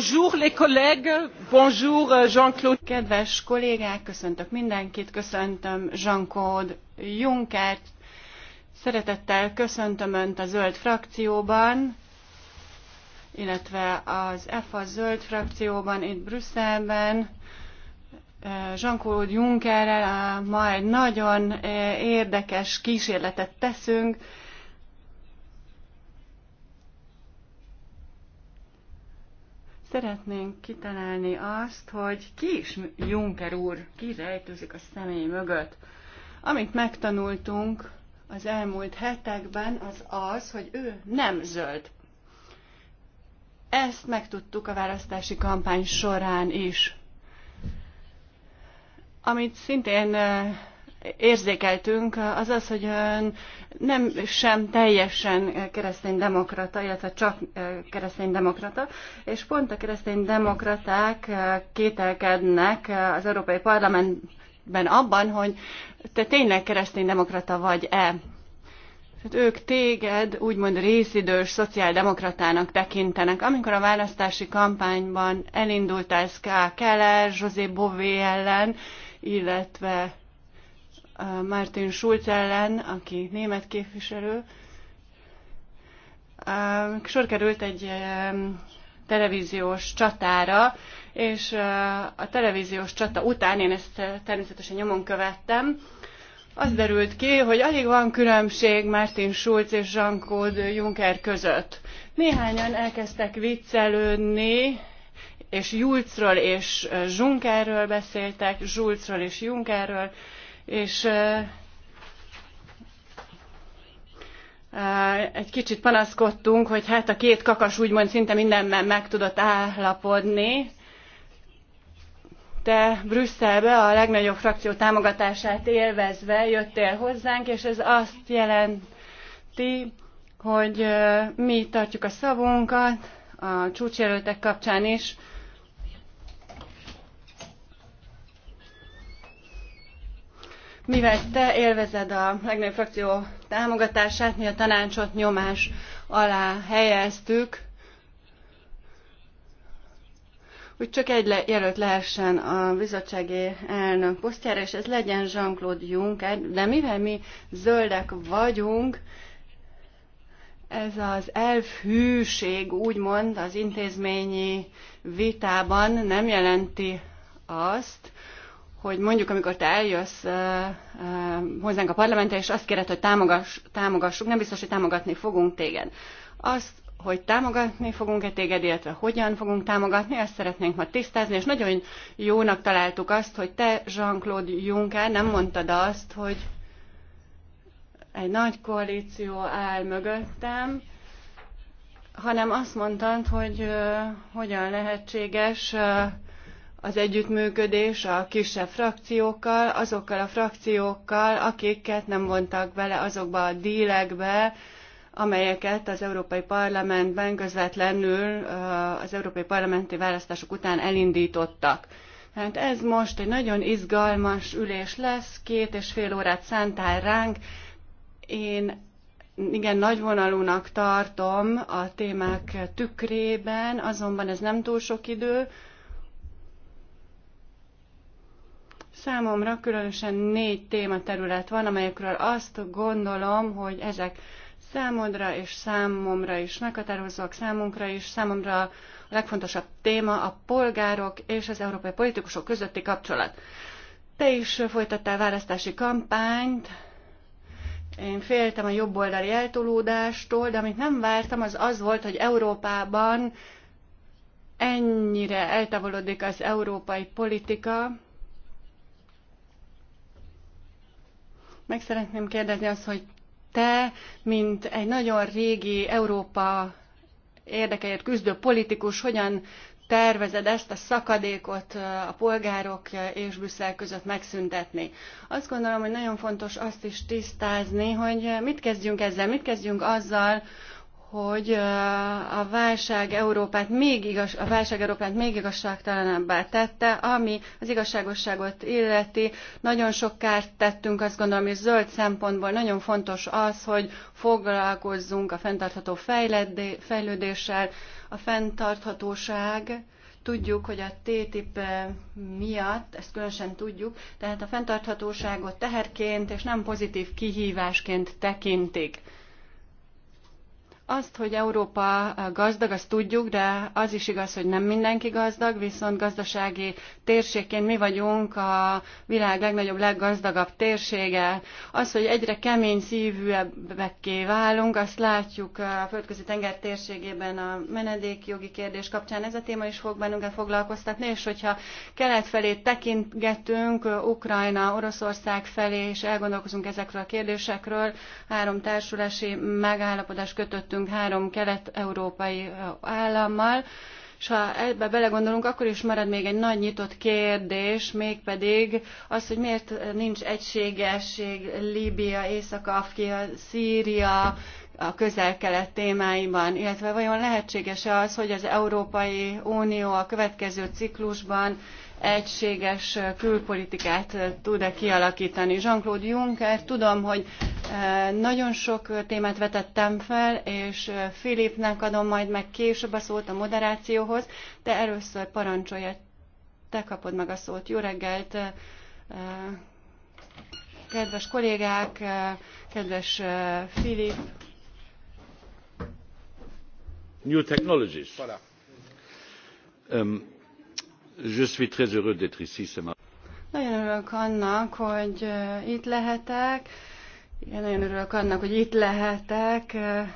Euh, Kedves kollégák, köszöntök mindenkit, köszöntöm Jean-Claude Junckert. Szeretettel köszöntöm Önt a zöld frakcióban, illetve az EFA zöld frakcióban itt Brüsszelben. Jean-Claude Junckerrel ma egy nagyon érdekes kísérletet teszünk, Szeretnénk kitalálni azt, hogy ki is Juncker úr, ki rejtőzik a személy mögött. Amit megtanultunk az elmúlt hetekben, az az, hogy ő nem zöld. Ezt megtudtuk a választási kampány során is. Amit szintén eh, érzékeltünk, az az, hogy ön nem sem teljesen kereszténydemokrata, illetve csak kereszténydemokrata, és pont a kereszténydemokraták kételkednek az Európai Parlamentben abban, hogy te tényleg kereszténydemokrata vagy-e. Tehát ők téged úgymond részidős szociáldemokratának tekintenek. Amikor a választási kampányban elindultál Ska Keller, José Bové ellen, illetve Martin Schulz ellen, aki német képviselő. Sor került egy televíziós csatára, és a televíziós csata után, én ezt természetesen nyomon követtem, az derült ki, hogy alig van különbség Martin Schulz és Jean-Claude Juncker között. Néhányan elkezdtek viccelődni, és Julcról és Junckerről beszéltek, Julcról és Junckerről, és egy kicsit panaszkodtunk, hogy hát a két kakas úgymond szinte mindenben meg tudott állapodni, De Brüsszelbe a legnagyobb frakció támogatását élvezve jöttél hozzánk, és ez azt jelenti, hogy mi tartjuk a szavunkat a csúcsjelöltek kapcsán is, mivel te élvezed a legnagyobb frakció támogatását, mi a tanácsot nyomás alá helyeztük, hogy csak egy jelölt lehessen a bizottsági elnök posztjára, és ez legyen Jean-Claude Juncker, de mivel mi zöldek vagyunk, ez az elfűség úgymond az intézményi vitában nem jelenti azt, hogy mondjuk, amikor te eljössz uh, uh, hozzánk a parlamentre, és azt kéred, hogy támogass, támogassuk, nem biztos, hogy támogatni fogunk téged. Azt, hogy támogatni fogunk-e téged, illetve hogyan fogunk támogatni, ezt szeretnénk ma tisztázni, és nagyon jónak találtuk azt, hogy te, Jean-Claude Juncker, nem mondtad azt, hogy egy nagy koalíció áll mögöttem, hanem azt mondtad, hogy uh, hogyan lehetséges uh, az együttműködés a kisebb frakciókkal, azokkal a frakciókkal, akiket nem vontak bele azokba a dílekbe, amelyeket az Európai Parlamentben közvetlenül az Európai Parlamenti választások után elindítottak. Hát ez most egy nagyon izgalmas ülés lesz, két és fél órát szántál ránk. Én igen nagyvonalúnak tartom a témák tükrében, azonban ez nem túl sok idő, Számomra különösen négy tématerület van, amelyekről azt gondolom, hogy ezek számodra és számomra is meghatározóak, számunkra is, számomra a legfontosabb téma a polgárok és az európai politikusok közötti kapcsolat. Te is folytattál választási kampányt, én féltem a jobboldali eltolódástól, de amit nem vártam, az az volt, hogy Európában ennyire eltávolodik az európai politika, Meg szeretném kérdezni azt, hogy te, mint egy nagyon régi Európa érdekeért küzdő politikus, hogyan tervezed ezt a szakadékot a polgárok és Brüsszel között megszüntetni. Azt gondolom, hogy nagyon fontos azt is tisztázni, hogy mit kezdjünk ezzel, mit kezdjünk azzal, hogy a válság Európát még, igaz, a válság Európát még igazságtalanabbá tette, ami az igazságosságot illeti. Nagyon sok kárt tettünk, azt gondolom, és zöld szempontból nagyon fontos az, hogy foglalkozzunk a fenntartható fejlődéssel. A fenntarthatóság tudjuk, hogy a TTIP miatt, ezt különösen tudjuk, tehát a fenntarthatóságot teherként és nem pozitív kihívásként tekintik. Azt, hogy Európa gazdag, azt tudjuk, de az is igaz, hogy nem mindenki gazdag, viszont gazdasági térségként mi vagyunk a világ legnagyobb, leggazdagabb térsége. Az, hogy egyre kemény szívűebbekké válunk, azt látjuk a földközi tenger térségében a menedékjogi kérdés kapcsán. Ez a téma is fog bennünket foglalkoztatni, és hogyha kelet felé tekintgetünk, Ukrajna, Oroszország felé, és elgondolkozunk ezekről a kérdésekről, három társulási megállapodás kötöttünk együttműködtünk három kelet-európai állammal, és ha ebbe belegondolunk, akkor is marad még egy nagy nyitott kérdés, mégpedig az, hogy miért nincs egységesség Líbia, észak afrika Szíria, a közel-kelet témáiban, illetve vajon lehetséges-e az, hogy az Európai Unió a következő ciklusban egységes külpolitikát tud-e kialakítani. Jean-Claude Juncker, tudom, hogy nagyon sok témát vetettem fel, és Filipnek adom majd meg később a szót a moderációhoz, de először parancsolja, te kapod meg a szót. Jó reggelt, kedves kollégák, kedves Filip. New technologies. Voilà. Um, nagyon örülök annak, hogy eh, itt lehetek. Igen, nagyon örülök annak, hogy itt lehetek eh, eh,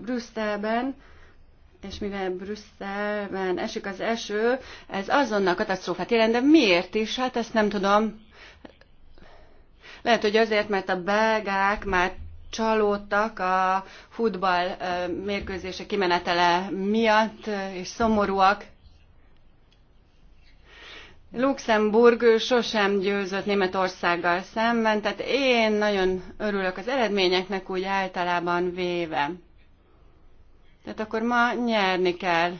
Brüsszelben, és mivel Brüsszelben esik az eső, ez azonnal katasztrófát jelent, de miért is? Hát ezt nem tudom. Lehet, hogy azért, mert a belgák már csalódtak a futball mérkőzése kimenetele miatt, és szomorúak. Luxemburg sosem győzött Németországgal szemben, tehát én nagyon örülök az eredményeknek úgy általában véve. Tehát akkor ma nyerni kell.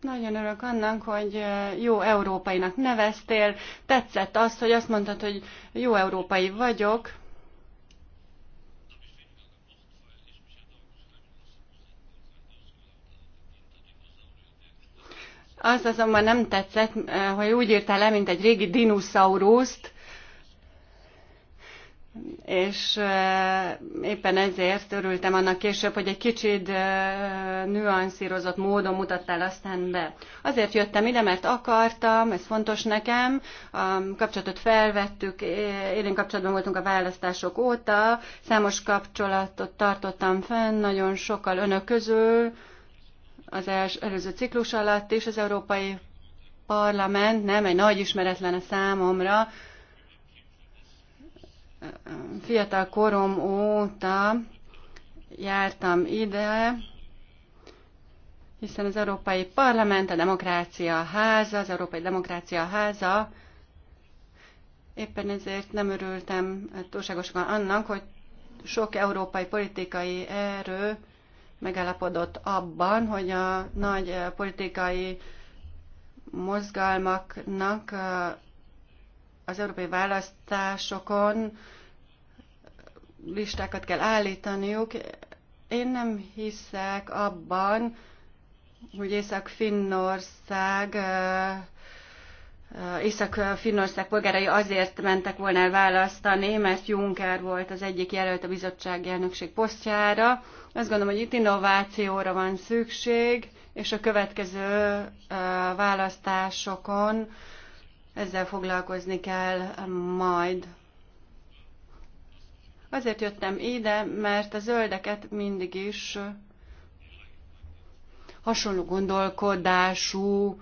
Nagyon örülök annak, hogy jó európainak neveztél. Tetszett az, hogy azt mondtad, hogy jó európai vagyok. Az azonban nem tetszett, eh, hogy úgy írtál le, mint egy régi dinoszauruszt, és eh, éppen ezért örültem annak később, hogy egy kicsit eh, nüanszírozott módon mutattál aztán be. Azért jöttem ide, mert akartam, ez fontos nekem, a kapcsolatot felvettük, élén kapcsolatban voltunk a választások óta, számos kapcsolatot tartottam fenn, nagyon sokkal önök közül, az els, előző ciklus alatt is az Európai Parlament nem egy nagy ismeretlen a számomra. Fiatal korom óta jártam ide, hiszen az Európai Parlament, a Demokrácia Háza, az Európai Demokrácia Háza, éppen ezért nem örültem túlságosan annak, hogy sok európai politikai erő megállapodott abban, hogy a nagy politikai mozgalmaknak az európai választásokon listákat kell állítaniuk. Én nem hiszek abban, hogy Észak-Finnország Észak-Finnország polgárai azért mentek volna el választani, mert Juncker volt az egyik jelölt a bizottsági elnökség posztjára, azt gondolom, hogy itt innovációra van szükség, és a következő választásokon ezzel foglalkozni kell majd. Azért jöttem ide, mert a zöldeket mindig is hasonló gondolkodású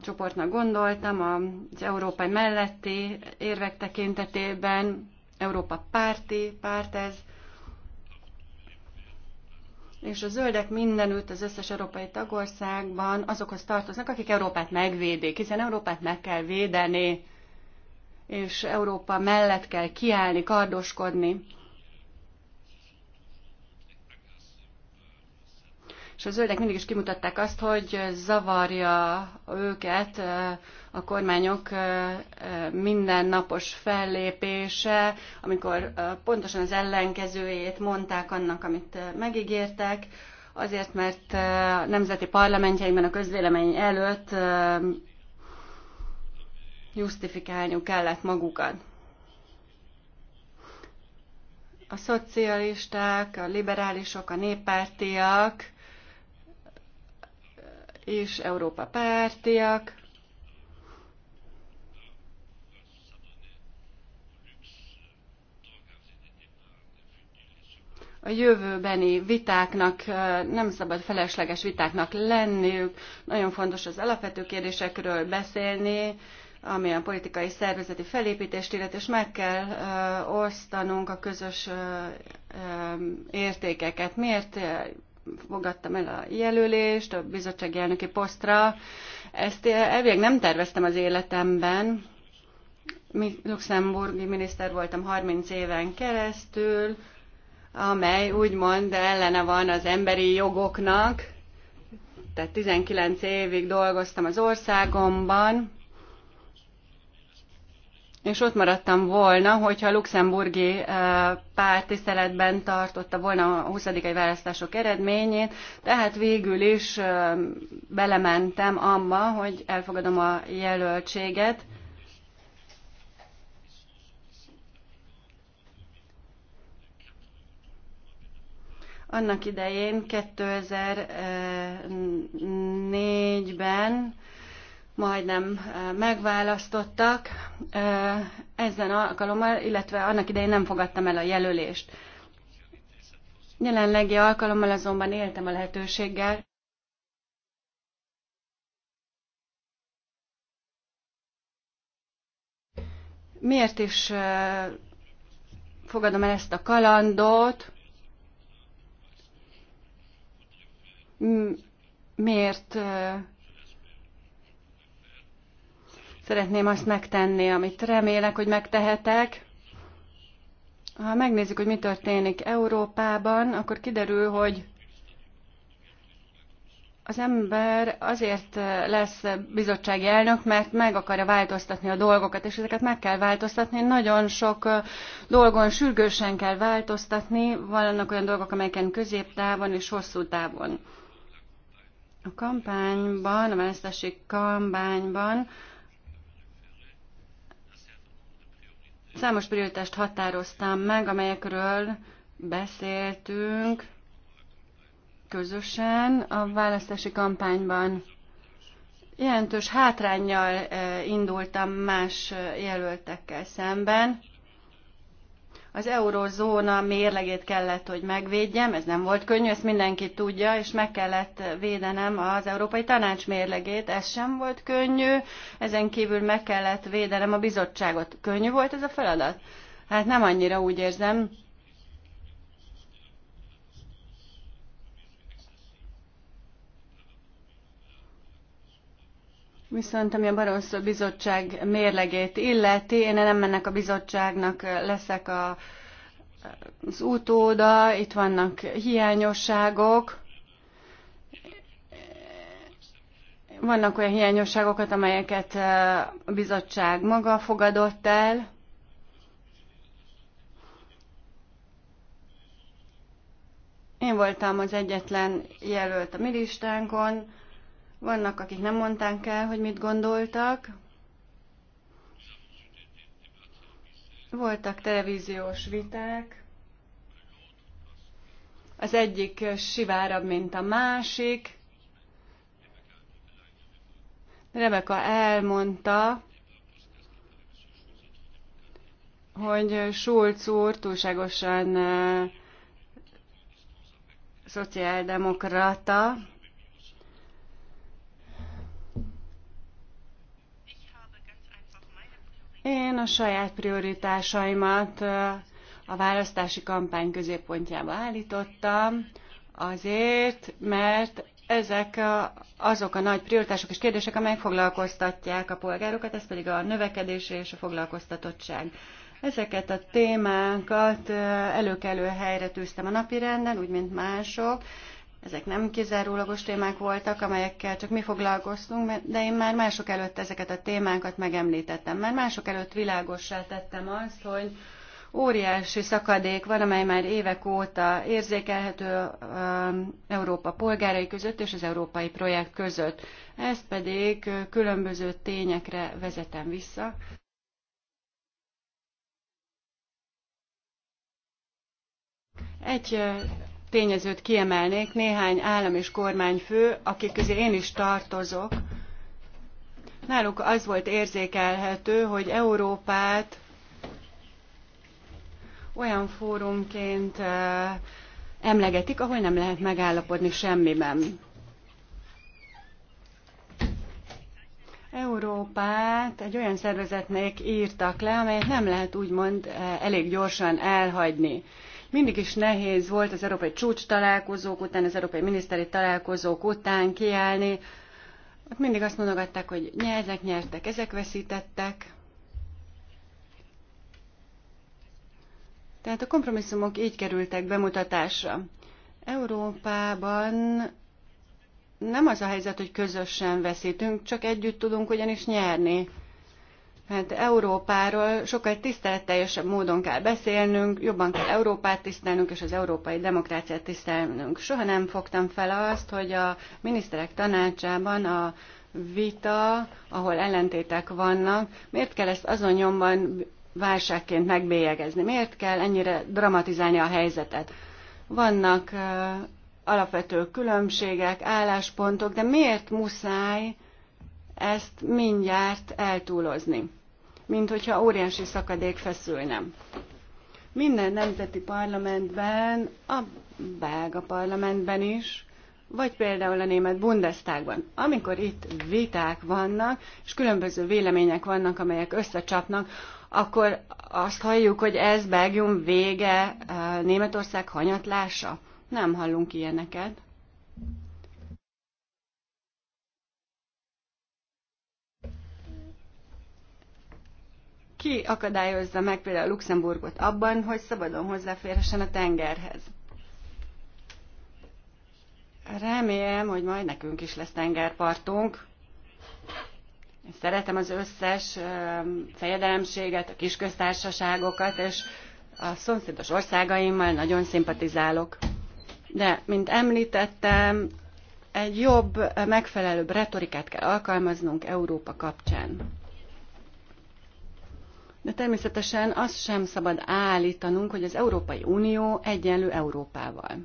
csoportnak gondoltam, az európai melletti érvek tekintetében, Európa párti párt ez, és a zöldek mindenütt az összes európai tagországban azokhoz tartoznak, akik Európát megvédik, hiszen Európát meg kell védeni, és Európa mellett kell kiállni, kardoskodni. és a zöldek mindig is kimutatták azt, hogy zavarja őket a kormányok mindennapos fellépése, amikor pontosan az ellenkezőjét mondták annak, amit megígértek, azért, mert a nemzeti parlamentjeikben a közvélemény előtt justifikálniuk kellett magukat. A szocialisták, a liberálisok, a néppártiak és Európa pártiak. A jövőbeni vitáknak nem szabad felesleges vitáknak lenniük. Nagyon fontos az alapvető kérdésekről beszélni, ami a politikai szervezeti felépítést illet, és meg kell osztanunk a közös értékeket. Miért fogadtam el a jelölést a bizottsági elnöki posztra. Ezt elvég nem terveztem az életemben. Mi luxemburgi miniszter voltam 30 éven keresztül, amely úgymond ellene van az emberi jogoknak. Tehát 19 évig dolgoztam az országomban, és ott maradtam volna, hogyha a luxemburgi eh, párt tiszteletben tartotta volna a 20. választások eredményét, tehát végül is eh, belementem abba, hogy elfogadom a jelöltséget, Annak idején 2004-ben majdnem megválasztottak ezen alkalommal, illetve annak idején nem fogadtam el a jelölést. Jelenlegi alkalommal azonban éltem a lehetőséggel, Miért is fogadom el ezt a kalandot? Miért Szeretném azt megtenni, amit remélek, hogy megtehetek. Ha megnézzük, hogy mi történik Európában, akkor kiderül, hogy az ember azért lesz bizottsági elnök, mert meg akarja változtatni a dolgokat, és ezeket meg kell változtatni. Nagyon sok dolgon sürgősen kell változtatni, vannak olyan dolgok, amelyeken középtávon és hosszú távon. A kampányban, a választási kampányban Számos prioritást határoztam meg, amelyekről beszéltünk közösen a választási kampányban. Jelentős hátrányjal eh, indultam más eh, jelöltekkel szemben. Az eurózóna mérlegét kellett, hogy megvédjem, ez nem volt könnyű, ezt mindenki tudja, és meg kellett védenem az Európai Tanács mérlegét, ez sem volt könnyű, ezen kívül meg kellett védenem a bizottságot. Könnyű volt ez a feladat? Hát nem annyira úgy érzem, Viszont ami a barosszó bizottság mérlegét illeti, én nem ennek a bizottságnak leszek a, az utóda, itt vannak hiányosságok, vannak olyan hiányosságokat, amelyeket a bizottság maga fogadott el, Én voltam az egyetlen jelölt a mi listánkon, vannak, akik nem mondták el, hogy mit gondoltak. Voltak televíziós viták. Az egyik sivárabb, mint a másik. Rebeka elmondta, hogy Schulz úr túlságosan eh, szociáldemokrata, Én a saját prioritásaimat a választási kampány középpontjába állítottam, azért, mert ezek azok a nagy prioritások és kérdések, amelyek foglalkoztatják a polgárokat, ez pedig a növekedés és a foglalkoztatottság. Ezeket a témákat előkelő helyre tűztem a napirenden, úgy mint mások, ezek nem kizárólagos témák voltak, amelyekkel csak mi foglalkoztunk, de én már mások előtt ezeket a témákat megemlítettem. Már mások előtt világossá tettem azt, hogy óriási szakadék van, amely már évek óta érzékelhető Európa polgárai között és az európai projekt között. Ezt pedig különböző tényekre vezetem vissza. Egy tényezőt kiemelnék, néhány állam és kormányfő, akik közé én is tartozok, náluk az volt érzékelhető, hogy Európát olyan fórumként emlegetik, ahol nem lehet megállapodni semmiben. Európát egy olyan szervezetnek írtak le, amelyet nem lehet úgymond elég gyorsan elhagyni. Mindig is nehéz volt az európai csúcs találkozók után, az európai miniszteri találkozók után kiállni. Ott mindig azt mondogatták, hogy ezek nyertek, ezek veszítettek. Tehát a kompromisszumok így kerültek bemutatásra. Európában nem az a helyzet, hogy közösen veszítünk, csak együtt tudunk ugyanis nyerni. Hát Európáról sokkal tiszteletteljesebb módon kell beszélnünk, jobban kell Európát tisztelnünk, és az európai demokráciát tisztelnünk. Soha nem fogtam fel azt, hogy a miniszterek tanácsában a vita, ahol ellentétek vannak, miért kell ezt azon nyomban válságként megbélyegezni? Miért kell ennyire dramatizálni a helyzetet? Vannak alapvető különbségek, álláspontok, de miért muszáj ezt mindjárt eltúlozni, mint hogyha óriási szakadék feszülne. Minden nemzeti parlamentben, a belga parlamentben is, vagy például a német Bundestagban, amikor itt viták vannak, és különböző vélemények vannak, amelyek összecsapnak, akkor azt halljuk, hogy ez Belgium vége, eh, Németország hanyatlása. Nem hallunk ilyeneket. Ki akadályozza meg például Luxemburgot abban, hogy szabadon hozzáférhessen a tengerhez? Remélem, hogy majd nekünk is lesz tengerpartunk. Én szeretem az összes fejedelemséget, a kisköztársaságokat, és a szomszédos országaimmal nagyon szimpatizálok. De, mint említettem, egy jobb, megfelelőbb retorikát kell alkalmaznunk Európa kapcsán. De természetesen azt sem szabad állítanunk, hogy az Európai Unió egyenlő Európával.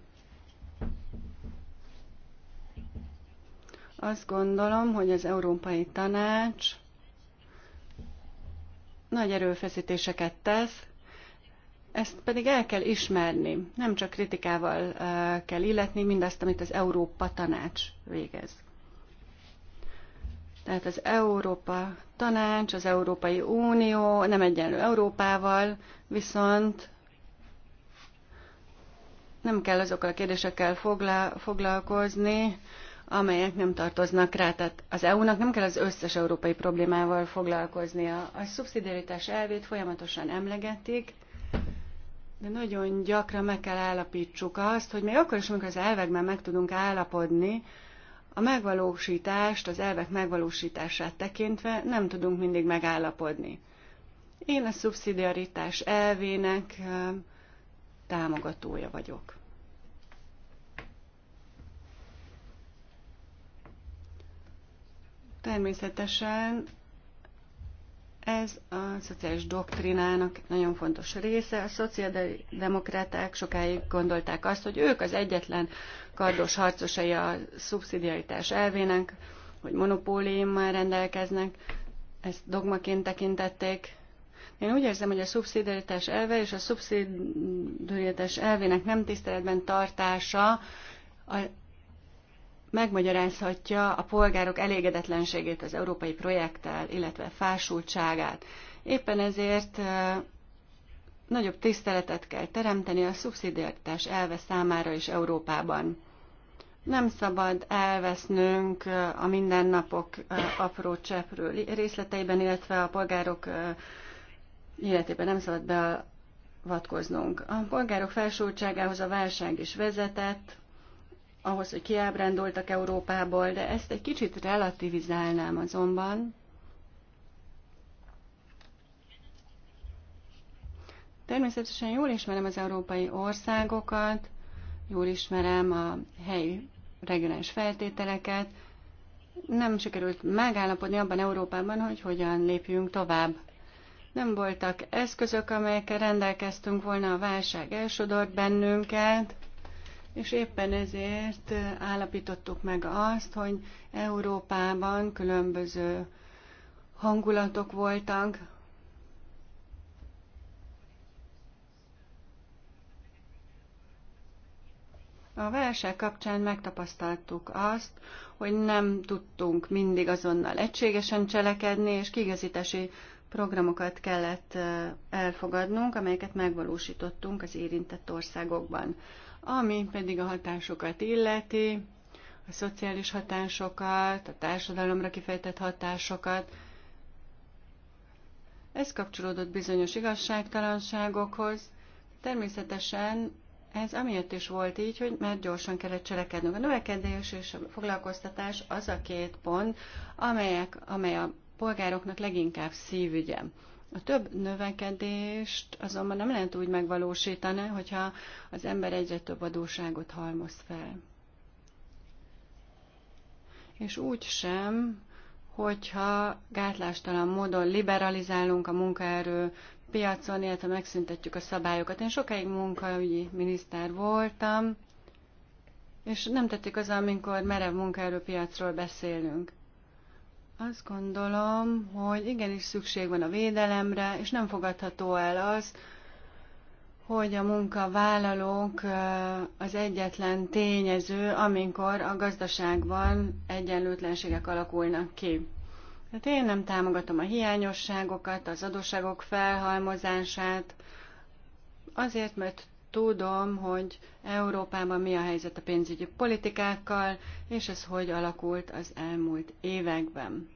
Azt gondolom, hogy az Európai Tanács nagy erőfeszítéseket tesz, ezt pedig el kell ismerni, nem csak kritikával eh, kell illetni mindazt, amit az Európa Tanács végez. Tehát az Európa Tanács, az Európai Unió nem egyenlő Európával, viszont nem kell azokkal a kérdésekkel foglalkozni, amelyek nem tartoznak rá. Tehát az EU-nak nem kell az összes európai problémával foglalkoznia. A szubszidiaritás elvét folyamatosan emlegetik, de nagyon gyakran meg kell állapítsuk azt, hogy még akkor is, amikor az elvekben meg tudunk állapodni, a megvalósítást, az elvek megvalósítását tekintve nem tudunk mindig megállapodni. Én a szubszidiaritás elvének támogatója vagyok. Természetesen ez a szociális doktrinának nagyon fontos része. A szociáldemokraták sokáig gondolták azt, hogy ők az egyetlen kardos harcosai a szubszidiaritás elvének, hogy monopóliummal rendelkeznek, ezt dogmaként tekintették. Én úgy érzem, hogy a szubszidiaritás elve és a szubszidiaritás elvének nem tiszteletben tartása a, megmagyarázhatja a polgárok elégedetlenségét az európai projekttel, illetve fásultságát. Éppen ezért nagyobb tiszteletet kell teremteni a szubszidiaritás elve számára is Európában. Nem szabad elvesznünk a mindennapok apró cseprő részleteiben, illetve a polgárok életében nem szabad beavatkoznunk. A polgárok felsultságához a válság is vezetett, ahhoz, hogy kiábrándultak Európából, de ezt egy kicsit relativizálnám azonban. Természetesen jól ismerem az európai országokat, jól ismerem a helyi regionális feltételeket. Nem sikerült megállapodni abban Európában, hogy hogyan lépjünk tovább. Nem voltak eszközök, amelyekkel rendelkeztünk volna, a válság elsodort bennünket, és éppen ezért állapítottuk meg azt, hogy Európában különböző hangulatok voltak, A válság kapcsán megtapasztaltuk azt, hogy nem tudtunk mindig azonnal egységesen cselekedni, és kigazítási programokat kellett elfogadnunk, amelyeket megvalósítottunk az érintett országokban. Ami pedig a hatásokat illeti, a szociális hatásokat, a társadalomra kifejtett hatásokat, ez kapcsolódott bizonyos igazságtalanságokhoz. Természetesen ez amiatt is volt így, hogy mert gyorsan kellett cselekednünk. A növekedés és a foglalkoztatás az a két pont, amelyek, amely a polgároknak leginkább szívügye. A több növekedést azonban nem lehet úgy megvalósítani, hogyha az ember egyre több adóságot halmoz fel. És úgy sem, hogyha gátlástalan módon liberalizálunk a munkaerő piacon, illetve megszüntetjük a szabályokat. Én sokáig munkaügyi miniszter voltam, és nem tették az, amikor merev munkaerőpiacról beszélünk. Azt gondolom, hogy igenis szükség van a védelemre, és nem fogadható el az, hogy a munkavállalók az egyetlen tényező, amikor a gazdaságban egyenlőtlenségek alakulnak ki. Hát én nem támogatom a hiányosságokat, az adóságok felhalmozását, azért, mert tudom, hogy Európában mi a helyzet a pénzügyi politikákkal, és ez hogy alakult az elmúlt években.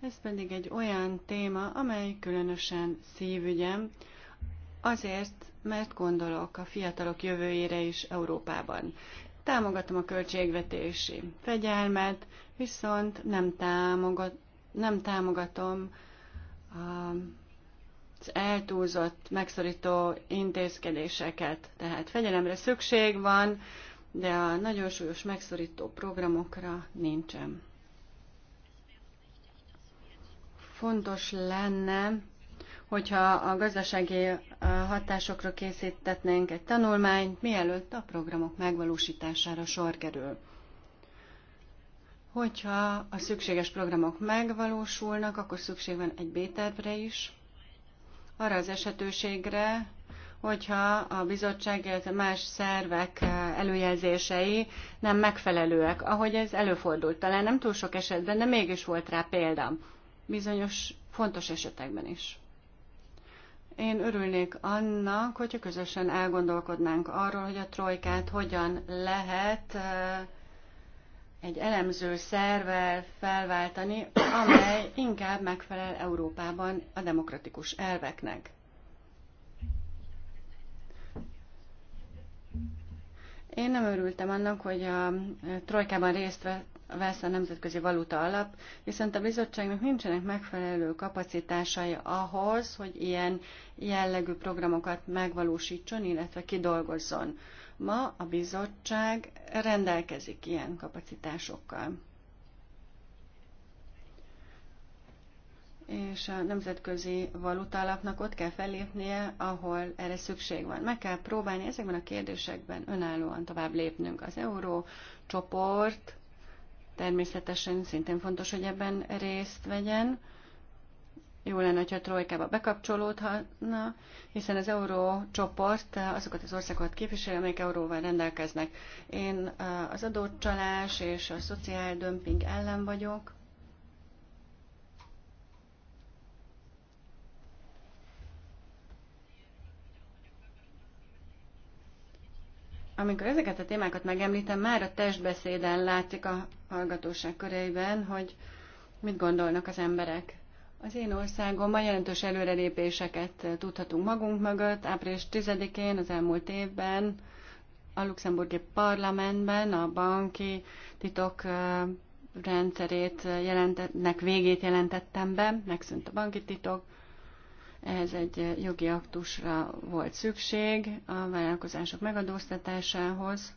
Ez pedig egy olyan téma, amely különösen szívügyem, azért, mert gondolok a fiatalok jövőjére is Európában. Támogatom a költségvetési fegyelmet, viszont nem, támogat, nem támogatom a um, az eltúlzott, megszorító intézkedéseket. Tehát fegyelemre szükség van, de a nagyon súlyos megszorító programokra nincsen. Fontos lenne hogyha a gazdasági hatásokra készítetnénk egy tanulmányt, mielőtt a programok megvalósítására sor kerül. Hogyha a szükséges programok megvalósulnak, akkor szükség van egy b is, arra az esetőségre, hogyha a bizottság, illetve más szervek előjelzései nem megfelelőek, ahogy ez előfordult. Talán nem túl sok esetben, de mégis volt rá példa bizonyos fontos esetekben is. Én örülnék annak, hogyha közösen elgondolkodnánk arról, hogy a trojkát hogyan lehet egy elemző szervvel felváltani, amely inkább megfelel Európában a demokratikus elveknek. Én nem örültem annak, hogy a trojkában részt vett vesz a Nemzetközi Valuta Alap, viszont a bizottságnak nincsenek megfelelő kapacitásai ahhoz, hogy ilyen jellegű programokat megvalósítson, illetve kidolgozzon. Ma a bizottság rendelkezik ilyen kapacitásokkal. és a nemzetközi valutalapnak ott kell fellépnie, ahol erre szükség van. Meg kell próbálni ezekben a kérdésekben önállóan tovább lépnünk. Az euró csoport természetesen szintén fontos, hogy ebben részt vegyen. Jó lenne, hogyha a trojkába bekapcsolódhatna, hiszen az csoport, azokat az országokat képviseli, amelyek euróval rendelkeznek. Én eh, az adócsalás és a szociál-dömping ellen vagyok. amikor ezeket a témákat megemlítem, már a testbeszéden látszik a hallgatóság köreiben, hogy mit gondolnak az emberek. Az én országomban jelentős előrelépéseket tudhatunk magunk mögött. Április 10-én az elmúlt évben a luxemburgi parlamentben a banki titok rendszerét jelentetnek végét jelentettem be, megszűnt a banki titok, ehhez egy jogi aktusra volt szükség a vállalkozások megadóztatásához,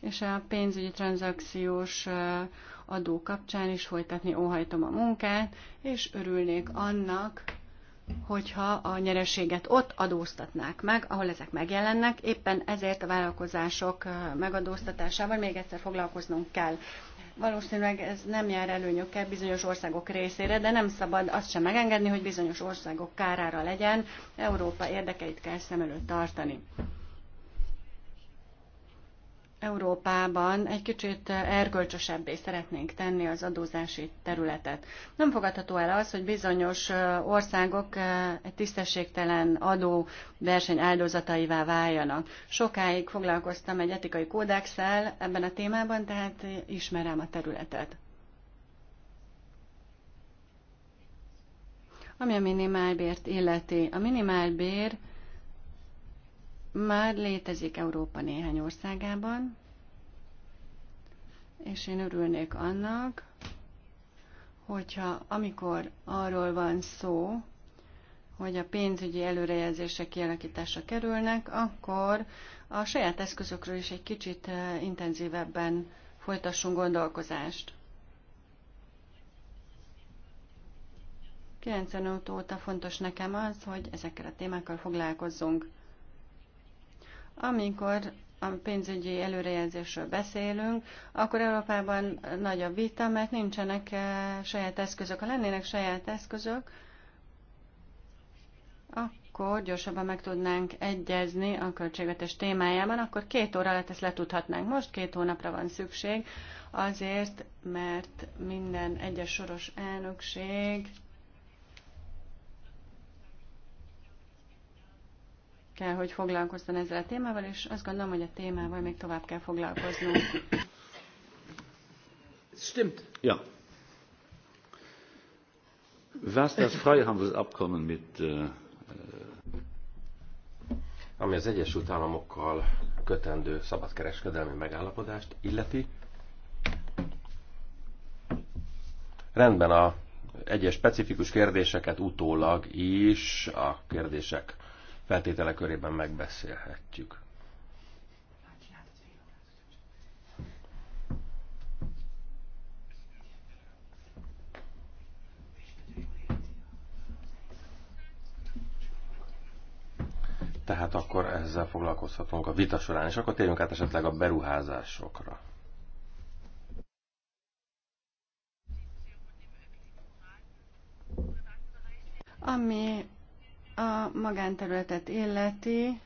és a pénzügyi tranzakciós adó kapcsán is folytatni óhajtom a munkát, és örülnék annak, hogyha a nyereséget ott adóztatnák meg, ahol ezek megjelennek. Éppen ezért a vállalkozások megadóztatásával még egyszer foglalkoznunk kell. Valószínűleg ez nem jár előnyökkel bizonyos országok részére, de nem szabad azt sem megengedni, hogy bizonyos országok kárára legyen. Európa érdekeit kell szem előtt tartani. Európában egy kicsit erkölcsösebbé szeretnénk tenni az adózási területet. Nem fogadható el az, hogy bizonyos országok egy tisztességtelen adó verseny áldozataivá váljanak. Sokáig foglalkoztam egy etikai kódexsel ebben a témában, tehát ismerem a területet. Ami a minimálbért illeti. A minimálbér már létezik Európa néhány országában, és én örülnék annak, hogyha amikor arról van szó, hogy a pénzügyi előrejelzések kialakítása kerülnek, akkor a saját eszközökről is egy kicsit eh, intenzívebben folytassunk gondolkozást. 95 óta fontos nekem az, hogy ezekkel a témákkal foglalkozzunk. Amikor a pénzügyi előrejelzésről beszélünk, akkor Európában nagy a vita, mert nincsenek eh, saját eszközök. Ha lennének saját eszközök, akkor gyorsabban meg tudnánk egyezni a költségvetés témájában, akkor két óra alatt ezt letudhatnánk. Most két hónapra van szükség, azért, mert minden egyes soros elnökség kell, hogy foglalkozzon ezzel a témával, és azt gondolom, hogy a témával még tovább kell foglalkoznunk. Stimmt. Ja. Was das Freihandelsabkommen mit äh, äh ami az Egyesült Államokkal kötendő szabadkereskedelmi megállapodást illeti. Rendben a egyes specifikus kérdéseket utólag is a kérdések Feltételek körében megbeszélhetjük. Tehát akkor ezzel foglalkozhatunk a vita során, és akkor térjünk át esetleg a beruházásokra. Ami a magánterületet illeti,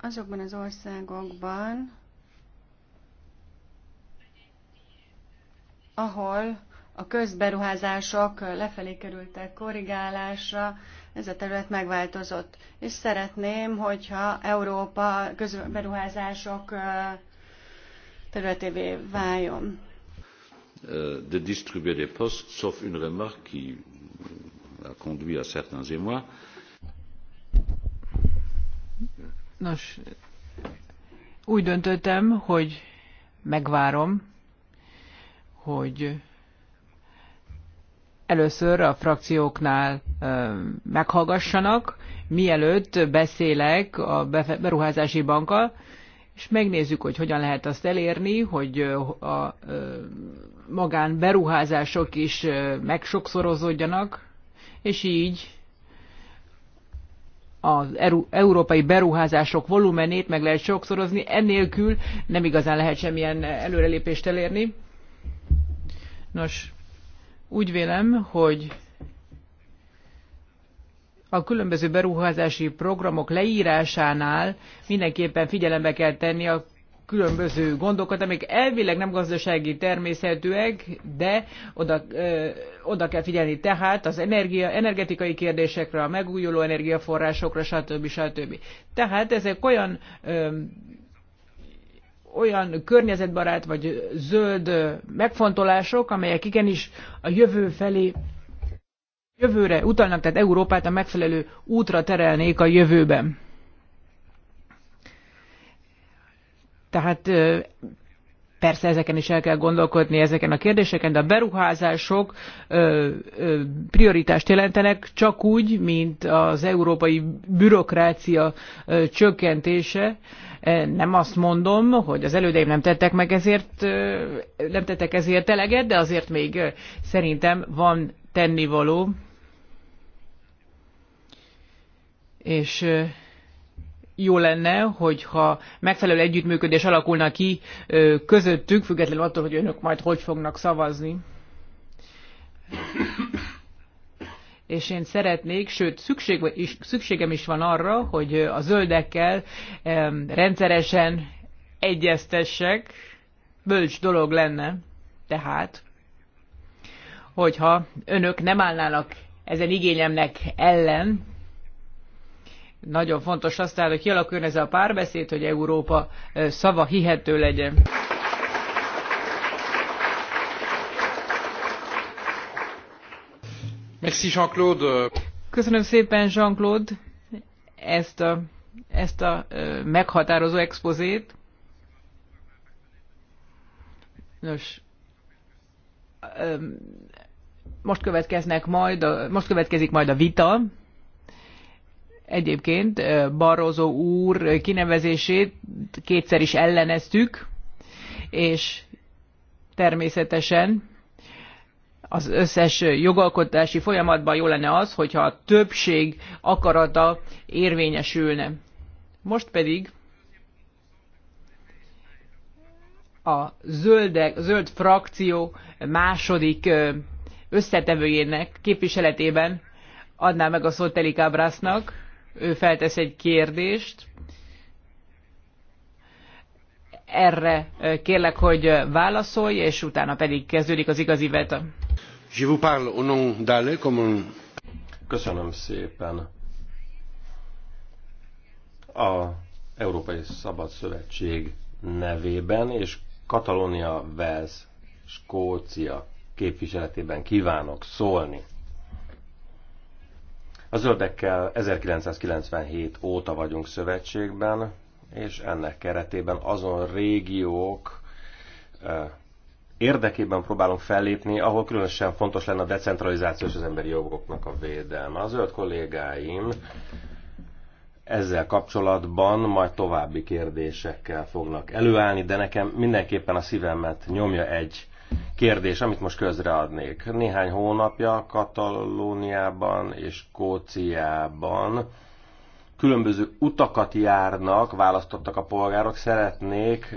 azokban az országokban, ahol a közberuházások lefelé kerültek korrigálásra, ez a terület megváltozott. És szeretném, hogyha Európa közberuházások területévé váljon. De distribuer des postes, sauf une remarque qui a conduit à certains émois. Nos, úgy döntöttem, hogy megvárom, hogy először a frakcióknál meghallgassanak, mielőtt beszélek a beruházási bankkal, és megnézzük, hogy hogyan lehet azt elérni, hogy a magán beruházások is megsokszorozódjanak és így az európai beruházások volumenét meg lehet sokszorozni, ennélkül nem igazán lehet semmilyen előrelépést elérni. Nos, úgy vélem, hogy a különböző beruházási programok leírásánál mindenképpen figyelembe kell tenni a különböző gondokat, amik elvileg nem gazdasági természetűek, de oda, ö, oda kell figyelni tehát az energia, energetikai kérdésekre, a megújuló energiaforrásokra, stb. stb. Tehát ezek olyan ö, olyan környezetbarát vagy zöld megfontolások, amelyek igenis a jövő felé jövőre utalnak, tehát Európát a megfelelő útra terelnék a jövőben. Tehát persze ezeken is el kell gondolkodni, ezeken a kérdéseken, de a beruházások prioritást jelentenek csak úgy, mint az európai bürokrácia csökkentése. Nem azt mondom, hogy az elődeim nem tettek meg ezért, nem tettek ezért eleget, de azért még szerintem van tennivaló. És jó lenne, hogyha megfelelő együttműködés alakulna ki közöttük, függetlenül attól, hogy önök majd hogy fognak szavazni. És én szeretnék, sőt szükség, is, szükségem is van arra, hogy a zöldekkel rendszeresen egyeztessek, bölcs dolog lenne, tehát, hogyha önök nem állnának ezen igényemnek ellen, nagyon fontos azt áll, hogy kialakuljon ez a párbeszéd, hogy Európa szava hihető legyen. Merci Jean-Claude. Köszönöm szépen Jean-Claude ezt a, ezt a meghatározó expozét. Nos, most következnek majd, a, most következik majd a vita. Egyébként Barroso úr kinevezését kétszer is elleneztük, és természetesen az összes jogalkotási folyamatban jó lenne az, hogyha a többség akarata érvényesülne. Most pedig a zöldek, zöld frakció második összetevőjének képviseletében adná meg a szót Telikábrásznak. Ábrásznak ő feltesz egy kérdést, erre kérlek, hogy válaszolj, és utána pedig kezdődik az igazi veta. Je vous parle au nom d'Ale, comme Köszönöm szépen. A Európai Szabad Szövetség nevében és Katalónia, Vels Skócia képviseletében kívánok szólni. A zöldekkel 1997 óta vagyunk szövetségben, és ennek keretében azon régiók érdekében próbálunk fellépni, ahol különösen fontos lenne a decentralizáció és az emberi jogoknak a védelme. A zöld kollégáim ezzel kapcsolatban majd további kérdésekkel fognak előállni, de nekem mindenképpen a szívemet nyomja egy kérdés, amit most közreadnék. Néhány hónapja Katalóniában és Skóciában különböző utakat járnak, választottak a polgárok, szeretnék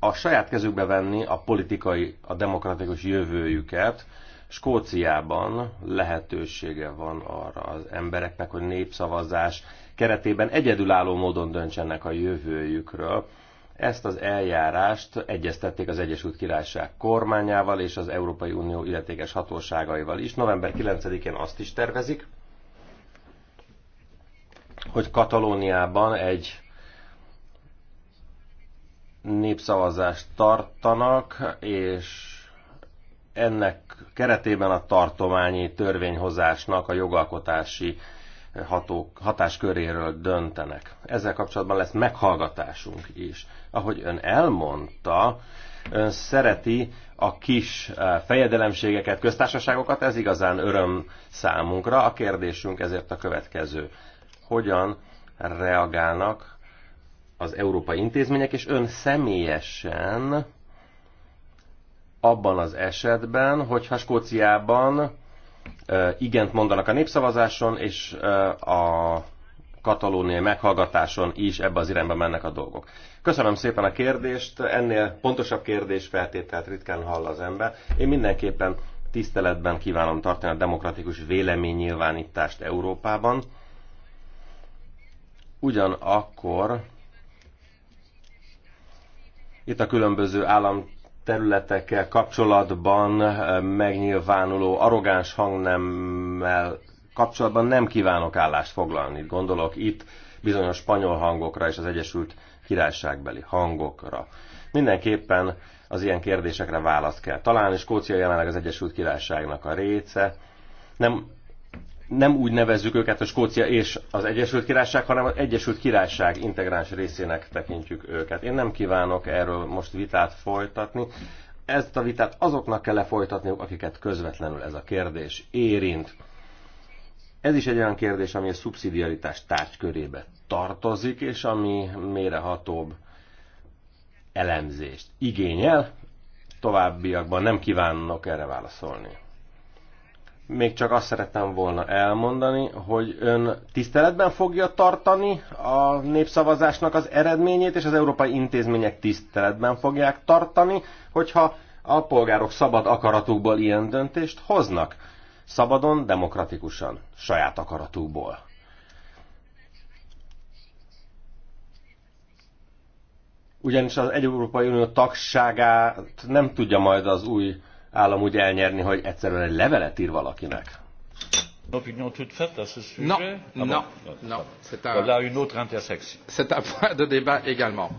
a saját kezükbe venni a politikai, a demokratikus jövőjüket. Skóciában lehetősége van arra az embereknek, hogy népszavazás keretében egyedülálló módon döntsenek a jövőjükről ezt az eljárást egyeztették az Egyesült Királyság kormányával és az Európai Unió illetékes hatóságaival is. November 9-én azt is tervezik, hogy Katalóniában egy népszavazást tartanak, és ennek keretében a tartományi törvényhozásnak a jogalkotási hatók, hatásköréről döntenek. Ezzel kapcsolatban lesz meghallgatásunk is. Ahogy ön elmondta, ön szereti a kis eh, fejedelemségeket, köztársaságokat, ez igazán öröm számunkra. A kérdésünk ezért a következő. Hogyan reagálnak az európai intézmények, és ön személyesen abban az esetben, hogyha Skóciában eh, igent mondanak a népszavazáson, és eh, a katalóniai meghallgatáson is ebbe az irányba mennek a dolgok. Köszönöm szépen a kérdést, ennél pontosabb kérdés feltételt ritkán hall az ember. Én mindenképpen tiszteletben kívánom tartani a demokratikus véleménynyilvánítást Európában. Ugyanakkor itt a különböző állam területekkel kapcsolatban megnyilvánuló arrogáns hangnemmel kapcsolatban nem kívánok állást foglalni. Gondolok itt bizonyos spanyol hangokra és az Egyesült Királyságbeli hangokra. Mindenképpen az ilyen kérdésekre választ kell találni. Skócia jelenleg az Egyesült Királyságnak a része. Nem, nem úgy nevezzük őket, a Skócia és az Egyesült Királyság, hanem az Egyesült Királyság integráns részének tekintjük őket. Én nem kívánok erről most vitát folytatni. Ezt a vitát azoknak kell lefolytatniuk, akiket közvetlenül ez a kérdés érint. Ez is egy olyan kérdés, ami a szubszidiaritás tárgykörébe tartozik, és ami mérehatóbb elemzést igényel. Továbbiakban nem kívánok erre válaszolni. Még csak azt szerettem volna elmondani, hogy ön tiszteletben fogja tartani a népszavazásnak az eredményét, és az európai intézmények tiszteletben fogják tartani, hogyha a polgárok szabad akaratukból ilyen döntést hoznak Szabadon, demokratikusan, saját akaratukból. Ugyanis az egy Európai Unió tagságát nem tudja majd az új állam úgy elnyerni, hogy egyszerűen egy levelet ír valakinek. L'opinion toute faite à ce sujet Non, ah non, bon. non. C'est un, voilà une autre intersection. C'est un point de débat également.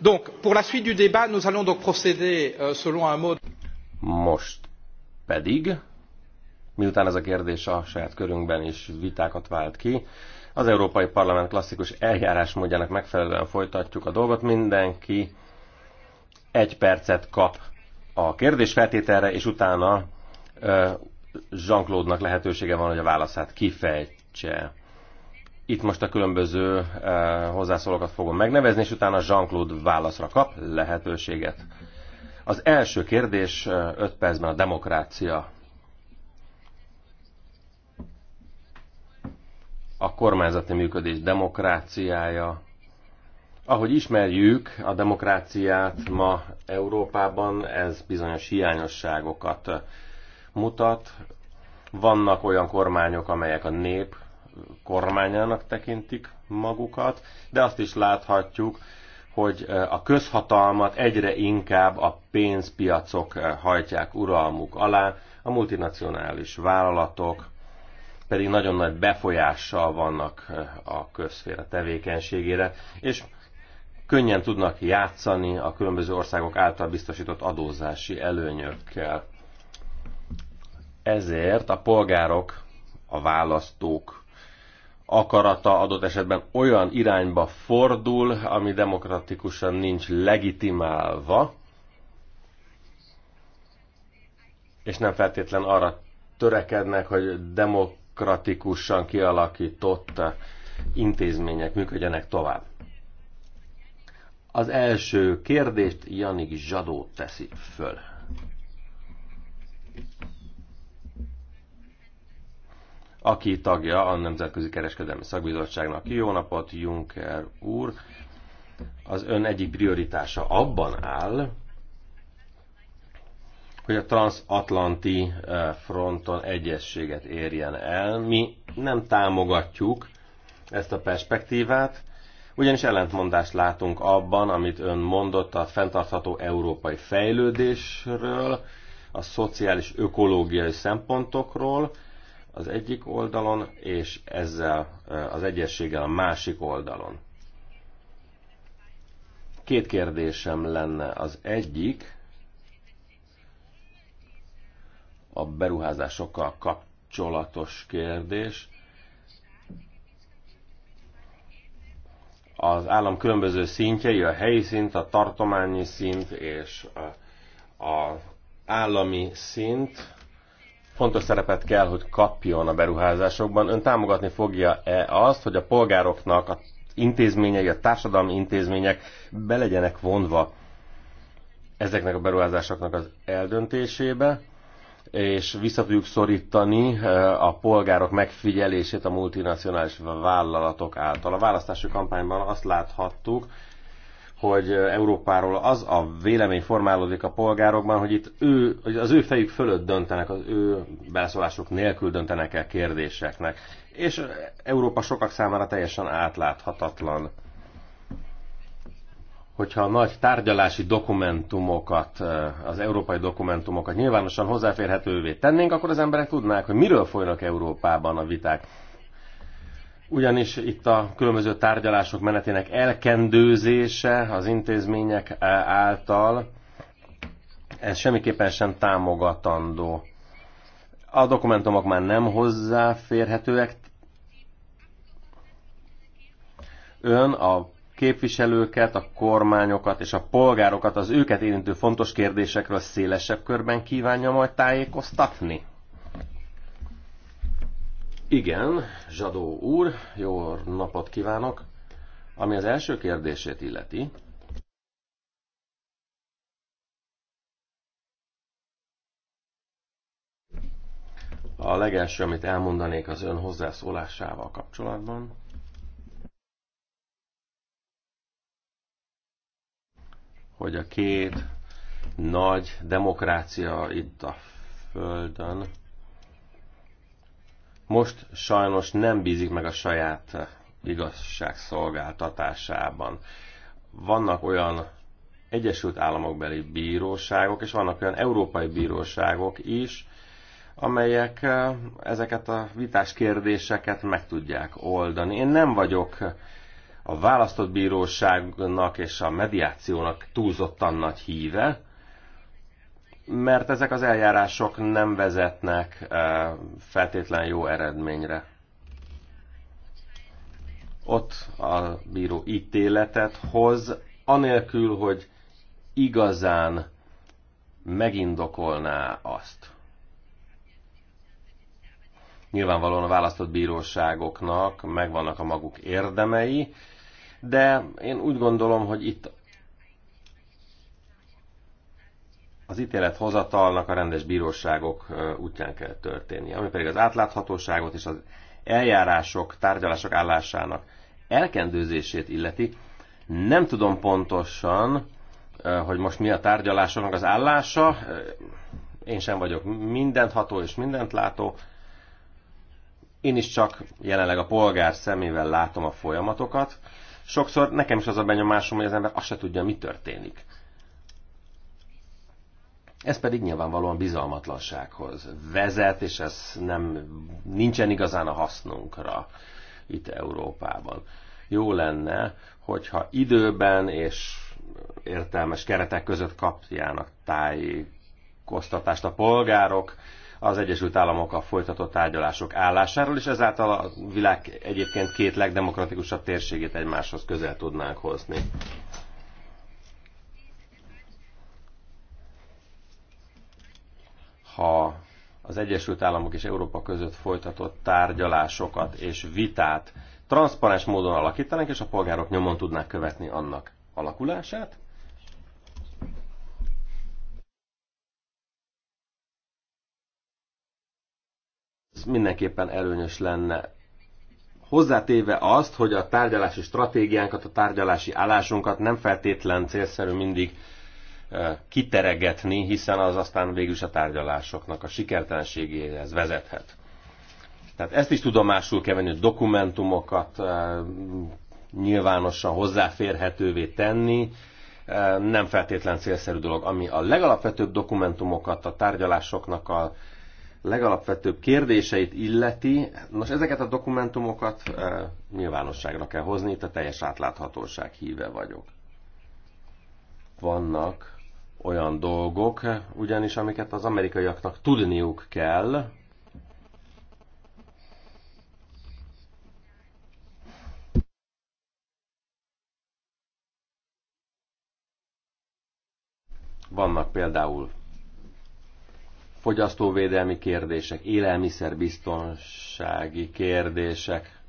Donc, pour la suite du débat, nous allons donc procéder euh, selon un mode. Most pedig miután ez a kérdés a saját körünkben is vitákat vált ki. Az Európai Parlament klasszikus eljárásmódjának megfelelően folytatjuk a dolgot. Mindenki egy percet kap a kérdés feltételre, és utána Jean-Claude-nak lehetősége van, hogy a válaszát kifejtse. Itt most a különböző hozzászólókat fogom megnevezni, és utána Jean-Claude válaszra kap lehetőséget. Az első kérdés 5 percben a demokrácia a kormányzati működés demokráciája. Ahogy ismerjük a demokráciát ma Európában, ez bizonyos hiányosságokat mutat. Vannak olyan kormányok, amelyek a nép kormányának tekintik magukat, de azt is láthatjuk, hogy a közhatalmat egyre inkább a pénzpiacok hajtják uralmuk alá, a multinacionális vállalatok, pedig nagyon nagy befolyással vannak eh, a közféle tevékenységére, és könnyen tudnak játszani a különböző országok által biztosított adózási előnyökkel. Ezért a polgárok, a választók akarata adott esetben olyan irányba fordul, ami demokratikusan nincs legitimálva, és nem feltétlen arra törekednek, hogy demokratikusan demokratikusan kialakított intézmények működjenek tovább. Az első kérdést Janik Zsadó teszi föl. aki tagja a Nemzetközi Kereskedelmi Szakbizottságnak. Jó napot, Juncker úr! Az ön egyik prioritása abban áll, hogy a transatlanti eh, fronton egyességet érjen el. Mi nem támogatjuk ezt a perspektívát, ugyanis ellentmondást látunk abban, amit ön mondott a fenntartható európai fejlődésről, a szociális ökológiai szempontokról az egyik oldalon, és ezzel eh, az egyességgel a másik oldalon. Két kérdésem lenne. Az egyik, a beruházásokkal kapcsolatos kérdés. Az állam különböző szintjei, a helyi szint, a tartományi szint és a, a állami szint fontos szerepet kell, hogy kapjon a beruházásokban. Ön támogatni fogja-e azt, hogy a polgároknak a intézményei, a társadalmi intézmények be legyenek vonva ezeknek a beruházásoknak az eldöntésébe, és vissza tudjuk szorítani eh, a polgárok megfigyelését a multinacionális vállalatok által. A választási kampányban azt láthattuk, hogy Európáról az a vélemény formálódik a polgárokban, hogy itt ő, hogy az ő fejük fölött döntenek, az ő beleszólások nélkül döntenek el kérdéseknek. És Európa sokak számára teljesen átláthatatlan hogyha a nagy tárgyalási dokumentumokat, az európai dokumentumokat nyilvánosan hozzáférhetővé tennénk, akkor az emberek tudnák, hogy miről folynak Európában a viták. Ugyanis itt a különböző tárgyalások menetének elkendőzése az intézmények által, ez semmiképpen sem támogatandó. A dokumentumok már nem hozzáférhetőek. Ön a képviselőket, a kormányokat és a polgárokat az őket érintő fontos kérdésekről szélesebb körben kívánja majd tájékoztatni? Igen, Zsadó úr, jó napot kívánok! Ami az első kérdését illeti, a legelső, amit elmondanék az ön hozzászólásával kapcsolatban, hogy a két nagy demokrácia itt a Földön most sajnos nem bízik meg a saját igazságszolgáltatásában. Vannak olyan Egyesült Államokbeli bíróságok, és vannak olyan európai bíróságok is, amelyek eh, ezeket a vitás kérdéseket meg tudják oldani. Én nem vagyok a választott bíróságnak és a mediációnak túlzottan nagy híve, mert ezek az eljárások nem vezetnek feltétlen jó eredményre. Ott a bíró ítéletet hoz, anélkül, hogy igazán megindokolná azt. Nyilvánvalóan a választott bíróságoknak megvannak a maguk érdemei, de én úgy gondolom, hogy itt az ítélethozatalnak a rendes bíróságok útján kell történnie, ami pedig az átláthatóságot és az eljárások, tárgyalások állásának elkendőzését illeti. Nem tudom pontosan, hogy most mi a tárgyalásoknak az állása. Én sem vagyok mindent ható és mindent látó. Én is csak jelenleg a polgár szemével látom a folyamatokat, sokszor nekem is az a benyomásom, hogy az ember azt se tudja, mi történik. Ez pedig nyilvánvalóan bizalmatlansághoz vezet, és ez nem, nincsen igazán a hasznunkra itt Európában. Jó lenne, hogyha időben és értelmes keretek között kapjának tájékoztatást a polgárok, az Egyesült Államokkal folytatott tárgyalások állásáról, és ezáltal a világ egyébként két legdemokratikusabb térségét egymáshoz közel tudnánk hozni. Ha az Egyesült Államok és Európa között folytatott tárgyalásokat és vitát transzparens módon alakítanánk, és a polgárok nyomon tudnák követni annak alakulását, mindenképpen előnyös lenne. Hozzátéve azt, hogy a tárgyalási stratégiánkat, a tárgyalási állásunkat nem feltétlen célszerű mindig kiteregetni, hiszen az aztán végül is a tárgyalásoknak a sikertelenségéhez vezethet. Tehát ezt is tudomásul kell venni, hogy dokumentumokat nyilvánosan hozzáférhetővé tenni, nem feltétlen célszerű dolog. Ami a legalapvetőbb dokumentumokat, a tárgyalásoknak a legalapvetőbb kérdéseit illeti, nos ezeket a dokumentumokat e, nyilvánosságra kell hozni, itt a teljes átláthatóság híve vagyok. Vannak olyan dolgok, eh, ugyanis amiket az amerikaiaknak tudniuk kell, Vannak például fogyasztóvédelmi kérdések, élelmiszerbiztonsági kérdések.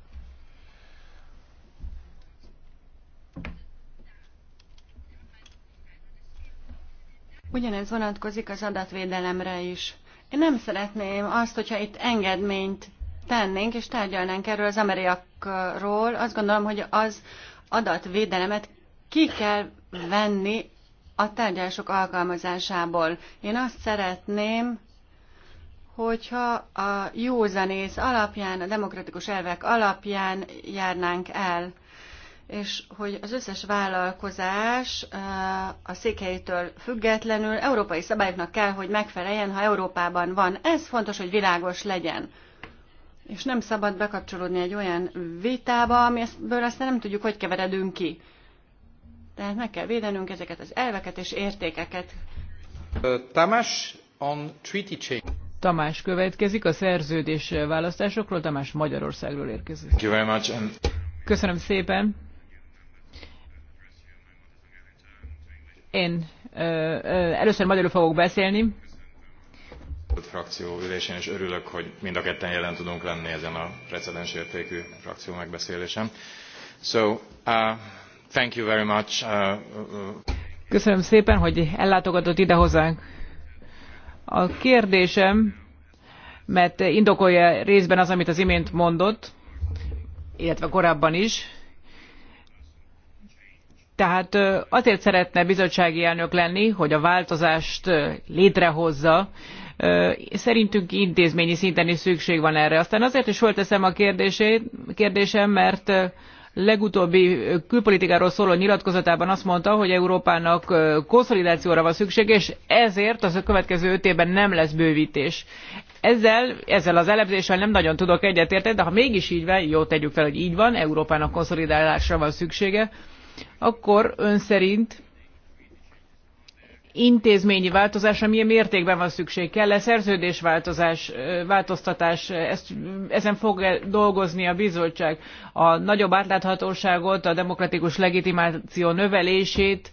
Ugyanez vonatkozik az adatvédelemre is. Én nem szeretném azt, hogyha itt engedményt tennénk és tárgyalnánk erről az ameriakról. Azt gondolom, hogy az adatvédelemet ki kell venni a tárgyalások alkalmazásából. Én azt szeretném, hogyha a józanész alapján, a demokratikus elvek alapján járnánk el, és hogy az összes vállalkozás a székhelyétől függetlenül európai szabályoknak kell, hogy megfeleljen, ha Európában van. Ez fontos, hogy világos legyen. És nem szabad bekapcsolódni egy olyan vitába, amiből aztán nem tudjuk, hogy keveredünk ki. Tehát meg kell védenünk ezeket az elveket és értékeket. Tamás on treaty change. Tamás következik a szerződés választásokról, Tamás Magyarországról érkezik. Thank you very much. And... Köszönöm szépen. Én ö, ö, először magyarul fogok beszélni. A frakció ülésén, és örülök, hogy mind a ketten jelen tudunk lenni ezen a precedens értékű frakció megbeszélésen. So, uh, Uh, uh, uh. Köszönöm szépen, hogy ellátogatott ide hozzánk. A kérdésem, mert indokolja részben az, amit az imént mondott, illetve korábban is. Tehát azért szeretne bizottsági elnök lenni, hogy a változást létrehozza. Szerintünk intézményi szinten is szükség van erre. Aztán azért is fölteszem a kérdését, kérdésem, mert legutóbbi külpolitikáról szóló nyilatkozatában azt mondta, hogy Európának konszolidációra van szüksége, és ezért az a következő öt évben nem lesz bővítés. Ezzel, ezzel az elemzéssel nem nagyon tudok egyetérteni, de ha mégis így van, jó, tegyük fel, hogy így van, Európának konszolidálásra van szüksége, akkor ön szerint intézményi változás, milyen mértékben van szükség? Kell-e szerződésváltozás, változtatás? Ezt, ezen fog -e dolgozni a bizottság? A nagyobb átláthatóságot, a demokratikus legitimáció növelését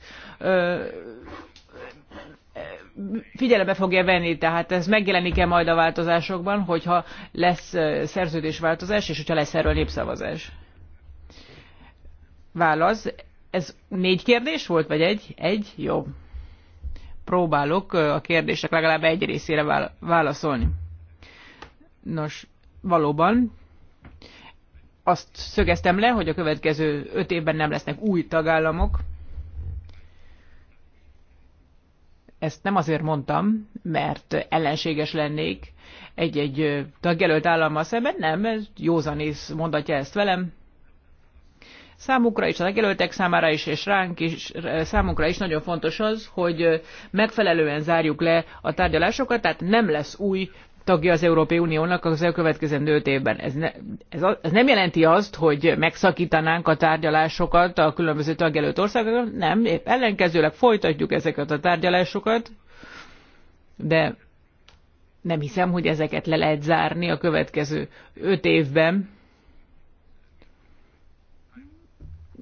figyelembe fogja venni, tehát ez megjelenik-e majd a változásokban, hogyha lesz szerződésváltozás, és hogyha lesz erről népszavazás? Válasz. Ez négy kérdés volt, vagy egy? Egy? Jó próbálok a kérdések legalább egy részére válaszolni. Nos, valóban azt szögeztem le, hogy a következő öt évben nem lesznek új tagállamok. Ezt nem azért mondtam, mert ellenséges lennék egy-egy tagjelölt állammal szemben, nem, józanész mondatja ezt velem számukra is, a megjelöltek számára is, és ránk is, számunkra is nagyon fontos az, hogy megfelelően zárjuk le a tárgyalásokat, tehát nem lesz új tagja az Európai Uniónak az elkövetkezendő öt évben. Ez, ne, ez, a, ez nem jelenti azt, hogy megszakítanánk a tárgyalásokat a különböző tagjelölt országokon, nem, épp ellenkezőleg folytatjuk ezeket a tárgyalásokat, de nem hiszem, hogy ezeket le lehet zárni a következő öt évben.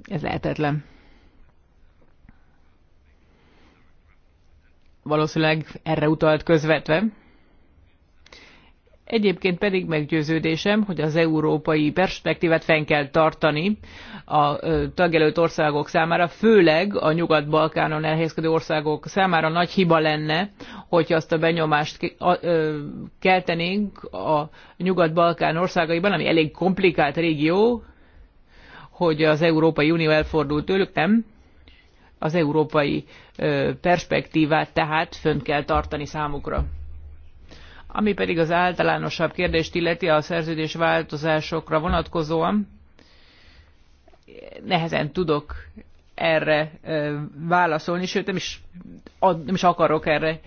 Ez lehetetlen. Valószínűleg erre utalt közvetve. Egyébként pedig meggyőződésem, hogy az európai perspektívát fenn kell tartani a tagjelölt országok számára, főleg a Nyugat-Balkánon elhelyezkedő országok számára nagy hiba lenne, hogyha azt a benyomást keltenénk a Nyugat-Balkán országaiban, ami elég komplikált régió, hogy az Európai Unió elfordult tőlük, nem. Az európai perspektívát tehát fönt kell tartani számukra. Ami pedig az általánosabb kérdést illeti a szerződés változásokra vonatkozóan, nehezen tudok erre válaszolni, sőt nem is, ad, nem is akarok erre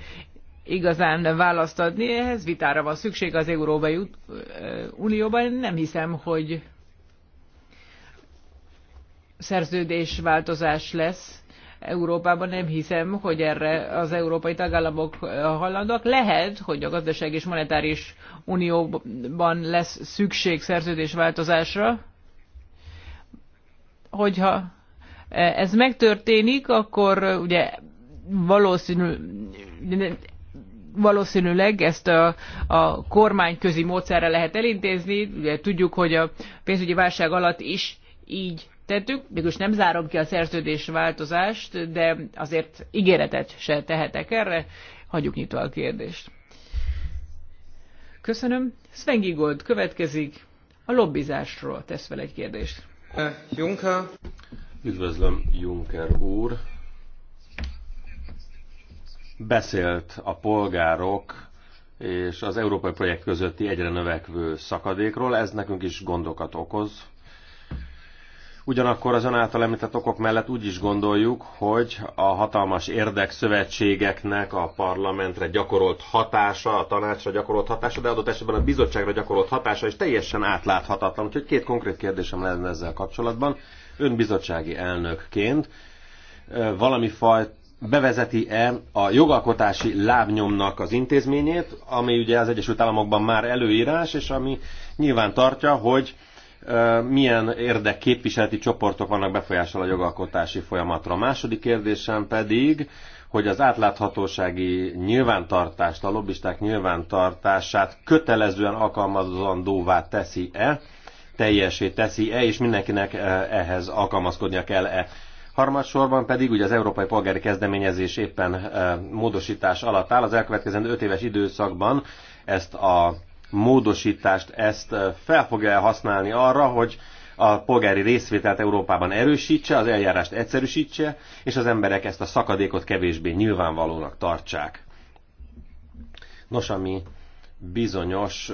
igazán választ adni. Ehhez vitára van szükség az Európai Unióban. Nem hiszem, hogy szerződés változás lesz Európában. Nem hiszem, hogy erre az európai tagállamok hajlandóak. Lehet, hogy a gazdaság és monetáris unióban lesz szükség szerződés változásra, hogyha ez megtörténik, akkor ugye valószínű, valószínűleg ezt a, a kormányközi módszerre lehet elintézni. Ugye tudjuk, hogy a pénzügyi válság alatt is így tettük. Mégis nem zárom ki a szerződés változást, de azért ígéretet se tehetek erre. Hagyjuk nyitva a kérdést. Köszönöm. Sven Gold következik. A lobbizásról tesz fel egy kérdést. Eh, Juncker. Üdvözlöm, Juncker úr. Beszélt a polgárok és az európai projekt közötti egyre növekvő szakadékról. Ez nekünk is gondokat okoz. Ugyanakkor az önáltal említett okok mellett úgy is gondoljuk, hogy a hatalmas érdekszövetségeknek a parlamentre gyakorolt hatása, a tanácsra gyakorolt hatása, de adott esetben a bizottságra gyakorolt hatása is teljesen átláthatatlan. Úgyhogy két konkrét kérdésem lenne ezzel kapcsolatban. Ön bizottsági elnökként valami fajt bevezeti-e a jogalkotási lábnyomnak az intézményét, ami ugye az Egyesült Államokban már előírás, és ami nyilván tartja, hogy milyen érdekképviseleti csoportok vannak befolyással a jogalkotási folyamatra. A második kérdésem pedig, hogy az átláthatósági nyilvántartást, a lobbisták nyilvántartását kötelezően alkalmazandóvá teszi-e, teljesé teszi-e, és mindenkinek ehhez alkalmazkodnia kell-e. Harmadsorban pedig ugye az Európai Polgári Kezdeményezés éppen módosítás alatt áll. Az elkövetkezendő öt éves időszakban ezt a módosítást ezt fel fogja használni arra, hogy a polgári részvételt Európában erősítse, az eljárást egyszerűsítse, és az emberek ezt a szakadékot kevésbé nyilvánvalónak tartsák. Nos, ami bizonyos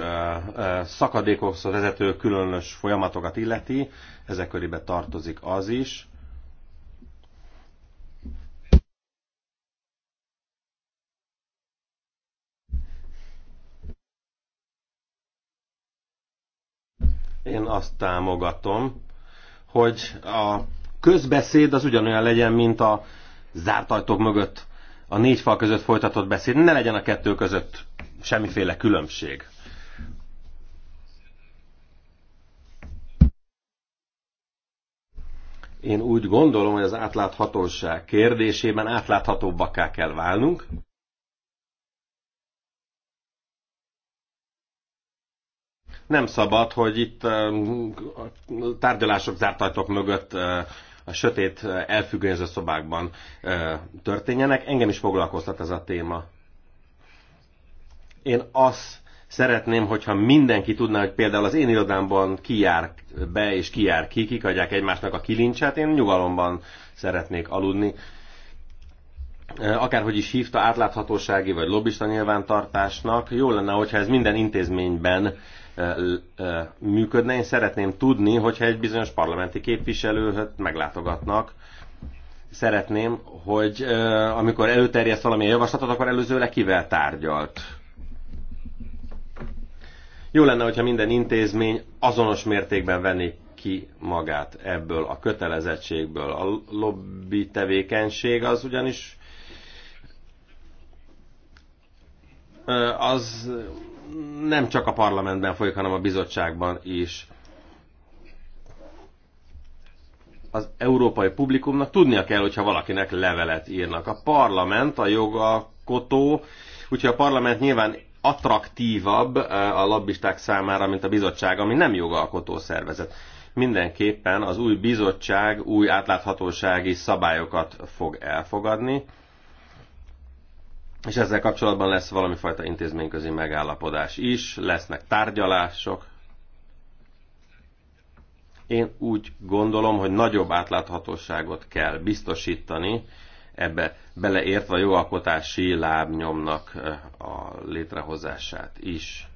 szakadékokhoz vezető különös folyamatokat illeti, ezek körébe tartozik az is, Én azt támogatom, hogy a közbeszéd az ugyanolyan legyen, mint a zárt ajtók mögött, a négy fal között folytatott beszéd. Ne legyen a kettő között semmiféle különbség. Én úgy gondolom, hogy az átláthatóság kérdésében átláthatóbbakká kell válnunk. Nem szabad, hogy itt tárgyalások zárt ajtók mögött a sötét elfüggönyöző szobákban történjenek. Engem is foglalkoztat ez a téma. Én azt szeretném, hogyha mindenki tudná, hogy például az én irodámban ki jár be és ki jár ki, kik adják egymásnak a kilincset, én nyugalomban szeretnék aludni. Akárhogy is hívta átláthatósági vagy lobbista nyilvántartásnak, jó lenne, hogyha ez minden intézményben működne. Én szeretném tudni, hogyha egy bizonyos parlamenti képviselőt meglátogatnak, szeretném, hogy amikor előterjeszt valamilyen javaslatot, akkor előzőleg kivel tárgyalt. Jó lenne, hogyha minden intézmény azonos mértékben venné ki magát ebből a kötelezettségből. A lobby tevékenység az ugyanis az nem csak a parlamentben folyik, hanem a bizottságban is. Az európai publikumnak tudnia kell, hogyha valakinek levelet írnak. A parlament, a jogalkotó, úgyhogy a parlament nyilván attraktívabb eh, a lobbisták számára, mint a bizottság, ami nem jogalkotó szervezet. Mindenképpen az új bizottság új átláthatósági szabályokat fog elfogadni, és ezzel kapcsolatban lesz valami fajta intézményközi megállapodás is, lesznek tárgyalások. Én úgy gondolom, hogy nagyobb átláthatóságot kell biztosítani, ebbe beleértve a jogalkotási lábnyomnak eh, a létrehozását is.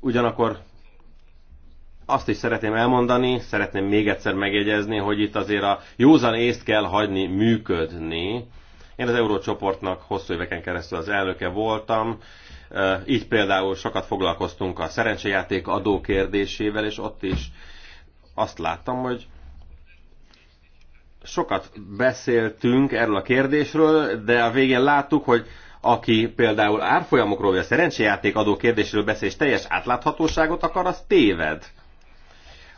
Ugyanakkor azt is szeretném elmondani, szeretném még egyszer megjegyezni, hogy itt azért a józan észt kell hagyni működni. Én az Eurócsoportnak hosszú éveken keresztül az elnöke voltam, így például sokat foglalkoztunk a szerencsejáték adó kérdésével, és ott is azt láttam, hogy sokat beszéltünk erről a kérdésről, de a végén láttuk, hogy aki például árfolyamokról vagy a szerencsejáték adó kérdésről beszél, és teljes átláthatóságot akar, az téved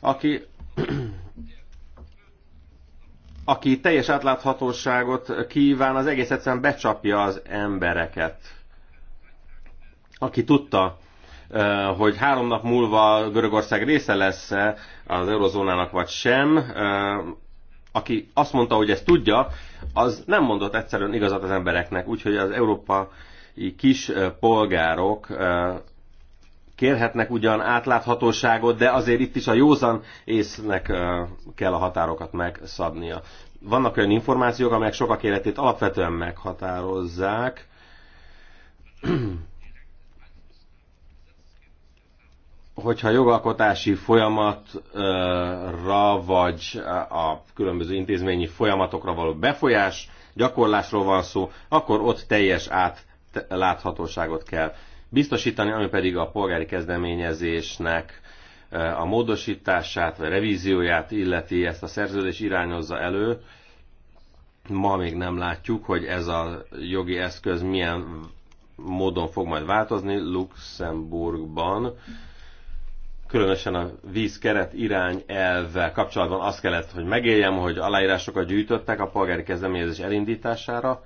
aki aki teljes átláthatóságot kíván, az egész egyszerűen becsapja az embereket. Aki tudta, hogy három nap múlva Görögország része lesz -e az eurozónának vagy sem, aki azt mondta, hogy ezt tudja, az nem mondott egyszerűen igazat az embereknek, úgyhogy az európai kis polgárok kérhetnek ugyan átláthatóságot, de azért itt is a józan észnek kell a határokat megszabnia. Vannak olyan információk, amelyek sokak életét alapvetően meghatározzák. Hogyha jogalkotási folyamatra vagy a különböző intézményi folyamatokra való befolyás gyakorlásról van szó, akkor ott teljes átláthatóságot kell biztosítani, ami pedig a polgári kezdeményezésnek a módosítását vagy revízióját illeti, ezt a szerződés irányozza elő. Ma még nem látjuk, hogy ez a jogi eszköz milyen módon fog majd változni Luxemburgban. Különösen a vízkeret irány elvvel kapcsolatban azt kellett, hogy megéljem, hogy aláírásokat gyűjtöttek a polgári kezdeményezés elindítására,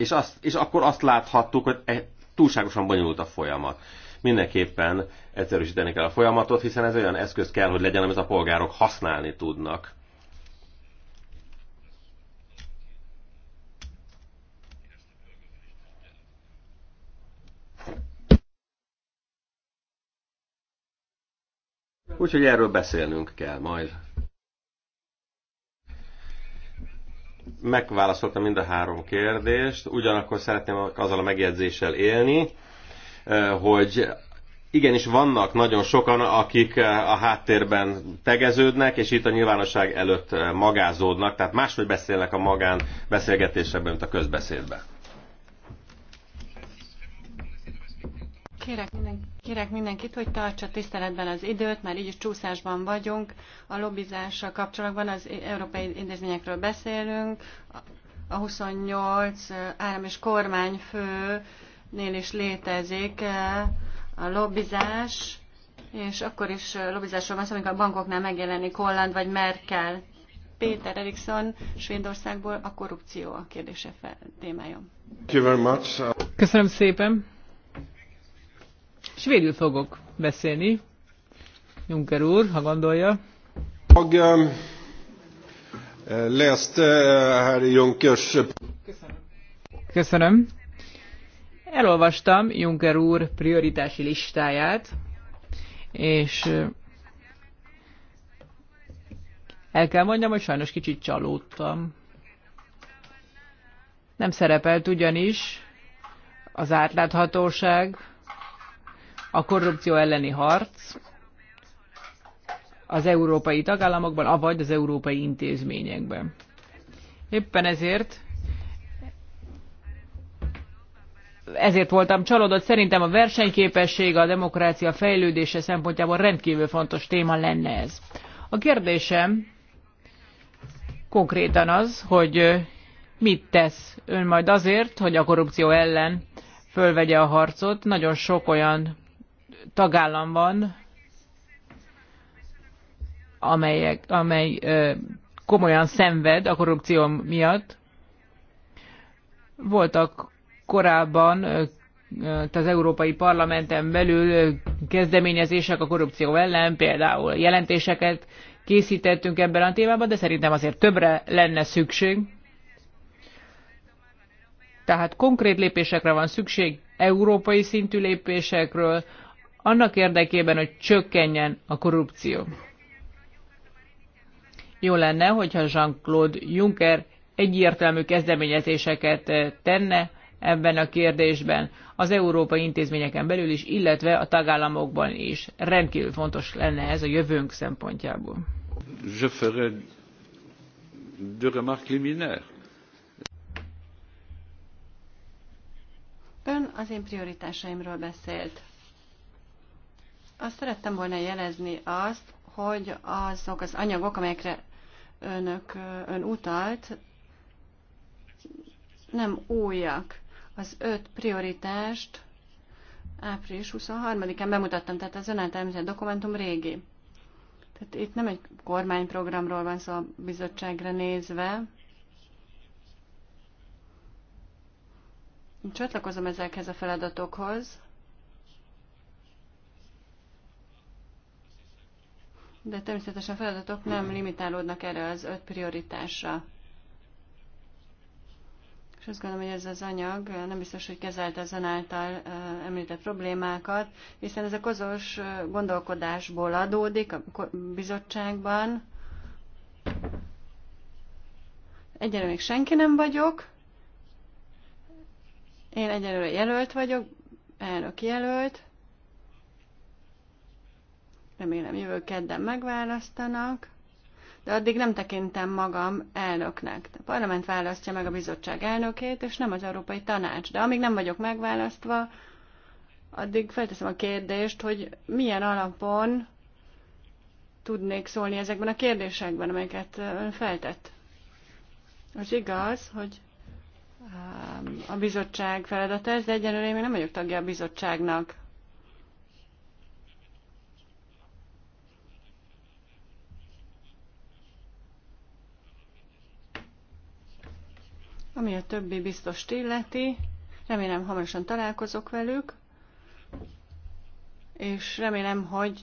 és, azt, és akkor azt láthattuk, hogy e, túlságosan bonyolult a folyamat. Mindenképpen egyszerűsíteni kell a folyamatot, hiszen ez olyan eszköz kell, hogy legyen, amit a polgárok használni tudnak. Úgyhogy erről beszélnünk kell majd. megválaszoltam mind a három kérdést, ugyanakkor szeretném azzal a megjegyzéssel élni, eh, hogy igenis vannak nagyon sokan, akik eh, a háttérben tegeződnek, és itt a nyilvánosság előtt eh, magázódnak, tehát máshogy beszélnek a magán beszélgetésekben, mint a közbeszédben. Kérek, minden, kérek mindenkit, hogy tartsa tiszteletben az időt, már így is csúszásban vagyunk. A lobbizással kapcsolatban az európai intézményekről beszélünk. A 28 állam és kormányfőnél is létezik eh, a lobbizás, és akkor is lobbizásról van szó, amikor a bankoknál megjelenik Holland vagy Merkel. Péter Eriksson Svédországból a korrupció a kérdése fel, témája. Köszönöm szépen. Svédül fogok beszélni, Juncker úr, ha gondolja. Jag ehm, eh, läste herr eh, Junkers... Köszönöm. Köszönöm. Elolvastam Juncker úr prioritási listáját, és eh, el kell mondjam, hogy sajnos kicsit csalódtam. Nem szerepelt ugyanis az átláthatóság, a korrupció elleni harc az európai tagállamokban, avagy az európai intézményekben. Éppen ezért ezért voltam csalódott. Szerintem a versenyképesség, a demokrácia fejlődése szempontjából rendkívül fontos téma lenne ez. A kérdésem konkrétan az, hogy mit tesz ön majd azért, hogy a korrupció ellen fölvegye a harcot. Nagyon sok olyan tagállam van, amelyek, amely ö, komolyan szenved a korrupció miatt. Voltak korábban ö, az Európai Parlamenten belül kezdeményezések a korrupció ellen, például jelentéseket készítettünk ebben a témában, de szerintem azért többre lenne szükség. Tehát konkrét lépésekre van szükség, európai szintű lépésekről, annak érdekében, hogy csökkenjen a korrupció. Jó lenne, hogyha Jean-Claude Juncker egyértelmű kezdeményezéseket eh, tenne ebben a kérdésben az európai intézményeken belül is, illetve a tagállamokban is. Rendkívül fontos lenne ez a jövőnk szempontjából. Je ferai Ön az én prioritásaimról beszélt. Azt szerettem volna jelezni azt, hogy azok az anyagok, amelyekre önök ön utalt, nem újak. Az öt prioritást április 23-án bemutattam, tehát az ön által dokumentum régi. Tehát itt nem egy kormányprogramról van szó a bizottságra nézve. Csatlakozom ezekhez a feladatokhoz. de természetesen a feladatok nem limitálódnak erre az öt prioritásra. És azt gondolom, hogy ez az anyag nem biztos, hogy kezelte az által említett problémákat, hiszen ez a kozós gondolkodásból adódik a bizottságban. Egyelőre még senki nem vagyok. Én egyelőre jelölt vagyok, elnök jelölt remélem jövő kedden megválasztanak, de addig nem tekintem magam elnöknek. A parlament választja meg a bizottság elnökét, és nem az Európai Tanács. De amíg nem vagyok megválasztva, addig felteszem a kérdést, hogy milyen alapon tudnék szólni ezekben a kérdésekben, amelyeket ön feltett. Az igaz, hogy um, a bizottság feladata ez, de egyenlőre én még nem vagyok tagja a bizottságnak. Ami a többi biztos illeti, remélem hamarosan találkozok velük, és remélem, hogy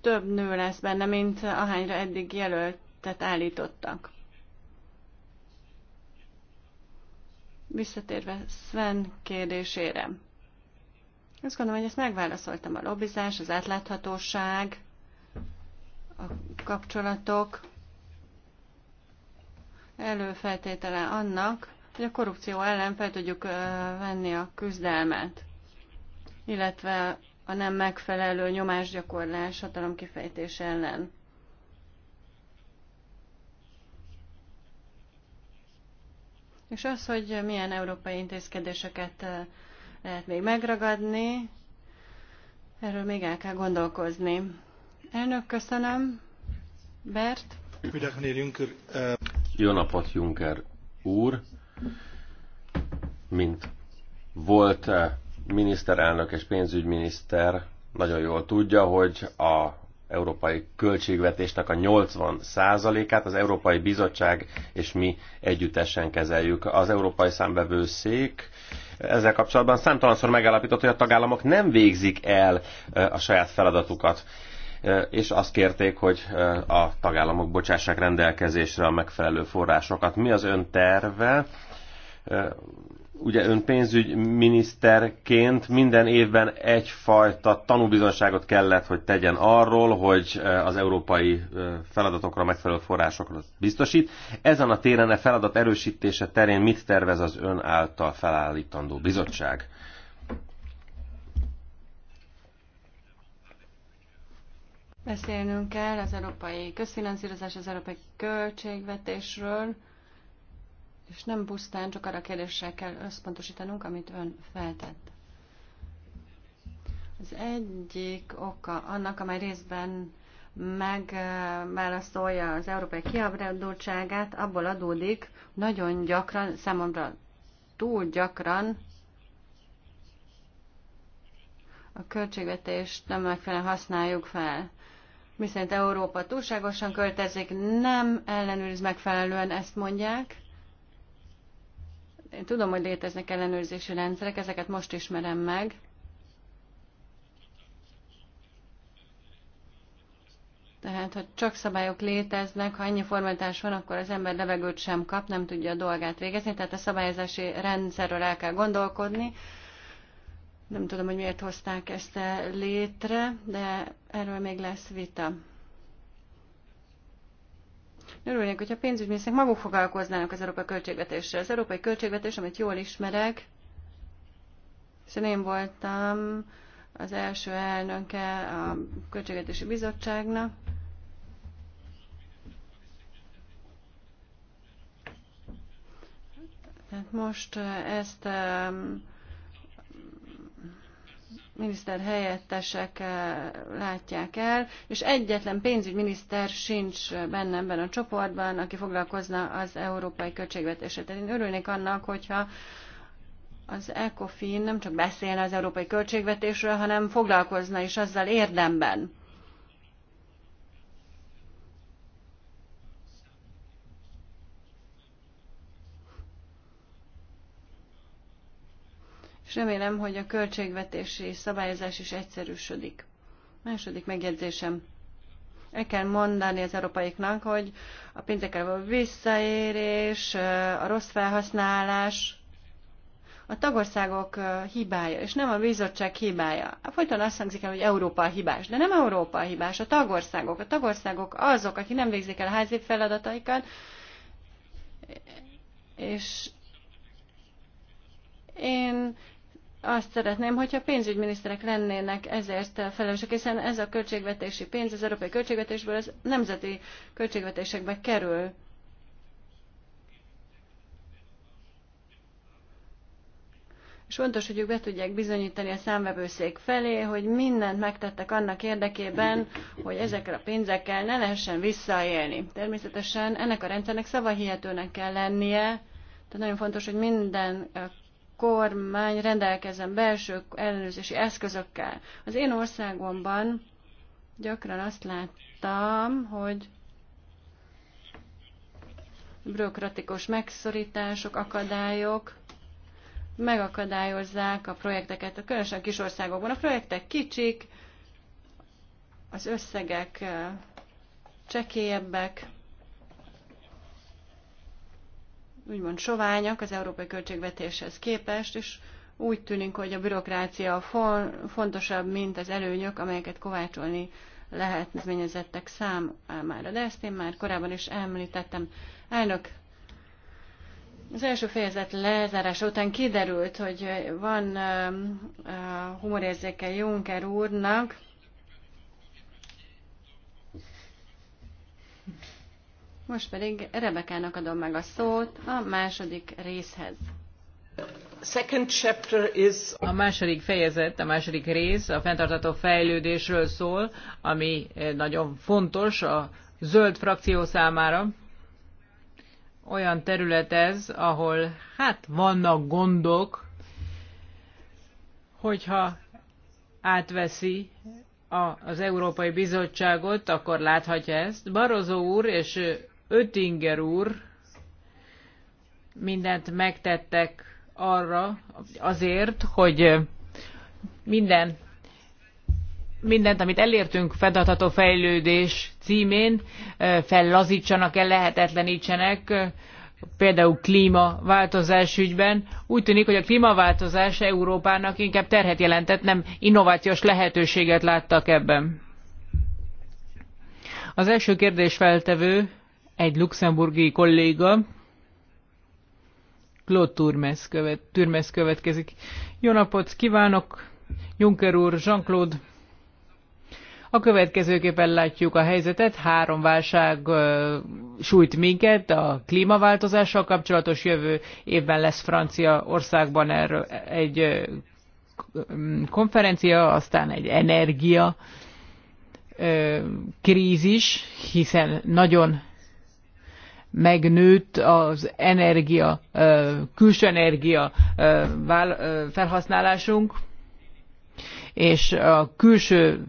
több nő lesz benne, mint ahányra eddig jelöltet állítottak. Visszatérve Sven kérdésére. Azt gondolom, hogy ezt megválaszoltam a lobbizás, az átláthatóság, a kapcsolatok előfeltétele annak, hogy a korrupció ellen fel tudjuk venni a küzdelmet, illetve a nem megfelelő nyomásgyakorlás hatalomkifejtés ellen. És az, hogy milyen európai intézkedéseket lehet még megragadni, erről még el kell gondolkozni. Elnök, köszönöm. Bert? Goedendag, meneer Juncker. Eh, jó napot, Juncker úr! Mint volt eh, miniszterelnök és pénzügyminiszter, nagyon jól tudja, hogy a európai költségvetésnek a 80%-át az Európai Bizottság és mi együttesen kezeljük. Az Európai Számbevőszék ezzel kapcsolatban számtalanszor megállapított, hogy a tagállamok nem végzik el eh, a saját feladatukat. Eh, és azt kérték, hogy eh, a tagállamok bocsássák rendelkezésre a megfelelő forrásokat. Mi az ön terve? Eh, ugye ön pénzügyminiszterként minden évben egyfajta tanúbizonságot kellett, hogy tegyen arról, hogy az európai feladatokra megfelelő forrásokra biztosít. Ezen a téren a e feladat erősítése terén mit tervez az ön által felállítandó bizottság? Beszélnünk kell az európai közfinanszírozás, az európai költségvetésről, és nem pusztán csak arra kérdéssel kell összpontosítanunk, amit ön feltett. Az egyik oka annak, amely részben megválaszolja az európai kiábrándultságát, abból adódik, nagyon gyakran, számomra túl gyakran a költségvetést nem megfelelően használjuk fel miszerint Európa túlságosan költezik, nem ellenőriz megfelelően, ezt mondják. Én tudom, hogy léteznek ellenőrzési rendszerek, ezeket most ismerem meg. Tehát, ha csak szabályok léteznek, ha annyi formalitás van, akkor az ember levegőt sem kap, nem tudja a dolgát végezni, tehát a szabályozási rendszerről el kell gondolkodni. Nem tudom, hogy miért hozták ezt létre, de erről még lesz vita. Örülnék, hogyha pénzügyminiszterek maguk foglalkoznának az európai költségvetésre. Az európai költségvetés, amit jól ismerek, hiszen én voltam az első elnöke a Költségvetési Bizottságnak, Tehát most eh, ezt miniszter helyettesek eh, látják el, és egyetlen pénzügyminiszter sincs benne ebben a csoportban, aki foglalkozna az európai költségvetésre. Tehát én örülnék annak, hogyha az ECOFIN nem csak beszélne az európai költségvetésről, hanem foglalkozna is azzal érdemben. és remélem, hogy a költségvetési szabályozás is egyszerűsödik. Második megjegyzésem. El kell mondani az európaiknak, hogy a pénzekkel való visszaérés, a rossz felhasználás, a tagországok hibája, és nem a bizottság hibája. Hát folyton azt hangzik el, hogy Európa a hibás, de nem Európa a hibás, a tagországok. A tagországok azok, akik nem végzik el a házi feladataikat, és én azt szeretném, hogyha pénzügyminiszterek lennének ezért felelősek, hiszen ez a költségvetési pénz az európai költségvetésből az nemzeti költségvetésekbe kerül. És fontos, hogy ők be tudják bizonyítani a számvevőszék felé, hogy mindent megtettek annak érdekében, hogy ezekkel a pénzekkel ne lehessen visszaélni. Természetesen ennek a rendszernek szavahihetőnek kell lennie, tehát nagyon fontos, hogy minden kormány rendelkezzen belső ellenőrzési eszközökkel. Az én országomban gyakran azt láttam, hogy bürokratikus megszorítások, akadályok megakadályozzák a projekteket, különösen a kis országokban. A projektek kicsik, az összegek eh, csekélyebbek, úgymond soványak az európai költségvetéshez képest, és úgy tűnik, hogy a bürokrácia fontosabb, mint az előnyök, amelyeket kovácsolni lehet lehetményezettek számára. De ezt én már korábban is említettem. Elnök, az első fejezet lezárása után kiderült, hogy van humorérzéke Juncker úrnak, Most pedig Rebekának adom meg a szót a második részhez. Second chapter is... A második fejezet, a második rész a fenntartató fejlődésről szól, ami eh, nagyon fontos a zöld frakció számára. Olyan terület ez, ahol hát vannak gondok, hogyha átveszi az Európai Bizottságot, akkor láthatja ezt. Barozó úr és eh, Öttinger úr mindent megtettek arra, azért, hogy minden, mindent, amit elértünk fenntartható fejlődés címén, fellazítsanak, el lehetetlenítsenek, például klímaváltozás ügyben. Úgy tűnik, hogy a klímaváltozás Európának inkább terhet jelentett, nem innovációs lehetőséget láttak ebben. Az első kérdés feltevő egy luxemburgi kolléga, Claude Turmes, követ, Turmes következik. Jó napot kívánok, Juncker úr, Jean-Claude. A következőképpen látjuk a helyzetet. Három válság uh, sújt minket, a klímaváltozással kapcsolatos jövő évben lesz Franciaországban erről egy uh, konferencia, aztán egy energia uh, krízis, hiszen nagyon megnőtt az energia, külső energia felhasználásunk, és a külső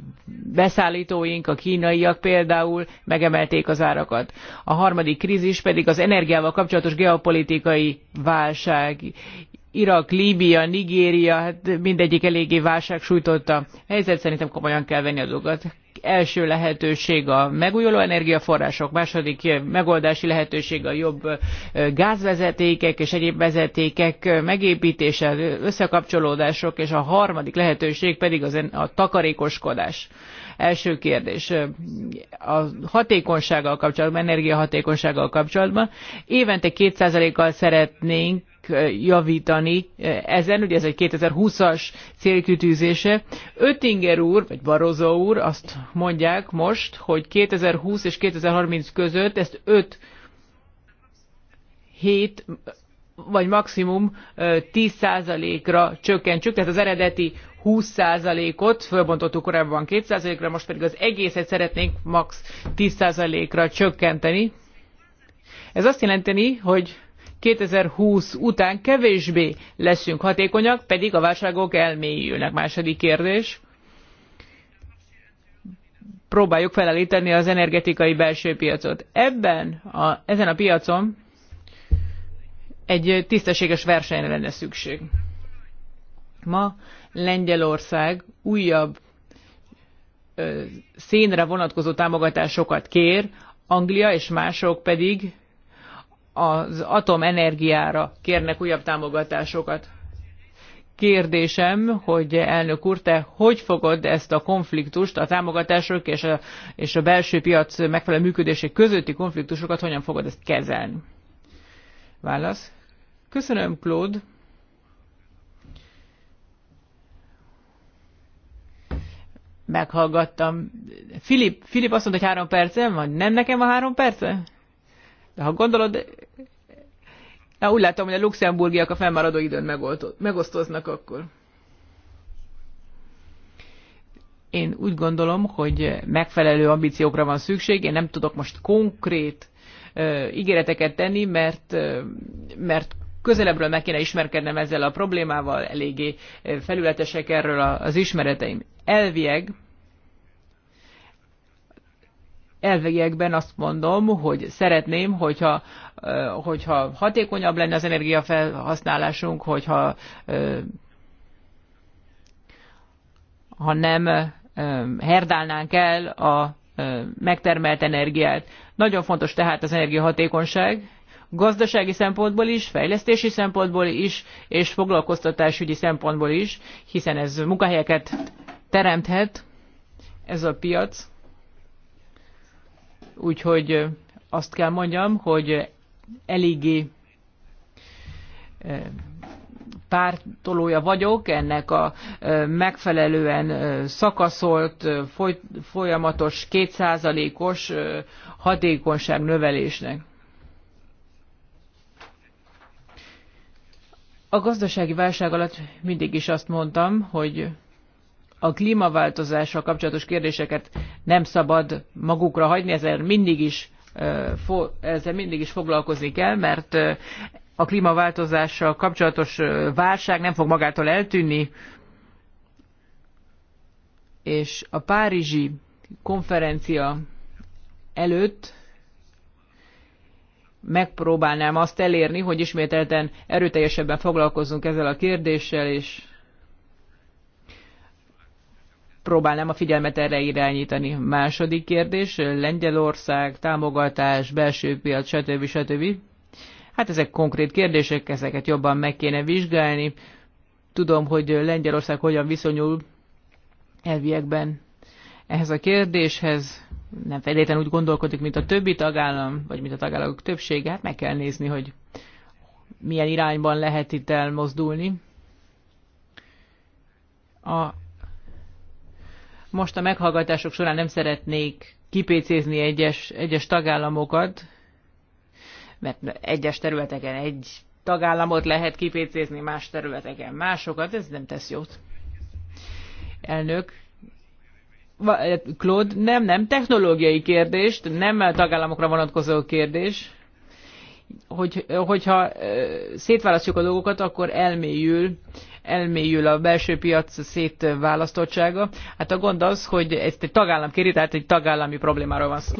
beszállítóink, a kínaiak például megemelték az árakat. A harmadik krízis pedig az energiával kapcsolatos geopolitikai válság. Irak, Líbia, Nigéria, hát mindegyik eléggé válság sújtotta. Helyzet szerintem komolyan kell venni azokat első lehetőség a megújuló energiaforrások, második megoldási lehetőség a jobb gázvezetékek és egyéb vezetékek megépítése, összekapcsolódások, és a harmadik lehetőség pedig az a takarékoskodás. Első kérdés. A hatékonysággal kapcsolatban, energiahatékonysággal kapcsolatban évente 2%-kal szeretnénk javítani ezen, ugye ez egy 2020-as célkütűzése. Öttinger úr, vagy Barozó úr azt mondják most, hogy 2020 és 2030 között ezt 5 7 vagy maximum 10%-ra csökkentsük, tehát az eredeti 20%-ot, fölbontottuk korábban 2%-ra, most pedig az egészet szeretnénk max 10%-ra csökkenteni. Ez azt jelenteni, hogy 2020 után kevésbé leszünk hatékonyak, pedig a válságok elmélyülnek. Második kérdés. Próbáljuk felállítani az energetikai belső piacot. Ebben a, ezen a piacon egy tisztességes versenyre lenne szükség. Ma Lengyelország újabb ö, szénre vonatkozó támogatásokat kér, Anglia és mások pedig az atomenergiára kérnek újabb támogatásokat. Kérdésem, hogy elnök úr, te hogy fogod ezt a konfliktust, a támogatások és a, és a belső piac megfelelő működésé közötti konfliktusokat hogyan fogod ezt kezelni? Válasz. Köszönöm, Claude. meghallgattam. Filip, Filip azt mondta, hogy három percem van. Nem nekem a három perce? De ha gondolod, na, úgy látom, hogy a luxemburgiak a fennmaradó időn megosztoznak akkor. Én úgy gondolom, hogy megfelelő ambíciókra van szükség. Én nem tudok most konkrét uh, ígéreteket tenni, mert, uh, mert közelebbről meg kéne ismerkednem ezzel a problémával, eléggé felületesek erről az ismereteim. Elvieg, elviekben azt mondom, hogy szeretném, hogyha, hogyha hatékonyabb lenne az energiafelhasználásunk, hogyha ha nem herdálnánk el a megtermelt energiát. Nagyon fontos tehát az energiahatékonyság, gazdasági szempontból is, fejlesztési szempontból is, és foglalkoztatásügyi szempontból is, hiszen ez munkahelyeket teremthet, ez a piac. Úgyhogy azt kell mondjam, hogy eléggé pártolója vagyok, ennek a megfelelően szakaszolt, folyamatos, kétszázalékos hatékonyság növelésnek. A gazdasági válság alatt mindig is azt mondtam, hogy a klímaváltozással kapcsolatos kérdéseket nem szabad magukra hagyni, ezzel mindig is, ezzel mindig is foglalkozni kell, mert a klímaváltozással kapcsolatos válság nem fog magától eltűnni, és a párizsi konferencia előtt megpróbálnám azt elérni, hogy ismételten erőteljesebben foglalkozzunk ezzel a kérdéssel, és próbálnám a figyelmet erre irányítani. Második kérdés, Lengyelország, támogatás, belső piac, stb. stb. Hát ezek konkrét kérdések, ezeket jobban meg kéne vizsgálni. Tudom, hogy Lengyelország hogyan viszonyul elviekben ehhez a kérdéshez nem feltétlenül úgy gondolkodik, mint a többi tagállam, vagy mint a tagállamok többsége, hát meg kell nézni, hogy milyen irányban lehet itt elmozdulni. A, most a meghallgatások során nem szeretnék kipécézni egyes, egyes tagállamokat, mert egyes területeken egy tagállamot lehet kipécézni, más területeken másokat, ez nem tesz jót. Elnök, Claude, nem, nem, technológiai kérdést, nem a tagállamokra vonatkozó kérdés. Hogy, hogyha szétválasztjuk a dolgokat, akkor elmélyül, elmélyül a belső piac szétválasztottsága. Hát a gond az, hogy ezt egy tagállam kéri, tehát egy tagállami problémáról van szó.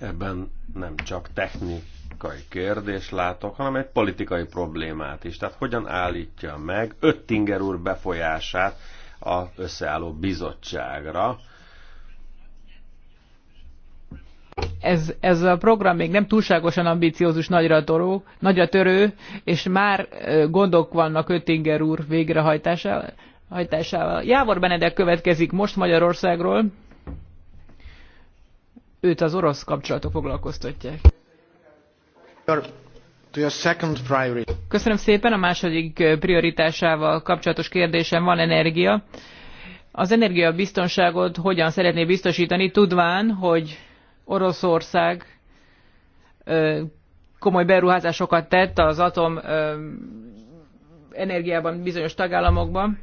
Ebben nem csak technikai kérdés látok, hanem egy politikai problémát is. Tehát hogyan állítja meg Öttinger úr befolyását a összeálló bizottságra. Ez, ez a program még nem túlságosan ambiciózus, nagyra, toró, nagyra törő, és már gondok vannak Öttinger úr végrehajtásával. Jávor Benedek következik most Magyarországról. Őt az orosz kapcsolatok foglalkoztatják. Köszönöm szépen. A második prioritásával kapcsolatos kérdésem van energia. Az energiabiztonságot hogyan szeretné biztosítani, tudván, hogy Oroszország komoly beruházásokat tett az atom energiában bizonyos tagállamokban.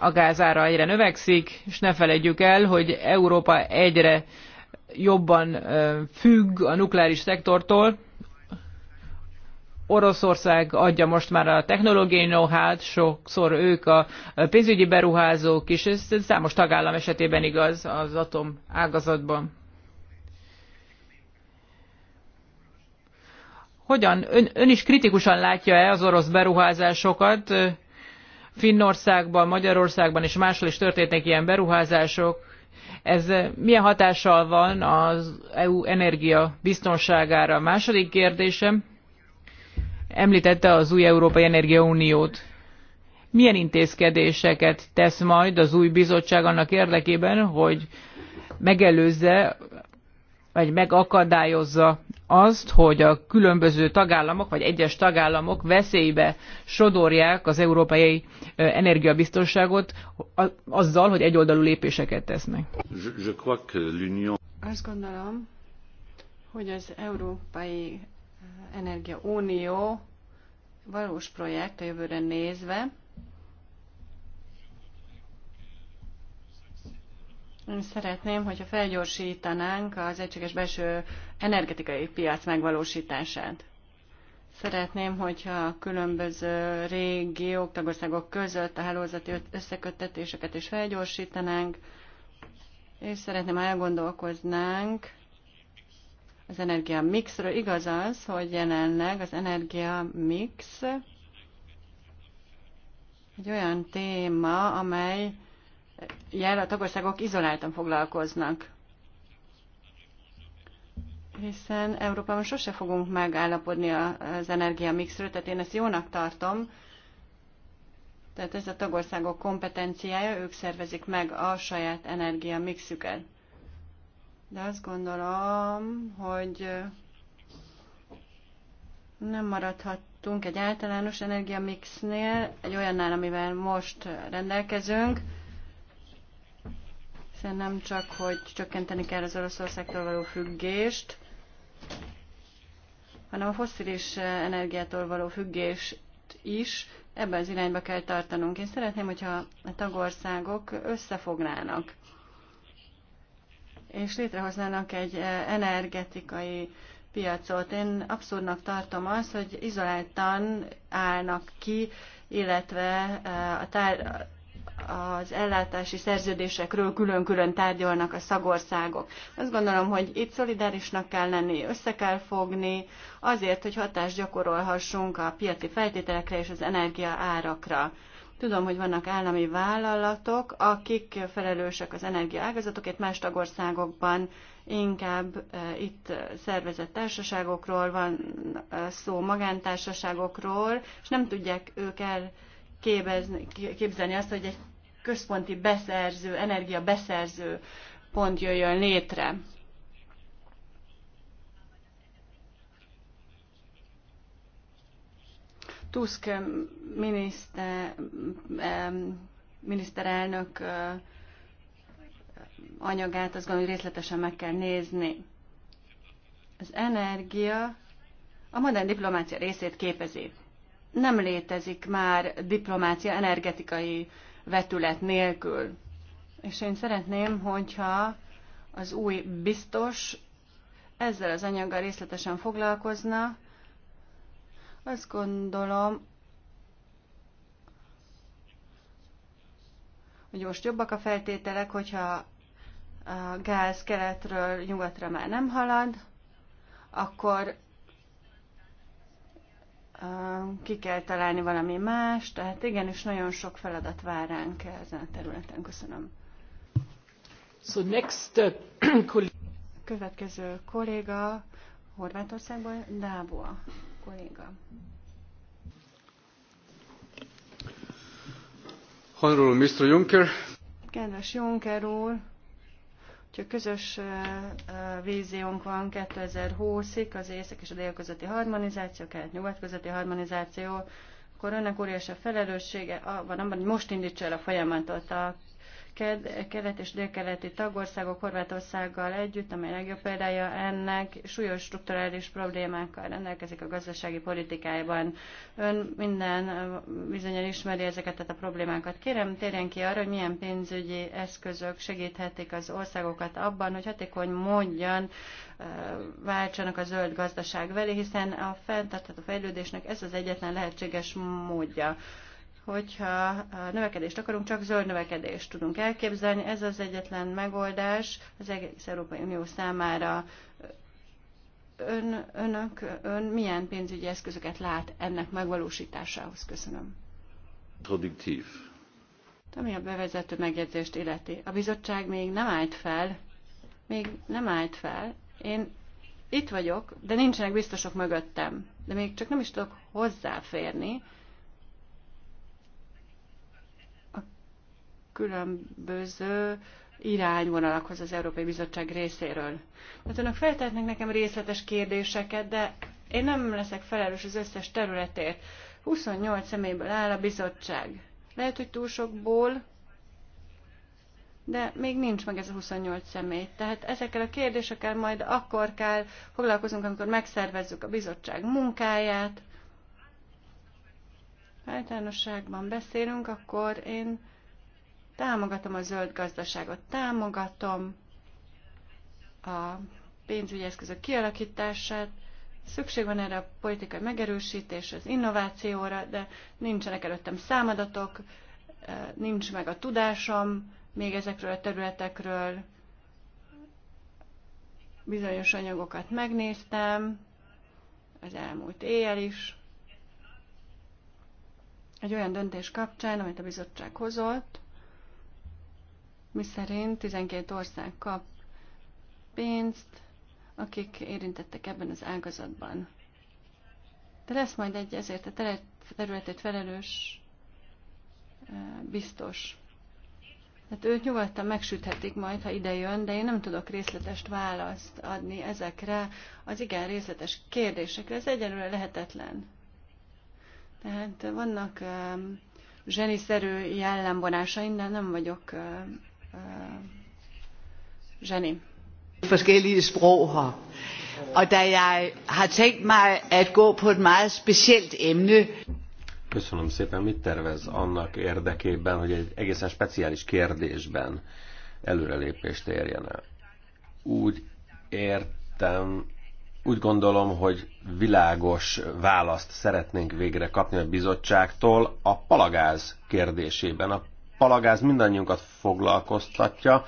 A gázára egyre növekszik, és ne felejtjük el, hogy Európa egyre jobban függ a nukleáris szektortól, Oroszország adja most már a technológiai know-how-t, sokszor ők a pénzügyi beruházók is, ez számos tagállam esetében igaz az atom ágazatban. Hogyan? Ön, ön is kritikusan látja-e az orosz beruházásokat? Finnországban, Magyarországban és máshol is történtek ilyen beruházások. Ez milyen hatással van az EU energia biztonságára? A második kérdésem, Említette az új Európai Energiauniót. Milyen intézkedéseket tesz majd az új bizottság annak érdekében, hogy megelőzze vagy megakadályozza azt, hogy a különböző tagállamok, vagy egyes tagállamok veszélybe sodorják az európai energiabiztonságot azzal, hogy egyoldalú lépéseket tesznek. Azt gondolom, hogy az Európai Energia Unió valós projekt a jövőre nézve. Én szeretném, hogyha felgyorsítanánk az egységes belső energetikai piac megvalósítását. Szeretném, hogyha a különböző régiók, tagországok között a hálózati összeköttetéseket is felgyorsítanánk, és szeretném, ha elgondolkoznánk az energia mixről. Igaz az, hogy jelenleg az energia mix egy olyan téma, amely jel a tagországok izoláltan foglalkoznak. Hiszen Európában sose fogunk megállapodni az energia mixről, tehát én ezt jónak tartom. Tehát ez a tagországok kompetenciája, ők szervezik meg a saját energia mixüket de azt gondolom, hogy nem maradhattunk egy általános energiamixnél, egy olyannál, amivel most rendelkezünk, hiszen nem csak, hogy csökkenteni kell az Oroszországtól való függést, hanem a foszilis energiától való függést is Ebben az irányba kell tartanunk. Én szeretném, hogyha a tagországok összefognának és létrehoznának egy eh, energetikai piacot. Én abszurdnak tartom azt, hogy izoláltan állnak ki, illetve eh, a tár- az ellátási szerződésekről külön-külön tárgyalnak a szagországok. Azt gondolom, hogy itt szolidárisnak kell lenni, össze kell fogni, azért, hogy hatást gyakorolhassunk a piaci feltételekre és az energia árakra. Tudom, hogy vannak állami vállalatok, akik felelősek az energiaágazatokért, más tagországokban inkább e, itt szervezett társaságokról van e, szó, magántársaságokról, és nem tudják ők elképzelni képzelni azt, hogy egy központi beszerző, energia beszerző pont jöjjön létre. Tusk eh, miniszter, eh, miniszterelnök eh, anyagát azt gondolom, hogy részletesen meg kell nézni. Az energia a modern diplomácia részét képezi. Nem létezik már diplomácia energetikai vetület nélkül. És én szeretném, hogyha az új biztos ezzel az anyaggal részletesen foglalkozna, azt gondolom, hogy most jobbak a feltételek, hogyha a gáz keletről nyugatra már nem halad, akkor ki kell találni valami más, tehát igenis nagyon sok feladat vár ránk ezen a területen. Köszönöm. So next, uh, Következő kolléga Horvátországból, Dábor kolléga. Honorable Mr. Juncker. Kedves Juncker úr, hogyha közös víziónk van 2020-ig, az észak és a dél közötti harmonizáció, kelet-nyugat közötti harmonizáció, akkor önnek óriási a felelőssége van abban, hogy most indítsa el a folyamatot. A kelet és délkeleti tagországok Horvátországgal együtt, amely legjobb példája ennek, súlyos strukturális problémákkal rendelkezik a gazdasági politikájában. Ön minden bizonyal ismeri ezeket a problémákat. Kérem, térjen ki arra, hogy milyen pénzügyi eszközök segíthetik az országokat abban, hogy hatékony módjan váltsanak a zöld gazdaság velé, hiszen a fenntartható fejlődésnek ez az egyetlen lehetséges módja hogyha növekedést akarunk, csak zöld növekedést tudunk elképzelni. Ez az egyetlen megoldás az egész Európai Unió számára. Ön, önök, ön milyen pénzügyi eszközöket lát ennek megvalósításához? Köszönöm. Produktív. Ami a bevezető megjegyzést illeti. A bizottság még nem állt fel, még nem állt fel. Én itt vagyok, de nincsenek biztosok mögöttem. De még csak nem is tudok hozzáférni különböző irányvonalakhoz az Európai Bizottság részéről. Tehát önök feltehetnek nekem részletes kérdéseket, de én nem leszek felelős az összes területért. 28 személyből áll a bizottság. Lehet, hogy túl sokból, de még nincs meg ez a 28 személy. Tehát ezekkel a kérdésekkel majd akkor kell foglalkozunk, amikor megszervezzük a bizottság munkáját. Ha általánosságban beszélünk, akkor én Támogatom a zöld gazdaságot, támogatom a pénzügyi eszközök kialakítását, Szükség van erre a politikai megerősítésre, az innovációra, de nincsenek előttem számadatok, eh, nincs meg a tudásom még ezekről a területekről. Bizonyos anyagokat megnéztem az elmúlt éjjel is. Egy olyan döntés kapcsán, amit a bizottság hozott, miszerint 12 ország kap pénzt, akik érintettek ebben az ágazatban. De lesz majd egy ezért a területét felelős biztos. Hát őt nyugodtan megsüthetik majd, ha ide jön, de én nem tudok részletes választ adni ezekre az igen részletes kérdésekre. Ez egyelőre lehetetlen. Tehát vannak um, zseniszerű jellemvonásaim, de nem vagyok um, Øh, Jenny. Forskellige sprog her. Og da jeg har tænkt mig at gå på et meget specielt emne, Köszönöm szépen. Mit tervez annak érdekében, hogy egy egészen speciális kérdésben előrelépést érjen el? Úgy értem, úgy gondolom, hogy világos választ szeretnénk végre kapni a bizottságtól a palagáz kérdésében, a palagáz mindannyiunkat foglalkoztatja,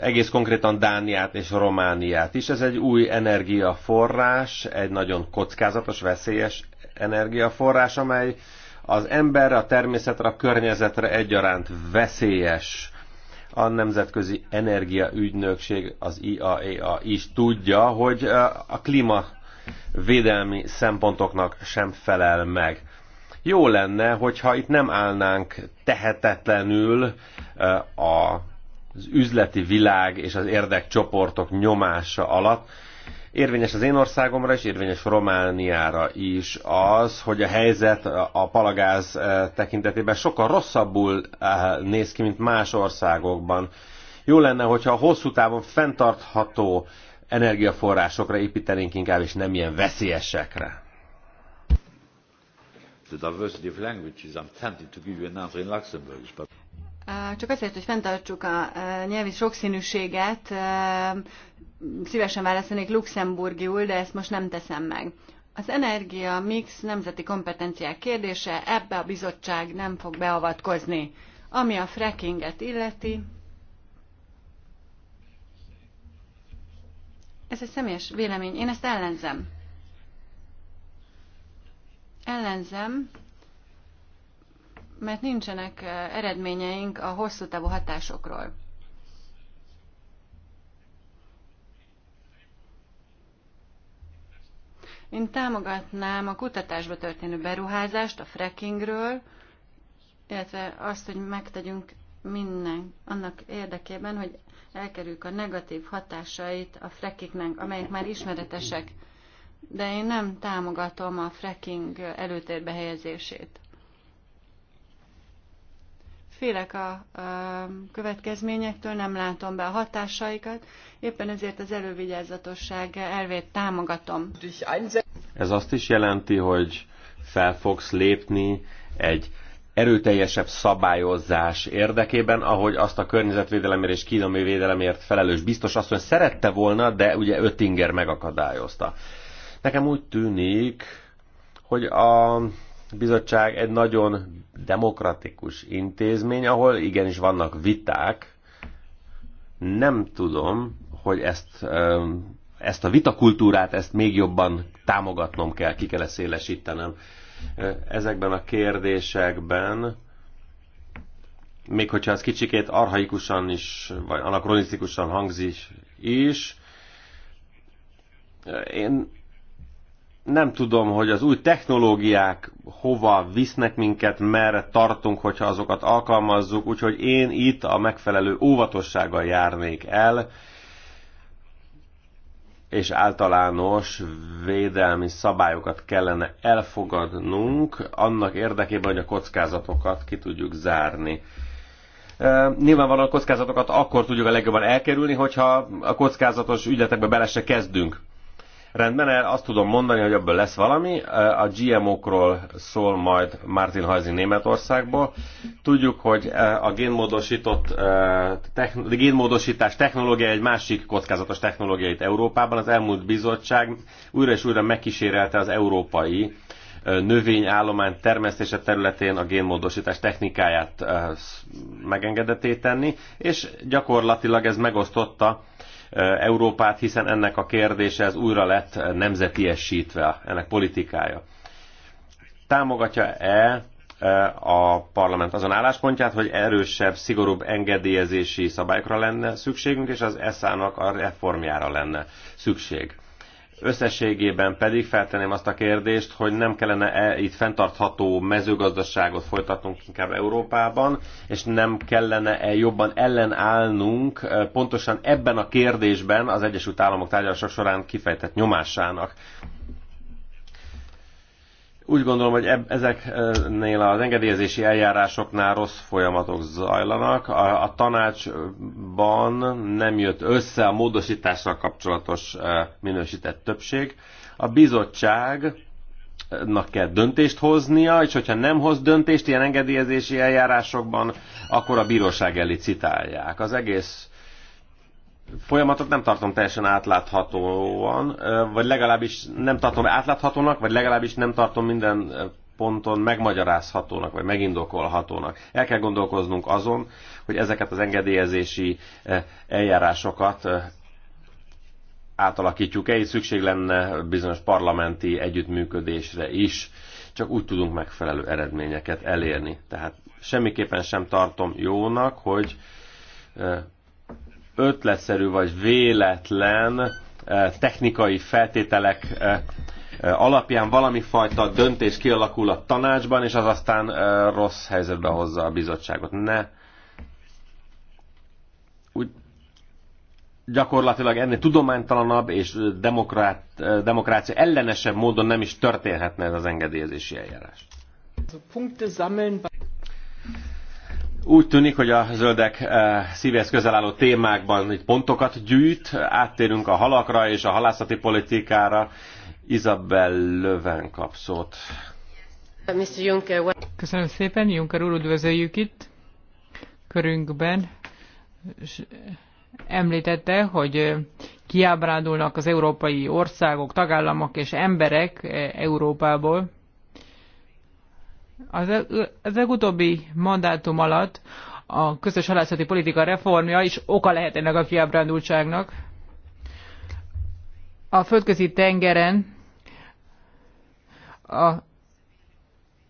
egész konkrétan Dániát és Romániát is. Ez egy új energiaforrás, egy nagyon kockázatos, veszélyes energiaforrás, amely az emberre, a természetre, a környezetre egyaránt veszélyes. A Nemzetközi Energiaügynökség, az IAEA e is tudja, hogy a klíma védelmi szempontoknak sem felel meg. Jó lenne, hogyha itt nem állnánk tehetetlenül eh, az üzleti világ és az érdekcsoportok nyomása alatt, érvényes az én országomra és érvényes Romániára is az, hogy a helyzet a palagáz eh, tekintetében sokkal rosszabbul eh, néz ki, mint más országokban. Jó lenne, hogyha a hosszú távon fenntartható energiaforrásokra építenénk inkább, és nem ilyen veszélyesekre the diversity of languages, I'm tempted to give you an answer in Luxembourgish, but... Csak azért, hogy fenntartsuk a e, nyelvi sokszínűséget, e, szívesen válaszolnék luxemburgiul, de ezt most nem teszem meg. Az energia mix nemzeti kompetenciák kérdése, ebbe a bizottság nem fog beavatkozni. Ami a frackinget illeti, ez egy személyes vélemény, én ezt ellenzem ellenzem, mert nincsenek eredményeink a hosszú távú hatásokról. Én támogatnám a kutatásba történő beruházást, a frackingről, illetve azt, hogy megtegyünk minden annak érdekében, hogy elkerüljük a negatív hatásait a frackingnek, amelyek már ismeretesek de én nem támogatom a fracking előtérbe helyezését. Félek a, következményektől, nem látom be a hatásaikat, éppen ezért az elővigyázatosság elvét támogatom. Ez azt is jelenti, hogy fel fogsz lépni egy erőteljesebb szabályozás érdekében, ahogy azt a környezetvédelemért és kínai védelemért felelős biztos asszony szerette volna, de ugye Öttinger megakadályozta. Nekem úgy tűnik, hogy a bizottság egy nagyon demokratikus intézmény, ahol igenis vannak viták. Nem tudom, hogy ezt, ezt a vitakultúrát, ezt még jobban támogatnom kell, ki kell szélesítenem. Ezekben a kérdésekben, még hogyha az kicsikét arhaikusan is, vagy anakronisztikusan hangzik is, én nem tudom, hogy az új technológiák hova visznek minket, merre tartunk, hogyha azokat alkalmazzuk, úgyhogy én itt a megfelelő óvatossággal járnék el, és általános védelmi szabályokat kellene elfogadnunk annak érdekében, hogy a kockázatokat ki tudjuk zárni. Nyilvánvalóan a kockázatokat akkor tudjuk a legjobban elkerülni, hogyha a kockázatos ügyletekbe bele se kezdünk Rendben, eh, azt tudom mondani, hogy ebből lesz valami. Eh, a GMO-król szól majd Martin Hajzi Németországból. Tudjuk, hogy eh, a génmódosított, techn, génmódosítás technológia egy másik kockázatos technológiait Európában. Az elmúlt bizottság újra és újra megkísérelte az európai növényállomány termesztése területén a génmódosítás technikáját megengedeté tenni, és gyakorlatilag ez megosztotta Eh, Európát, hiszen ennek a kérdése ez újra lett nemzetiesítve, ennek politikája. Támogatja-e eh, a parlament azon álláspontját, hogy erősebb, szigorúbb engedélyezési szabályokra lenne szükségünk, és az ESZÁ-nak a reformjára lenne szükség. Összességében pedig feltenném azt a kérdést, hogy nem kellene-e itt fenntartható mezőgazdaságot folytatnunk inkább Európában, és nem kellene-e jobban ellenállnunk pontosan ebben a kérdésben az Egyesült Államok tárgyalások során kifejtett nyomásának. Úgy gondolom, hogy ezeknél az engedélyezési eljárásoknál rossz folyamatok zajlanak. A, a tanácsban nem jött össze a módosítással kapcsolatos minősített többség. A bizottság kell döntést hoznia, és hogyha nem hoz döntést ilyen engedélyezési eljárásokban, akkor a bíróság elé citálják. Az egész folyamatot nem tartom teljesen átláthatóan, vagy legalábbis nem tartom átláthatónak, vagy legalábbis nem tartom minden ponton megmagyarázhatónak, vagy megindokolhatónak. El kell gondolkoznunk azon, hogy ezeket az engedélyezési eljárásokat átalakítjuk-e, és szükség lenne bizonyos parlamenti együttműködésre is, csak úgy tudunk megfelelő eredményeket elérni. Tehát semmiképpen sem tartom jónak, hogy ötletszerű vagy véletlen eh, technikai feltételek eh, eh, alapján valami fajta döntés kialakul a tanácsban, és az aztán rossz helyzetbe hozza a bizottságot. Ne. Úgy gyakorlatilag ennél tudománytalanabb és demokrát, demokrácia ellenesebb módon nem is történhetne ez az engedélyezési eljárás. Úgy tűnik, hogy a zöldek eh, szívhez közel álló témákban itt pontokat gyűjt, áttérünk a halakra és a halászati politikára. Isabel Löven kap szót. Köszönöm szépen, Juncker úr, üdvözöljük itt körünkben. És eh, említette, hogy eh, kiábrándulnak az európai országok, tagállamok és emberek Európából. Az, az e- legutóbbi mandátum alatt a közös halászati politika reformja is oka lehet ennek a kiábrándultságnak. A földközi tengeren a,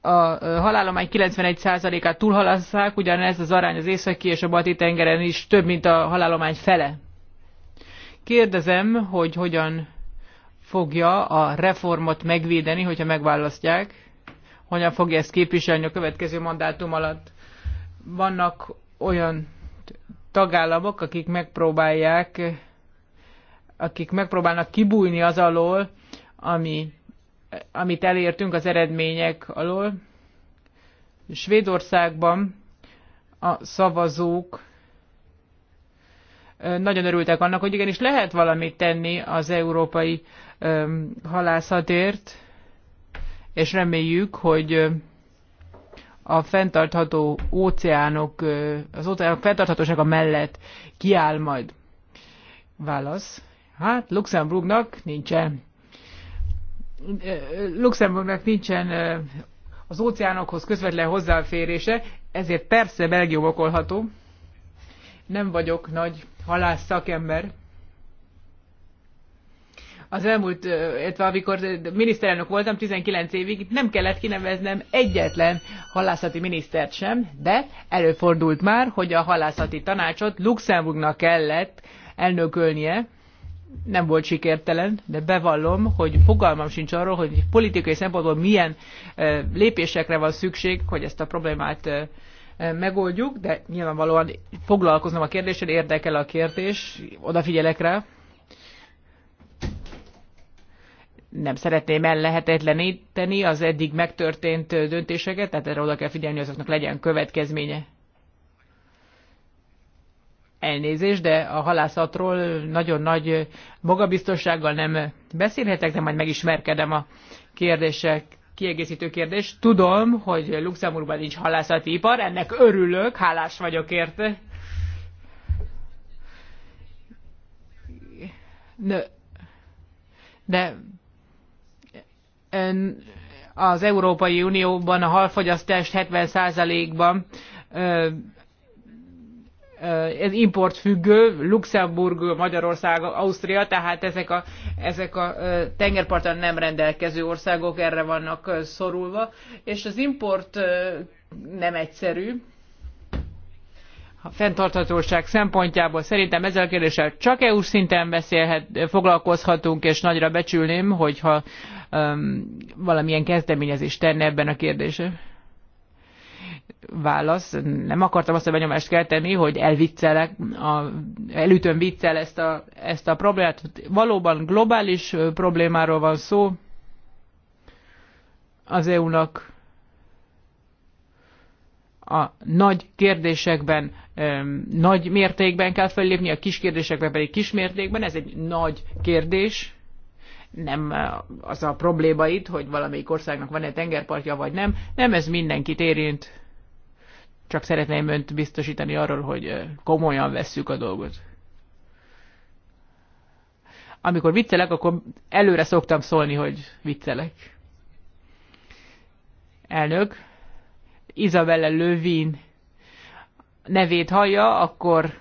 a halálomány 91%-át túlhalasszák, ugyanez az arány az északi és a balti tengeren is több, mint a halálomány fele. Kérdezem, hogy hogyan fogja a reformot megvédeni, hogyha megválasztják hogyan fogja ezt képviselni a következő mandátum alatt. Vannak olyan tagállamok, akik megpróbálják, akik megpróbálnak kibújni az alól, ami, amit elértünk az eredmények alól. Svédországban a szavazók nagyon örültek annak, hogy igenis lehet valamit tenni az európai halászatért, és reméljük, hogy a fenntartható óceánok, az óceánok fenntarthatósága mellett kiáll majd. Válasz. Hát Luxemburgnak nincsen. Luxemburgnak nincsen az óceánokhoz közvetlen hozzáférése, ezért persze Belgium okolható. Nem vagyok nagy halász szakember, az elmúlt, illetve amikor miniszterelnök voltam 19 évig, nem kellett kineveznem egyetlen halászati minisztert sem, de előfordult már, hogy a halászati tanácsot Luxemburgnak kellett elnökölnie, nem volt sikertelen, de bevallom, hogy fogalmam sincs arról, hogy politikai szempontból milyen lépésekre van szükség, hogy ezt a problémát megoldjuk, de nyilvánvalóan foglalkozom a kérdéssel, érdekel a kérdés, odafigyelek rá, nem szeretném ellehetetleníteni az eddig megtörtént döntéseket, tehát erre oda kell figyelni, hogy azoknak legyen következménye. Elnézést, de a halászatról nagyon nagy magabiztossággal nem beszélhetek, de majd megismerkedem a kérdések kiegészítő kérdés. Tudom, hogy Luxemburgban nincs halászati ipar, ennek örülök, hálás vagyok érte. De, de az Európai Unióban a halfogyasztást 70%-ban ez importfüggő, Luxemburg, Magyarország, Ausztria, tehát ezek a, ezek a tengerparton nem rendelkező országok erre vannak szorulva, és az import nem egyszerű a fenntarthatóság szempontjából szerintem ezzel a kérdéssel csak EU szinten beszélhet, foglalkozhatunk, és nagyra becsülném, hogyha um, valamilyen kezdeményezést tenne ebben a kérdésben. Válasz, nem akartam azt a benyomást kelteni, hogy elviccelek, a, elütöm viccel ezt a, ezt a problémát. Valóban globális problémáról van szó. Az EU-nak a nagy kérdésekben nagy mértékben kell fellépni, a kis kérdésekben pedig kis mértékben. Ez egy nagy kérdés, nem az a probléma itt, hogy valamelyik országnak van-e tengerpartja, vagy nem. Nem, ez mindenkit érint. Csak szeretném önt biztosítani arról, hogy komolyan vesszük a dolgot. Amikor viccelek, akkor előre szoktam szólni, hogy viccelek. Elnök, Isabella Lövin nevét hallja, akkor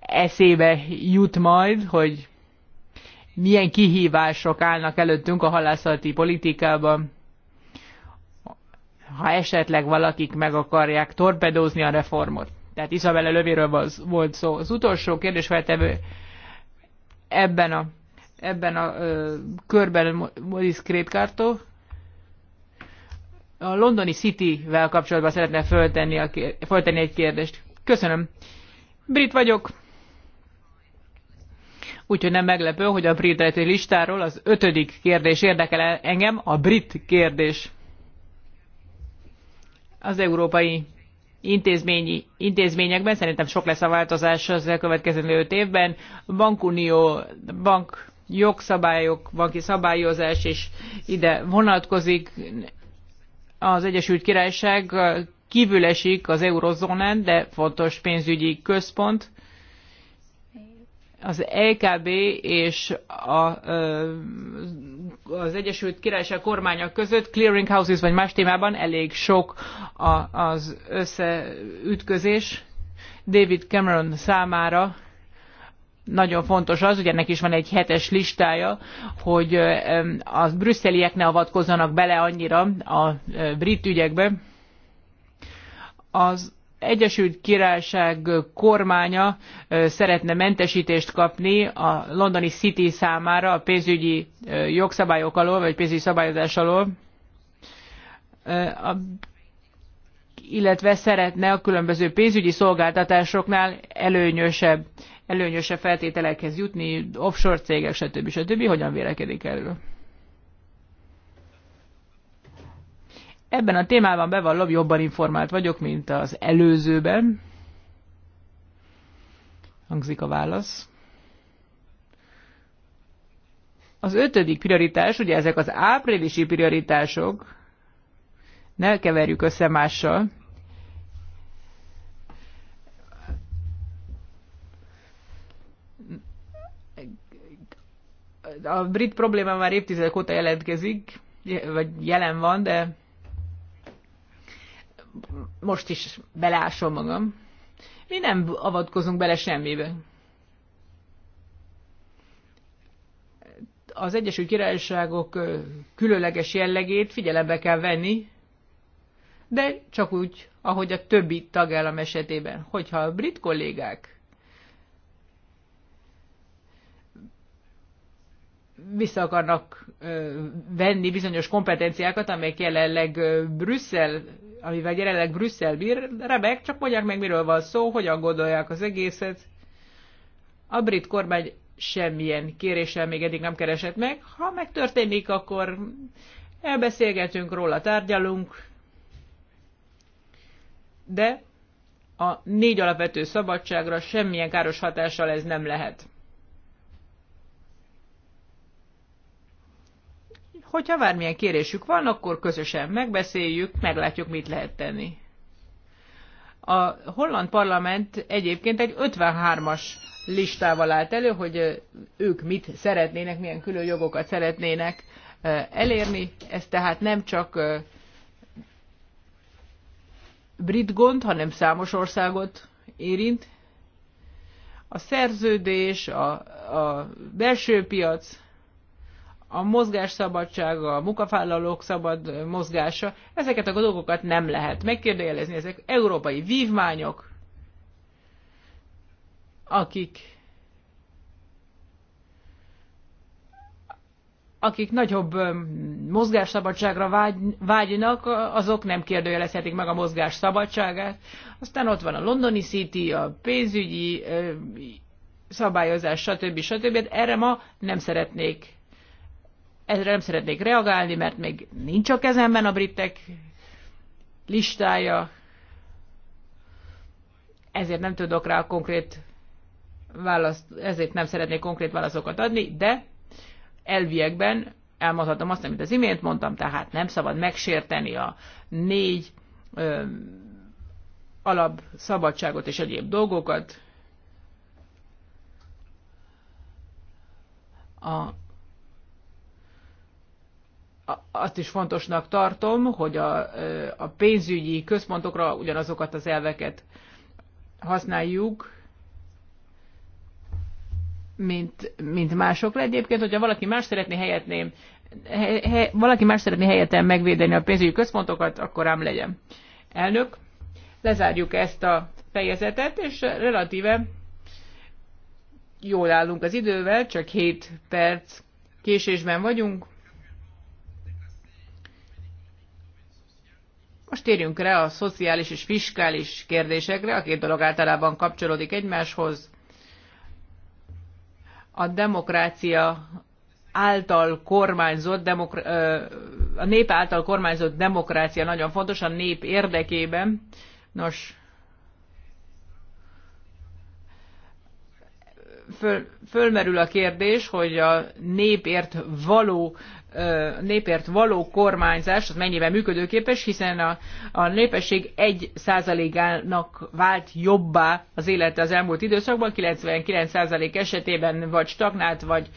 eszébe jut majd, hogy milyen kihívások állnak előttünk a halászati politikában. Ha esetleg valakik meg akarják torpedózni a reformot. Tehát Isabella lövéről volt szó. Az utolsó kérdésfeltevő ebben a, ebben a ö, körben Maurice Krétkártó, a londoni City-vel kapcsolatban szeretne föltenni, a, föltenni egy kérdést. Köszönöm. Brit vagyok. Úgyhogy nem meglepő, hogy a brit listáról az ötödik kérdés érdekel engem, a brit kérdés. Az európai intézményi, intézményekben szerintem sok lesz a változás az elkövetkező öt évben. Bankunió, bank jogszabályok, banki szabályozás is ide vonatkozik az Egyesült Királyság kívül esik az eurozónán, de fontos pénzügyi központ. Az LKB e és a, az Egyesült Királyság kormánya között clearing houses vagy más témában elég sok az összeütközés. David Cameron számára nagyon fontos az, hogy ennek is van egy hetes listája, hogy a brüsszeliek ne avatkozzanak bele annyira a brit ügyekbe. Az Egyesült Királyság kormánya szeretne mentesítést kapni a londoni City számára a pénzügyi jogszabályok alól, vagy pénzügyi szabályozás alól. A illetve szeretne a különböző pénzügyi szolgáltatásoknál előnyösebb, előnyösebb feltételekhez jutni, offshore cégek, stb. stb. Hogyan vélekedik erről? Ebben a témában bevallom, jobban informált vagyok, mint az előzőben. Hangzik a válasz. Az ötödik prioritás, ugye ezek az áprilisi prioritások, ne keverjük össze mással. A brit probléma már évtizedek óta jelentkezik, vagy jelen van, de most is belásom magam. Mi nem avatkozunk bele semmibe. Az Egyesült Királyságok különleges jellegét figyelembe kell venni, de csak úgy, ahogy a többi tagállam esetében. Hogyha a brit kollégák vissza akarnak venni bizonyos kompetenciákat, amelyek jelenleg Brüsszel, amivel jelenleg Brüsszel bír, remek, csak mondják meg, miről van szó, hogyan gondolják az egészet. A brit kormány semmilyen kéréssel még eddig nem keresett meg. Ha megtörténik, akkor elbeszélgetünk róla, tárgyalunk, de a négy alapvető szabadságra semmilyen káros hatással ez nem lehet. Hogyha bármilyen kérésük van, akkor közösen megbeszéljük, meglátjuk, mit lehet tenni. A holland parlament egyébként egy 53-as listával állt elő, hogy ők mit szeretnének, milyen külön jogokat szeretnének elérni. Ez tehát nem csak brit gond, hanem számos országot érint. A szerződés, a, a belső piac, a mozgásszabadság, a munkavállalók szabad mozgása, ezeket a dolgokat nem lehet megkérdőjelezni. Ezek európai vívmányok, akik akik nagyobb mozgásszabadságra vágy, vágynak, azok nem kérdőjelezhetik meg a mozgás szabadságát. Aztán ott van a londoni city, a pénzügyi szabályozás, stb. stb. Hát erre ma nem szeretnék erre nem szeretnék reagálni, mert még nincs a kezemben a britek listája, ezért nem tudok rá konkrét választ, ezért nem szeretnék konkrét válaszokat adni, de elviekben elmondhatom azt, amit az imént mondtam, tehát nem szabad megsérteni a négy ö, alap szabadságot és egyéb dolgokat. A azt is fontosnak tartom, hogy a, a pénzügyi központokra ugyanazokat az elveket használjuk, mint, mint másokra. Egyébként, hogyha valaki más szeretné helyetném, he, he, valaki más szeretné helyetem megvédeni a pénzügyi központokat, akkor ám legyen. Elnök, lezárjuk ezt a fejezetet, és relatíve jól állunk az idővel, csak 7 perc késésben vagyunk. Most térjünk rá a szociális és fiskális kérdésekre, a két dolog általában kapcsolódik egymáshoz a demokrácia által kormányzott, demokra, a nép által kormányzott demokrácia nagyon fontos a nép érdekében. Nos, föl, fölmerül a kérdés, hogy a népért való népért való kormányzás az mennyiben működőképes, hiszen a, a népesség 1%-ának vált jobbá az élete az elmúlt időszakban, 99% esetében vagy stagnált, vagy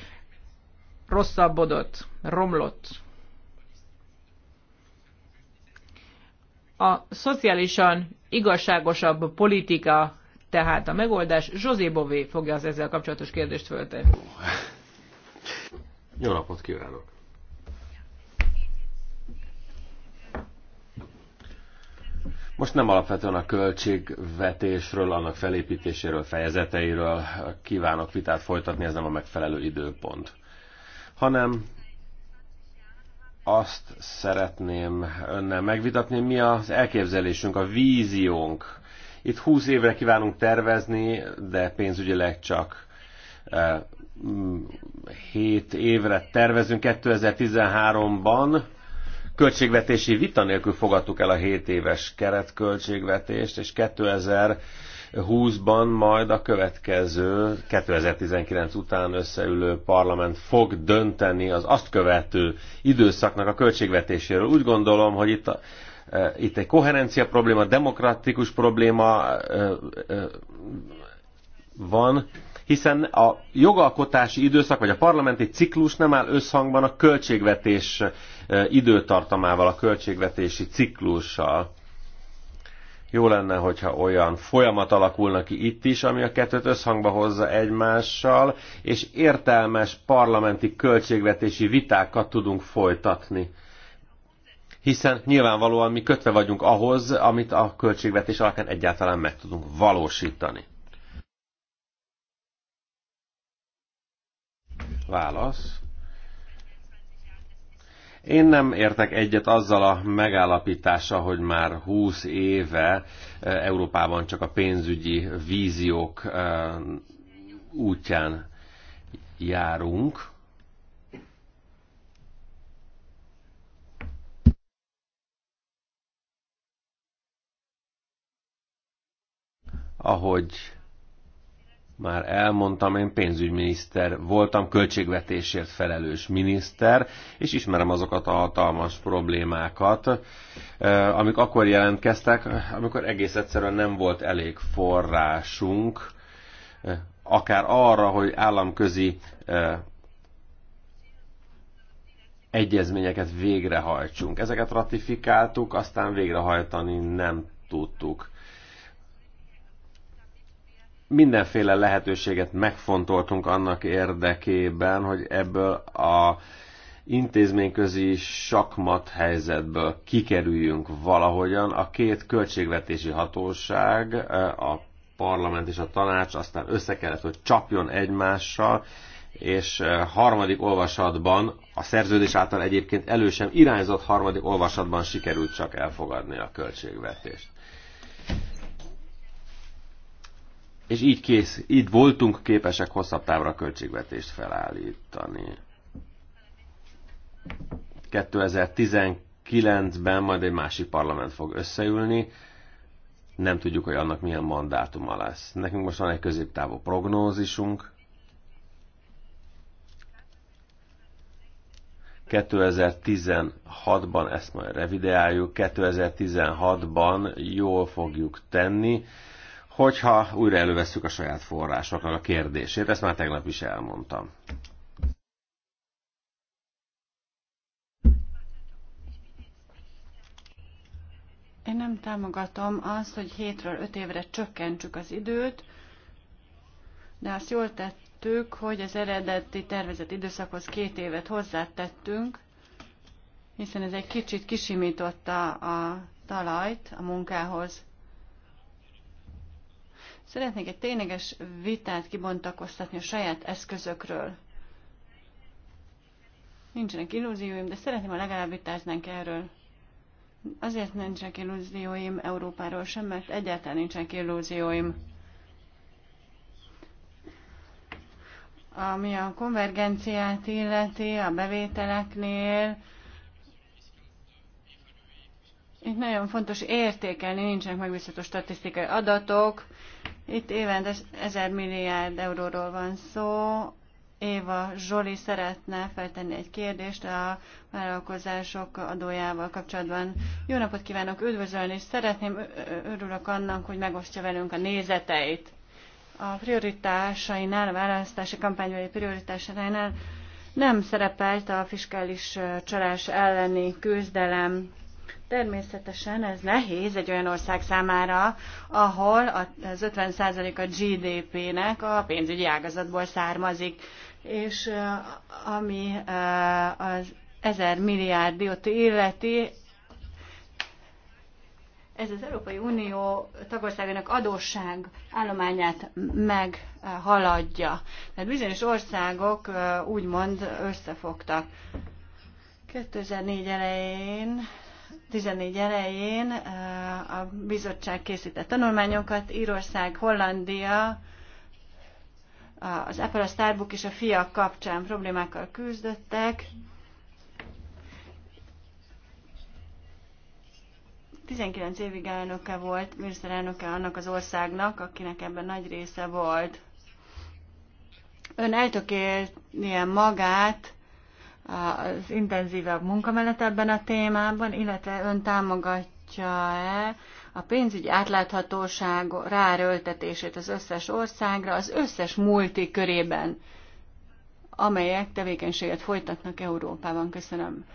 rosszabbodott, romlott. A szociálisan igazságosabb politika tehát a megoldás. José Bové fogja az ezzel kapcsolatos kérdést föltenni. Jó napot kívánok! Most nem alapvetően a költségvetésről, annak felépítéséről, fejezeteiről kívánok vitát folytatni, ez nem a megfelelő időpont, hanem azt szeretném önnel megvitatni, mi az elképzelésünk, a víziónk. Itt 20 évre kívánunk tervezni, de pénzügyileg csak 7 eh, évre tervezünk 2013-ban, költségvetési vita nélkül fogadtuk el a 7 éves keretköltségvetést, és 2020-ban majd a következő, 2019 után összeülő parlament fog dönteni az azt követő időszaknak a költségvetéséről. Úgy gondolom, hogy itt, a, e, itt egy koherencia probléma, demokratikus probléma e, e, van, hiszen a jogalkotási időszak vagy a parlamenti ciklus nem áll összhangban a költségvetés időtartamával, a költségvetési ciklussal. Jó lenne, hogyha olyan folyamat alakulna ki itt is, ami a kettőt összhangba hozza egymással, és értelmes parlamenti költségvetési vitákat tudunk folytatni hiszen nyilvánvalóan mi kötve vagyunk ahhoz, amit a költségvetés alapján egyáltalán meg tudunk valósítani. Válasz. Én nem értek egyet azzal a megállapítása, hogy már 20 éve eh, Európában csak a pénzügyi víziók eh, útján járunk. Ahogy már elmondtam, én pénzügyminiszter voltam, költségvetésért felelős miniszter, és ismerem azokat a hatalmas problémákat, amik akkor jelentkeztek, amikor egész egyszerűen nem volt elég forrásunk, akár arra, hogy államközi egyezményeket végrehajtsunk. Ezeket ratifikáltuk, aztán végrehajtani nem tudtuk mindenféle lehetőséget megfontoltunk annak érdekében, hogy ebből a intézményközi sakmat helyzetből kikerüljünk valahogyan. A két költségvetési hatóság, eh, a parlament és a tanács aztán össze kellett, hogy csapjon egymással, és eh, harmadik olvasatban, a szerződés által egyébként elő irányzott harmadik olvasatban sikerült csak elfogadni a költségvetést. és így, kész, így voltunk képesek hosszabb távra költségvetést felállítani. 2019-ben majd egy másik parlament fog összeülni, nem tudjuk, hogy annak milyen mandátuma lesz. Nekünk most van egy középtávú prognózisunk. 2016-ban ezt majd revideáljuk, 2016-ban jól fogjuk tenni, hogyha újra elővesszük a saját forrásoknak a kérdését. Ezt már tegnap is elmondtam. Én nem támogatom azt, hogy hétről öt évre csökkentsük az időt, de azt jól tettük, hogy az eredeti tervezett időszakhoz két évet hozzátettünk, hiszen ez egy kicsit kisimította a talajt a munkához. Szeretnék egy tényleges vitát kibontakoztatni a saját eszközökről. Nincsenek illúzióim, de szeretném, ha legalább vitáznánk erről. Azért nincsenek illúzióim Európáról sem, mert egyáltalán nincsenek illúzióim. Ami a konvergenciát illeti, a bevételeknél, itt nagyon fontos értékelni, nincsenek megbízható statisztikai adatok, itt évente ezer milliárd euróról van szó. Éva Zsoli szeretne feltenni egy kérdést a vállalkozások adójával kapcsolatban. Jó napot kívánok, üdvözölni, és szeretném, örülök annak, hogy megosztja velünk a nézeteit. A prioritásainál, a választási kampányai prioritásainál nem szerepelt a fiskális csalás elleni küzdelem. Természetesen ez nehéz egy olyan ország számára, ahol az 50% a GDP-nek a pénzügyi ágazatból származik, és ami az 1000 milliárdot illeti, ez az Európai Unió tagországának adósság állományát meghaladja. Mert bizonyos országok úgymond összefogtak. 2004 elején 14 elején eh, a bizottság készített tanulmányokat, Írország, Hollandia, az Apple, a Starbucks és a fiak kapcsán problémákkal küzdöttek. 19 évig elnöke volt, miniszterelnöke annak az országnak, akinek ebben nagy része volt. Ön eltökélnie magát az intenzívebb munka mellett ebben a témában, illetve ön támogatja-e a pénzügyi átláthatóság ráröltetését az összes országra, az összes multi körében, amelyek tevékenységet folytatnak Európában. Köszönöm.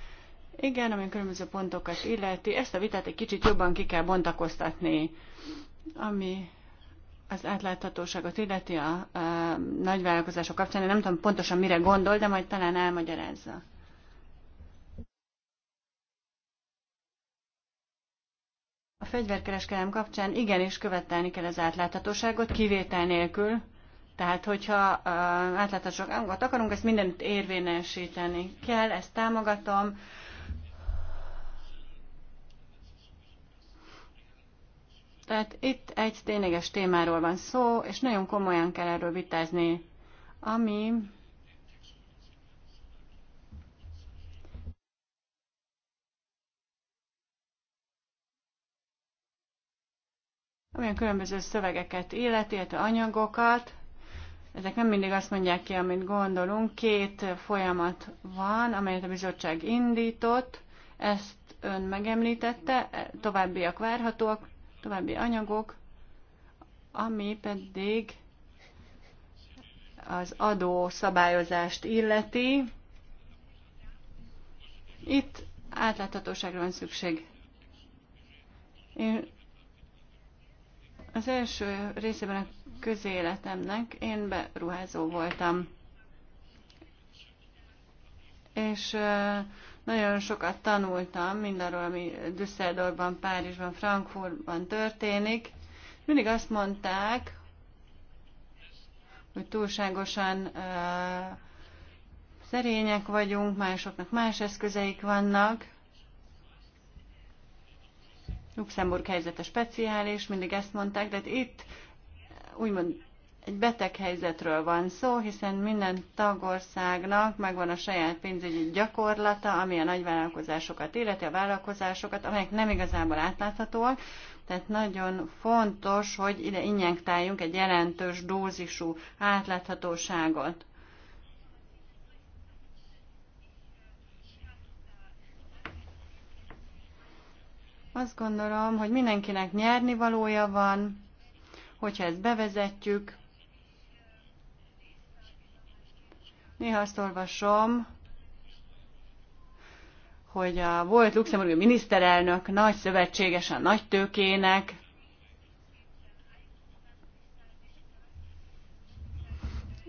Igen, ami a különböző pontokat illeti, ezt a vitát egy kicsit jobban ki kell bontakoztatni, ami az átláthatóságot illeti a, a nagyvállalkozások kapcsán, én nem tudom pontosan mire gondol, de majd talán elmagyarázza. A fegyverkereskedelem kapcsán igenis követelni kell az átláthatóságot, kivétel nélkül. Tehát, hogyha átláthatóságot akarunk, ezt mindent érvényesíteni kell, ezt támogatom. Tehát itt egy tényleges témáról van szó, és nagyon komolyan kell erről vitázni, ami ami a különböző szövegeket illet, illetve anyagokat. Ezek nem mindig azt mondják ki, amit gondolunk. Két folyamat van, amelyet a bizottság indított, ezt ön megemlítette, továbbiak várhatóak további anyagok, ami pedig az adó szabályozást illeti. Itt átláthatóságra van szükség. Én az első részében a közéletemnek én beruházó voltam. És nagyon sokat tanultam mindarról, ami Düsseldorfban, Párizsban, Frankfurtban történik. Mindig azt mondták, hogy túlságosan uh, szerények vagyunk, másoknak más eszközeik vannak. Luxemburg helyzete speciális, mindig ezt mondták, de hát itt úgymond egy beteg helyzetről van szó, hiszen minden tagországnak megvan a saját pénzügyi gyakorlata, ami a nagyvállalkozásokat illeti, a vállalkozásokat, amelyek nem igazából átláthatóak, tehát nagyon fontos, hogy ide injektáljunk egy jelentős dózisú átláthatóságot. Azt gondolom, hogy mindenkinek nyernivalója van, hogyha ezt bevezetjük, Néha azt olvasom, hogy a volt luxemburgi miniszterelnök nagy szövetséges a nagy tőkének,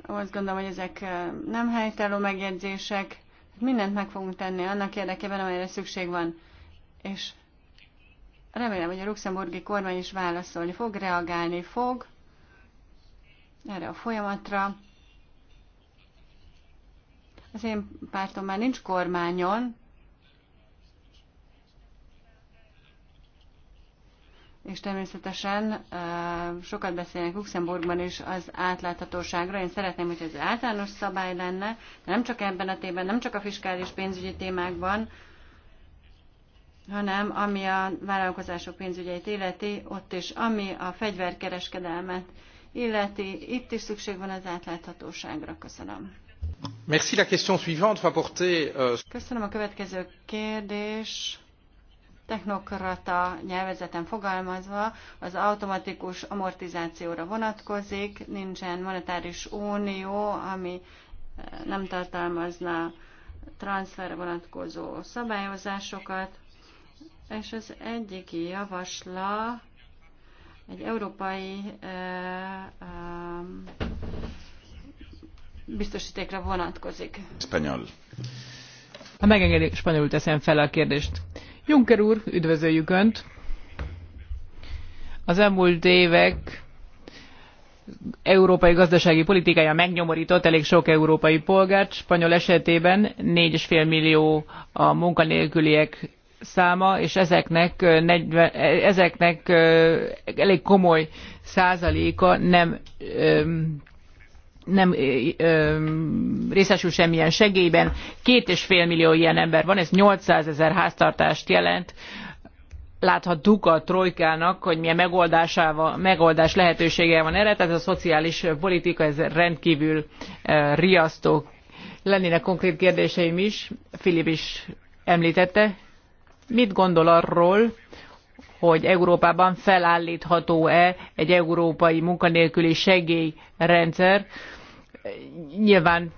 azt gondolom, hogy ezek nem helytálló megjegyzések. Mindent meg fogunk tenni annak érdekében, amelyre szükség van. És remélem, hogy a luxemburgi kormány is válaszolni fog, reagálni fog erre a folyamatra. Az én pártom már nincs kormányon, és természetesen sokat beszélnek Luxemburgban is az átláthatóságra. Én szeretném, hogy ez általános szabály lenne, de nem csak ebben a tében, nem csak a fiskális pénzügyi témákban, hanem ami a vállalkozások pénzügyeit illeti, ott is, ami a fegyverkereskedelmet illeti, itt is szükség van az átláthatóságra. Köszönöm. Merci. La question suivante va porter... Euh, Köszönöm a következő kérdés technokrata nyelvezeten fogalmazva az automatikus amortizációra vonatkozik, nincsen monetáris unió, ami eh, nem tartalmazna transferre vonatkozó szabályozásokat, és az egyik javasla egy európai uh, um, biztosítékra vonatkozik. Spanyol. Ha megengedik, spanyolul teszem fel a kérdést. Juncker úr, üdvözöljük Önt! Az elmúlt évek európai gazdasági politikája megnyomorított elég sok európai polgárt. Spanyol esetében 4,5 millió a munkanélküliek száma, és ezeknek, 40, e, ezeknek elég komoly százaléka nem nem részesül semmilyen segélyben. Két és fél millió ilyen ember van, ez 800 ezer háztartást jelent. Láthattuk a trojkának, hogy milyen megoldásával, megoldás lehetősége van erre, tehát a szociális politika ez rendkívül riasztó. Lennének konkrét kérdéseim is, Filip is említette. Mit gondol arról, hogy Európában felállítható-e egy európai munkanélküli segélyrendszer. Nyilván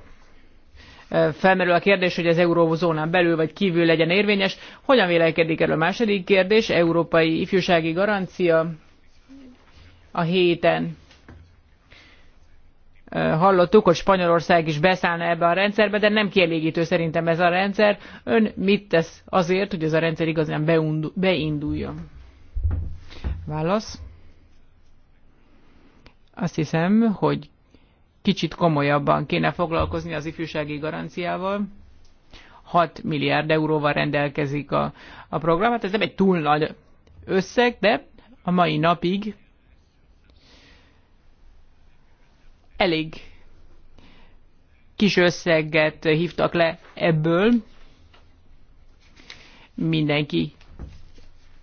felmerül a kérdés, hogy az eurózónán belül vagy kívül legyen érvényes. Hogyan vélekedik erről a második kérdés? Európai ifjúsági garancia a héten hallottuk, hogy Spanyolország is beszállna ebbe a rendszerbe, de nem kielégítő szerintem ez a rendszer. Ön mit tesz azért, hogy ez a rendszer igazán beinduljon? Válasz. Azt hiszem, hogy kicsit komolyabban kéne foglalkozni az ifjúsági garanciával. 6 milliárd euróval rendelkezik a, a program. Hát ez nem egy túl nagy összeg, de a mai napig elég kis összeget hívtak le ebből. Mindenki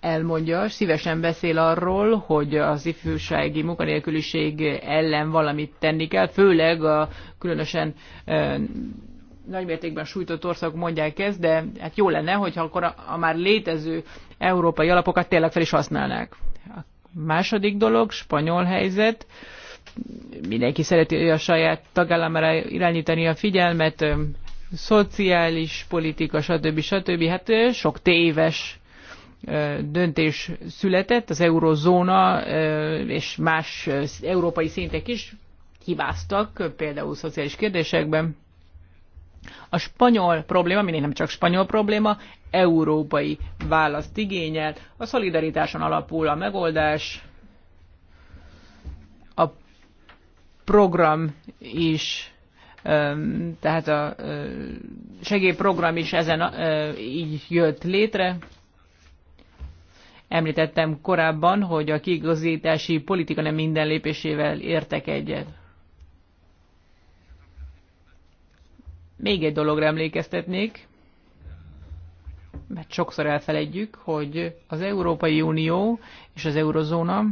elmondja, szívesen beszél arról, hogy az ifjúsági munkanélküliség ellen valamit tenni kell, főleg a különösen e, nagymértékben sújtott országok mondják ezt, de hát jó lenne, hogyha akkor a, a már létező európai alapokat tényleg fel is használnák. A második dolog, spanyol helyzet. Mindenki szereti a saját tagállamára irányítani a figyelmet, szociális politika, stb. stb. Hát sok téves döntés született, az eurozóna és más európai szintek is hibáztak, például szociális kérdésekben. A spanyol probléma, minél nem csak spanyol probléma, európai választ igényel. A szolidaritáson alapul a megoldás, a program is, tehát a segélyprogram is ezen így jött létre. Említettem korábban, hogy a kiigazítási politika nem minden lépésével értek egyet. Még egy dologra emlékeztetnék, mert sokszor elfeledjük, hogy az Európai Unió és az Eurozóna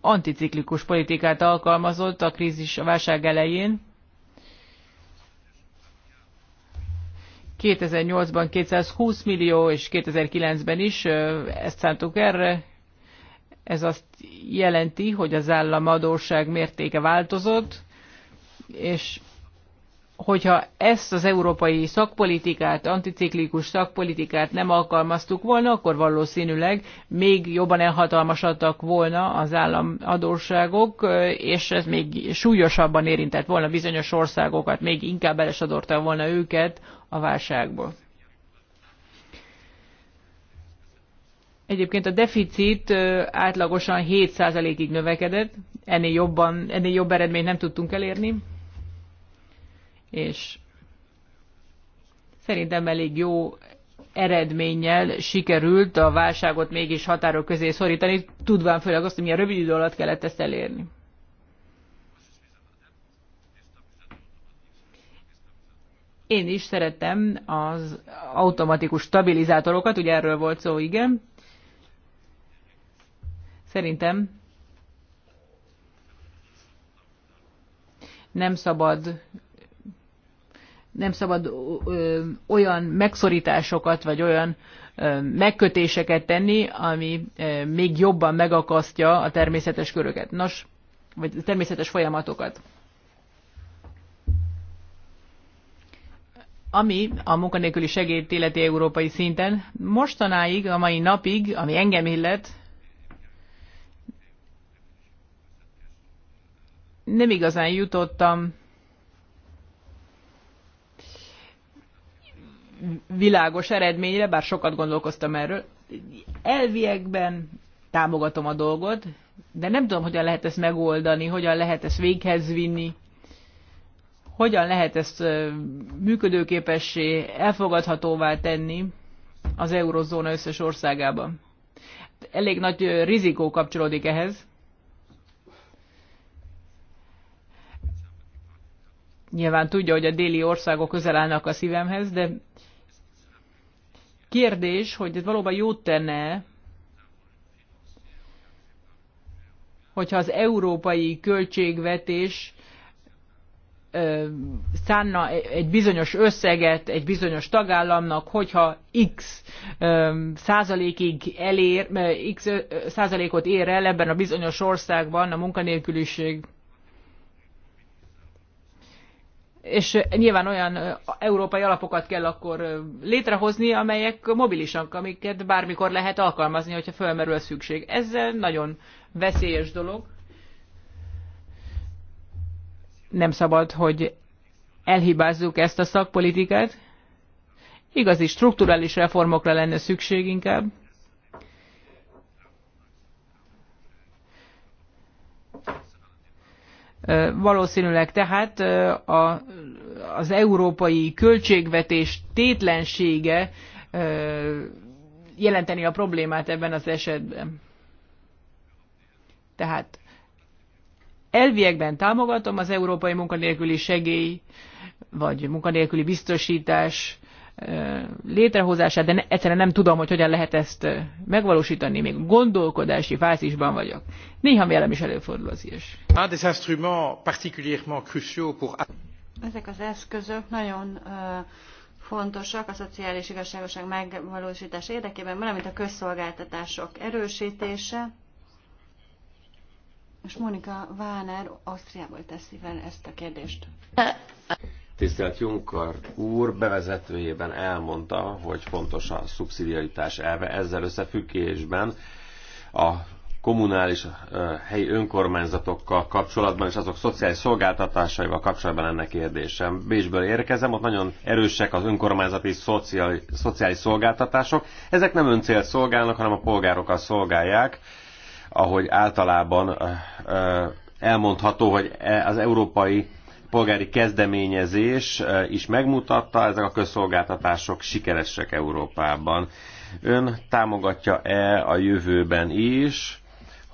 anticiklikus politikát alkalmazott a krízis a válság elején, 2008-ban 220 millió, és 2009-ben is ezt szántuk erre. Ez azt jelenti, hogy az államadóság mértéke változott, és hogyha ezt az európai szakpolitikát, anticiklikus szakpolitikát nem alkalmaztuk volna, akkor valószínűleg még jobban elhatalmasodtak volna az államadóságok, és ez még súlyosabban érintett volna bizonyos országokat, még inkább elesadorta volna őket a válságból. Egyébként a deficit átlagosan 7%-ig növekedett, ennél, jobban, ennél jobb eredményt nem tudtunk elérni és szerintem elég jó eredménnyel sikerült a válságot mégis határok közé szorítani, tudván főleg azt, hogy milyen rövid idő alatt kellett ezt elérni. Én is szerettem az automatikus stabilizátorokat, ugye erről volt szó, igen. Szerintem nem szabad nem szabad olyan megszorításokat, vagy olyan megkötéseket tenni, ami még jobban megakasztja a természetes köröket. Nos, vagy természetes folyamatokat. Ami a munkanélküli segélyt illeti európai szinten, mostanáig, a mai napig, ami engem illet, nem igazán jutottam világos eredményre, bár sokat gondolkoztam erről. Elviekben támogatom a dolgot, de nem tudom, hogyan lehet ezt megoldani, hogyan lehet ezt véghez vinni, hogyan lehet ezt működőképessé, elfogadhatóvá tenni az eurozóna összes országában. Elég nagy rizikó kapcsolódik ehhez. Nyilván tudja, hogy a déli országok közel állnak a szívemhez, de kérdés, hogy ez valóban jót tenne, hogyha az európai költségvetés szánna egy bizonyos összeget egy bizonyos tagállamnak, hogyha x százalékig elér, x százalékot ér el ebben a bizonyos országban a munkanélküliség és nyilván olyan európai alapokat kell akkor létrehozni, amelyek mobilisak, amiket bármikor lehet alkalmazni, hogyha fölmerül a szükség. Ez nagyon veszélyes dolog. Nem szabad, hogy elhibázzuk ezt a szakpolitikát. Igazi strukturális reformokra lenne szükség inkább. Valószínűleg tehát a, az európai költségvetés tétlensége jelenteni a problémát ebben az esetben. Tehát elviekben támogatom az európai munkanélküli segély, vagy munkanélküli biztosítás létrehozását, de egyszerűen nem tudom, hogy hogyan lehet ezt megvalósítani, még gondolkodási fázisban vagyok. Néha velem is előfordul az ilyes. Ezek az eszközök nagyon fontosak a szociális igazságoság megvalósítása érdekében, valamint a közszolgáltatások erősítése. És Monika Váner Ausztriából teszi fel ezt a kérdést. Tisztelt Juncker úr bevezetőjében elmondta, hogy fontos a szubszidiaritás elve. Ezzel összefüggésben a kommunális helyi önkormányzatokkal kapcsolatban és azok szociális szolgáltatásaival kapcsolatban ennek kérdésem. Bécsből érkezem, ott nagyon erősek az önkormányzati szociális, szociális szolgáltatások. Ezek nem öncélt szolgálnak, hanem a polgárokat szolgálják, ahogy általában elmondható, hogy e, az európai polgári kezdeményezés eh, is megmutatta, ezek a közszolgáltatások sikeresek Európában. Ön támogatja-e a jövőben is,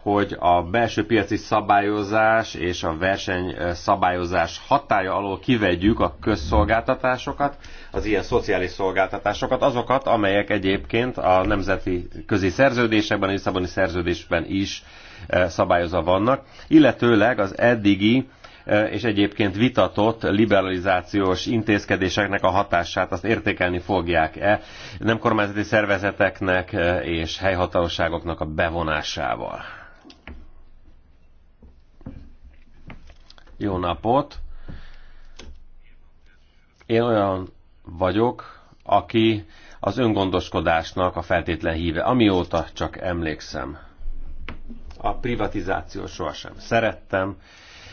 hogy a belső piaci szabályozás és a verseny eh, szabályozás hatája alól kivegyük a közszolgáltatásokat, az ilyen szociális szolgáltatásokat, azokat, amelyek egyébként a nemzeti közi szerződésekben, a Lisszaboni szerződésben is eh, szabályozva vannak, illetőleg az eddigi E, és egyébként vitatott liberalizációs intézkedéseknek a hatását azt értékelni fogják-e nem kormányzati szervezeteknek e, és helyhatóságoknak a bevonásával. Jó napot! Én olyan vagyok, aki az öngondoskodásnak a feltétlen híve, amióta csak emlékszem. A privatizáció sohasem szerettem,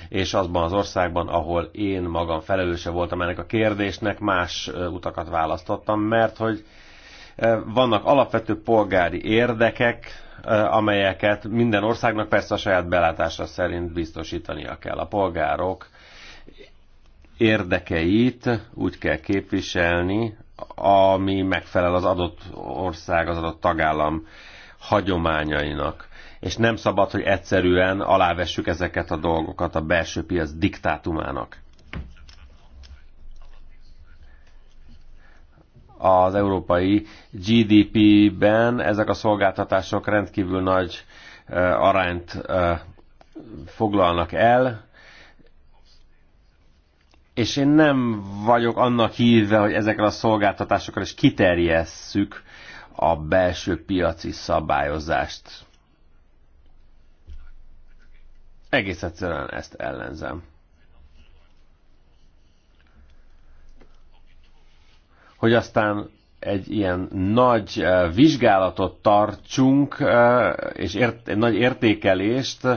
és azban az országban, ahol én magam felelőse voltam ennek a kérdésnek, más utakat választottam, mert hogy vannak alapvető polgári érdekek, amelyeket minden országnak persze a saját belátása szerint biztosítania kell. A polgárok érdekeit úgy kell képviselni, ami megfelel az adott ország, az adott tagállam hagyományainak és nem szabad, hogy egyszerűen alávessük ezeket a dolgokat a belső piac diktátumának. Az európai GDP-ben ezek a szolgáltatások rendkívül nagy arányt foglalnak el, és én nem vagyok annak hívve, hogy ezekkel a szolgáltatásokkal is kiterjesszük a belső piaci szabályozást. Egész egyszerűen ezt ellenzem. Hogy aztán egy ilyen nagy eh, vizsgálatot tartsunk, eh, és ért, egy nagy értékelést,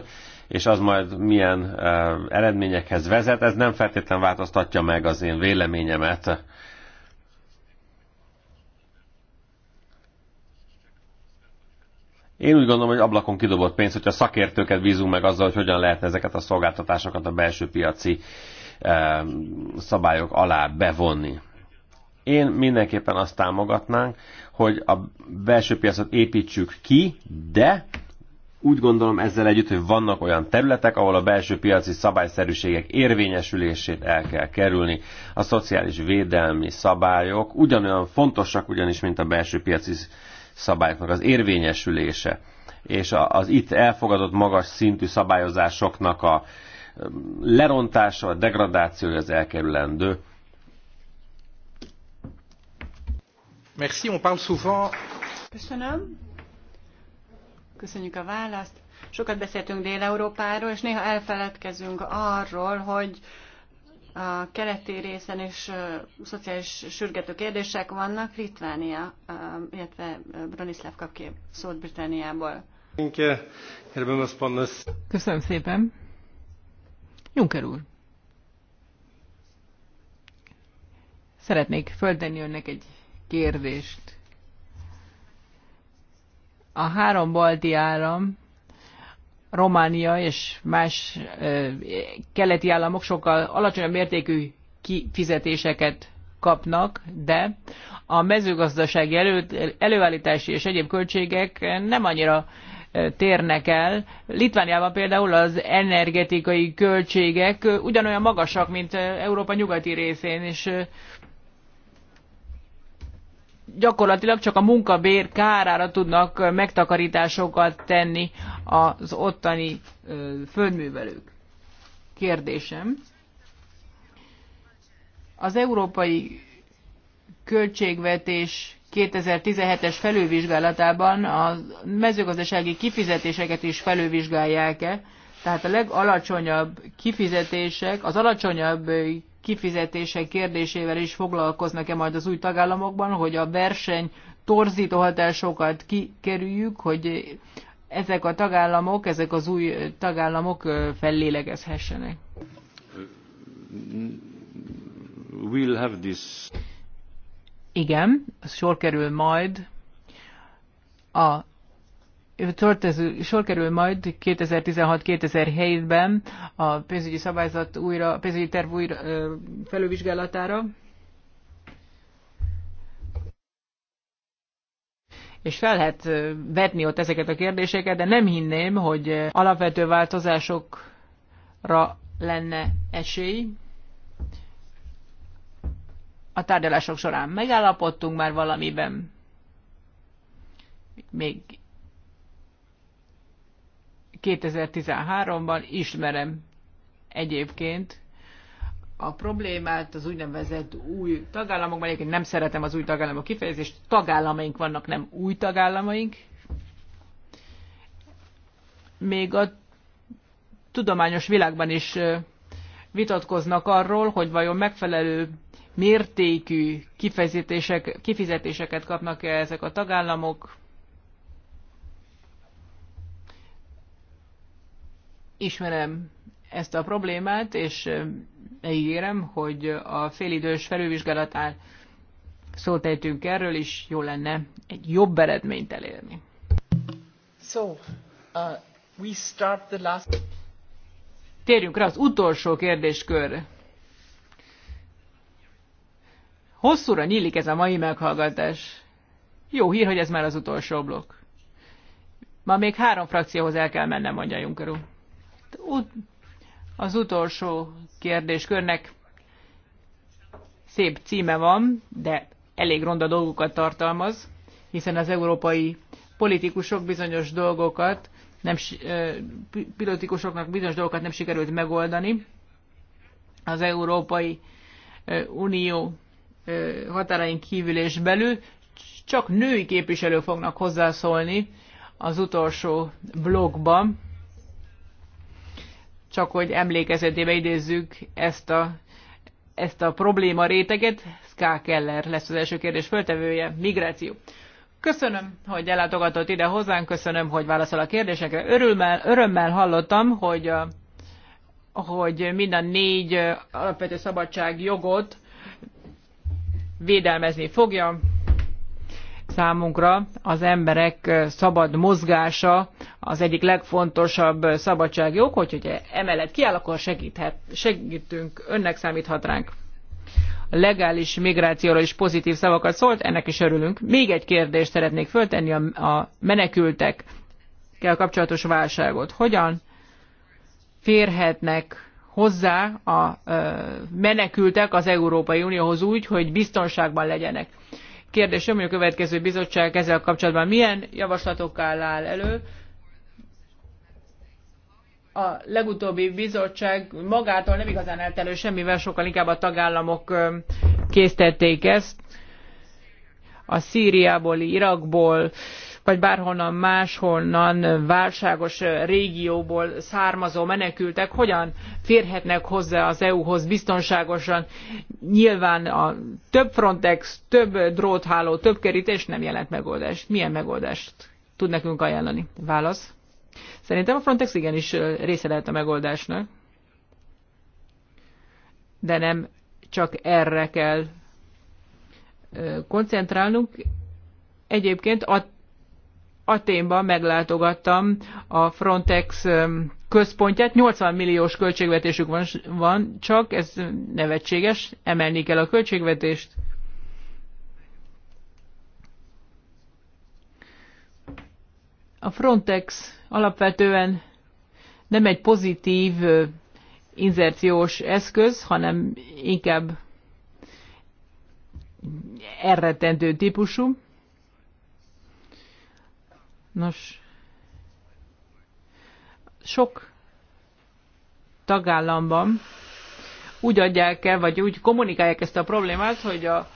és az majd milyen eh, eredményekhez vezet, ez nem feltétlenül változtatja meg az én véleményemet. Én úgy gondolom, hogy ablakon kidobott pénz, hogyha szakértőket bízunk meg azzal, hogy hogyan lehetne ezeket a szolgáltatásokat a belső piaci eh, szabályok alá bevonni. Én mindenképpen azt támogatnánk, hogy a belső piacot építsük ki, de úgy gondolom ezzel együtt, hogy vannak olyan területek, ahol a belső piaci szabályszerűségek érvényesülését el kell kerülni. A szociális védelmi szabályok ugyanolyan fontosak ugyanis, mint a belső piaci szabályoknak az érvényesülése és az itt elfogadott magas szintű szabályozásoknak a um, lerontása, a degradációja az elkerülendő. Merci, on parle souvent. Köszönöm. Köszönjük a választ. Sokat beszéltünk Dél-Európáról, és néha elfeledkezünk arról, hogy a keleti részen is szociális sürgető kérdések vannak, Litvánia, illetve Bronislav kap ki Szót-Britanniából. Köszönöm szépen. Juncker úr. Szeretnék föltenni önnek egy kérdést. A három balti állam Románia és más keleti államok sokkal alacsonyabb mértékű kifizetéseket kapnak, de a mezőgazdasági elő, előállítási és egyéb költségek nem annyira térnek el. Litvániában például az energetikai költségek ugyanolyan magasak, mint Európa nyugati részén, és gyakorlatilag csak a munkabér kárára tudnak megtakarításokat tenni az ottani földművelők. Kérdésem. Az európai költségvetés 2017-es felővizsgálatában a mezőgazdasági kifizetéseket is felülvizsgálják-e, tehát a legalacsonyabb kifizetések, az alacsonyabb Kifizetése kérdésével is foglalkoznak-e majd az új tagállamokban, hogy a verseny torzító hatásokat kikerüljük, hogy ezek a tagállamok, ezek az új tagállamok fellélegezhessenek. We'll have this. Igen, sor kerül majd a sor kerül majd 2016-2007-ben a pénzügyi szabályzat újra, a pénzügyi terv újra felülvizsgálatára. és fel lehet vetni ott ezeket a kérdéseket, de nem hinném, hogy alapvető változásokra lenne esély. A tárgyalások során megállapodtunk már valamiben. Még 2013-ban ismerem egyébként a problémát az úgynevezett új tagállamokban, egyébként nem szeretem az új tagállamok kifejezést, tagállamaink vannak, nem új tagállamaink. Még a tudományos világban is vitatkoznak arról, hogy vajon megfelelő mértékű kifizetéseket kapnak -e ezek a tagállamok. Ismerem ezt a problémát, és ígérem, hogy a félidős felülvizsgálatán szót ejtünk erről, és jó lenne egy jobb eredményt elérni. So, uh, we start the last... Térjünk rá az utolsó kérdéskörre. Hosszúra nyílik ez a mai meghallgatás. Jó hír, hogy ez már az utolsó blokk. Ma még három frakcióhoz el kell mennem, mondja Juncker úr. Hát, az utolsó kérdéskörnek szép címe van, de elég ronda dolgokat tartalmaz, hiszen az európai politikusok bizonyos dolgokat, nem, politikusoknak bizonyos dolgokat nem sikerült megoldani. Az Európai Unió határain kívül és belül csak női képviselők fognak hozzászólni az utolsó blogban csak hogy emlékezetébe idézzük ezt a, ezt a probléma réteget. Ská Keller lesz az első kérdés föltevője, migráció. Köszönöm, hogy ellátogatott ide hozzánk, köszönöm, hogy válaszol a kérdésekre. Örülmel, örömmel hallottam, hogy, hogy mind a négy alapvető szabadság jogot védelmezni fogja. Számunkra az emberek szabad mozgása az egyik legfontosabb szabadságjog, hogyha emellett kiáll, akkor segíthet, segítünk, önnek számíthat ránk. A legális migrációra is pozitív szavakat szólt, ennek is örülünk. Még egy kérdést szeretnék föltenni a, a menekültekkel kapcsolatos válságot. Hogyan férhetnek hozzá a menekültek az Európai Unióhoz úgy, hogy biztonságban legyenek kérdésem, hogy a következő bizottság ezzel kapcsolatban milyen javaslatokkal áll elő. A legutóbbi bizottság magától nem igazán állt elő semmivel, sokkal inkább a tagállamok késztették ezt. A Szíriából, Irakból, vagy bárhonnan máshonnan válságos régióból származó menekültek hogyan férhetnek hozzá az EU-hoz biztonságosan. Nyilván a több Frontex, több drótháló, több kerítés nem jelent megoldást. Milyen megoldást tud nekünk ajánlani? Válasz. Szerintem a Frontex igenis része lehet a megoldásnak, de nem csak erre kell koncentrálnunk. Egyébként a Aténban meglátogattam a Frontex központját, 80 milliós költségvetésük van, van csak, ez nevetséges, emelni kell a költségvetést. A Frontex alapvetően nem egy pozitív inzerciós eszköz, hanem inkább erretendő típusú. Nos, sok tagállamban úgy adják el, vagy úgy kommunikálják ezt a problémát, hogy a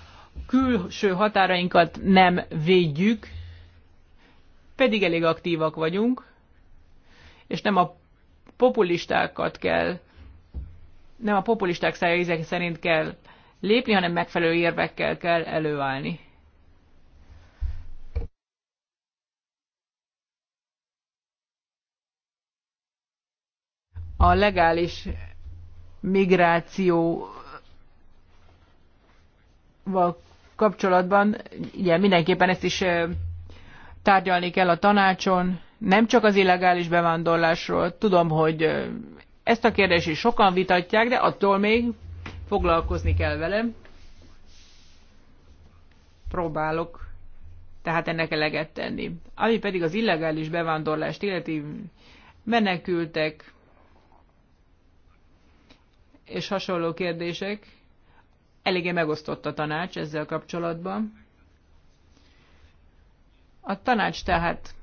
külső határainkat nem védjük, pedig elég aktívak vagyunk, és nem a populistákat kell, nem a populisták szája szerint kell lépni, hanem megfelelő érvekkel kell előállni. a legális migrációval kapcsolatban, ugye mindenképpen ezt is tárgyalni kell a tanácson, nem csak az illegális bevándorlásról. Tudom, hogy ezt a kérdést is sokan vitatják, de attól még foglalkozni kell velem. Próbálok tehát ennek eleget tenni. Ami pedig az illegális bevándorlást illeti menekültek, és hasonló kérdések. Eléggé megosztott a tanács ezzel kapcsolatban. A tanács tehát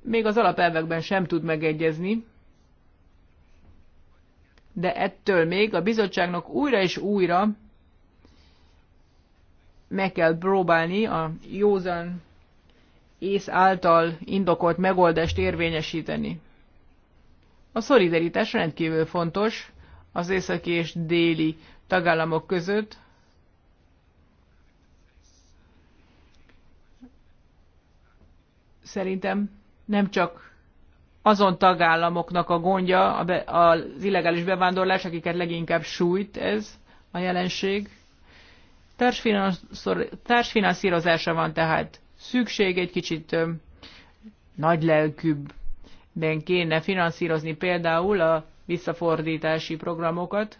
még az alapelvekben sem tud megegyezni, de ettől még a bizottságnak újra és újra meg kell próbálni a józan ész által indokolt megoldást érvényesíteni. A szolidaritás rendkívül fontos, az északi és déli tagállamok között. Szerintem nem csak azon tagállamoknak a gondja az illegális bevándorlás, akiket leginkább sújt ez a jelenség. Társfinanszírozásra van tehát szükség, egy kicsit nagylelkűbben kéne finanszírozni például a visszafordítási programokat.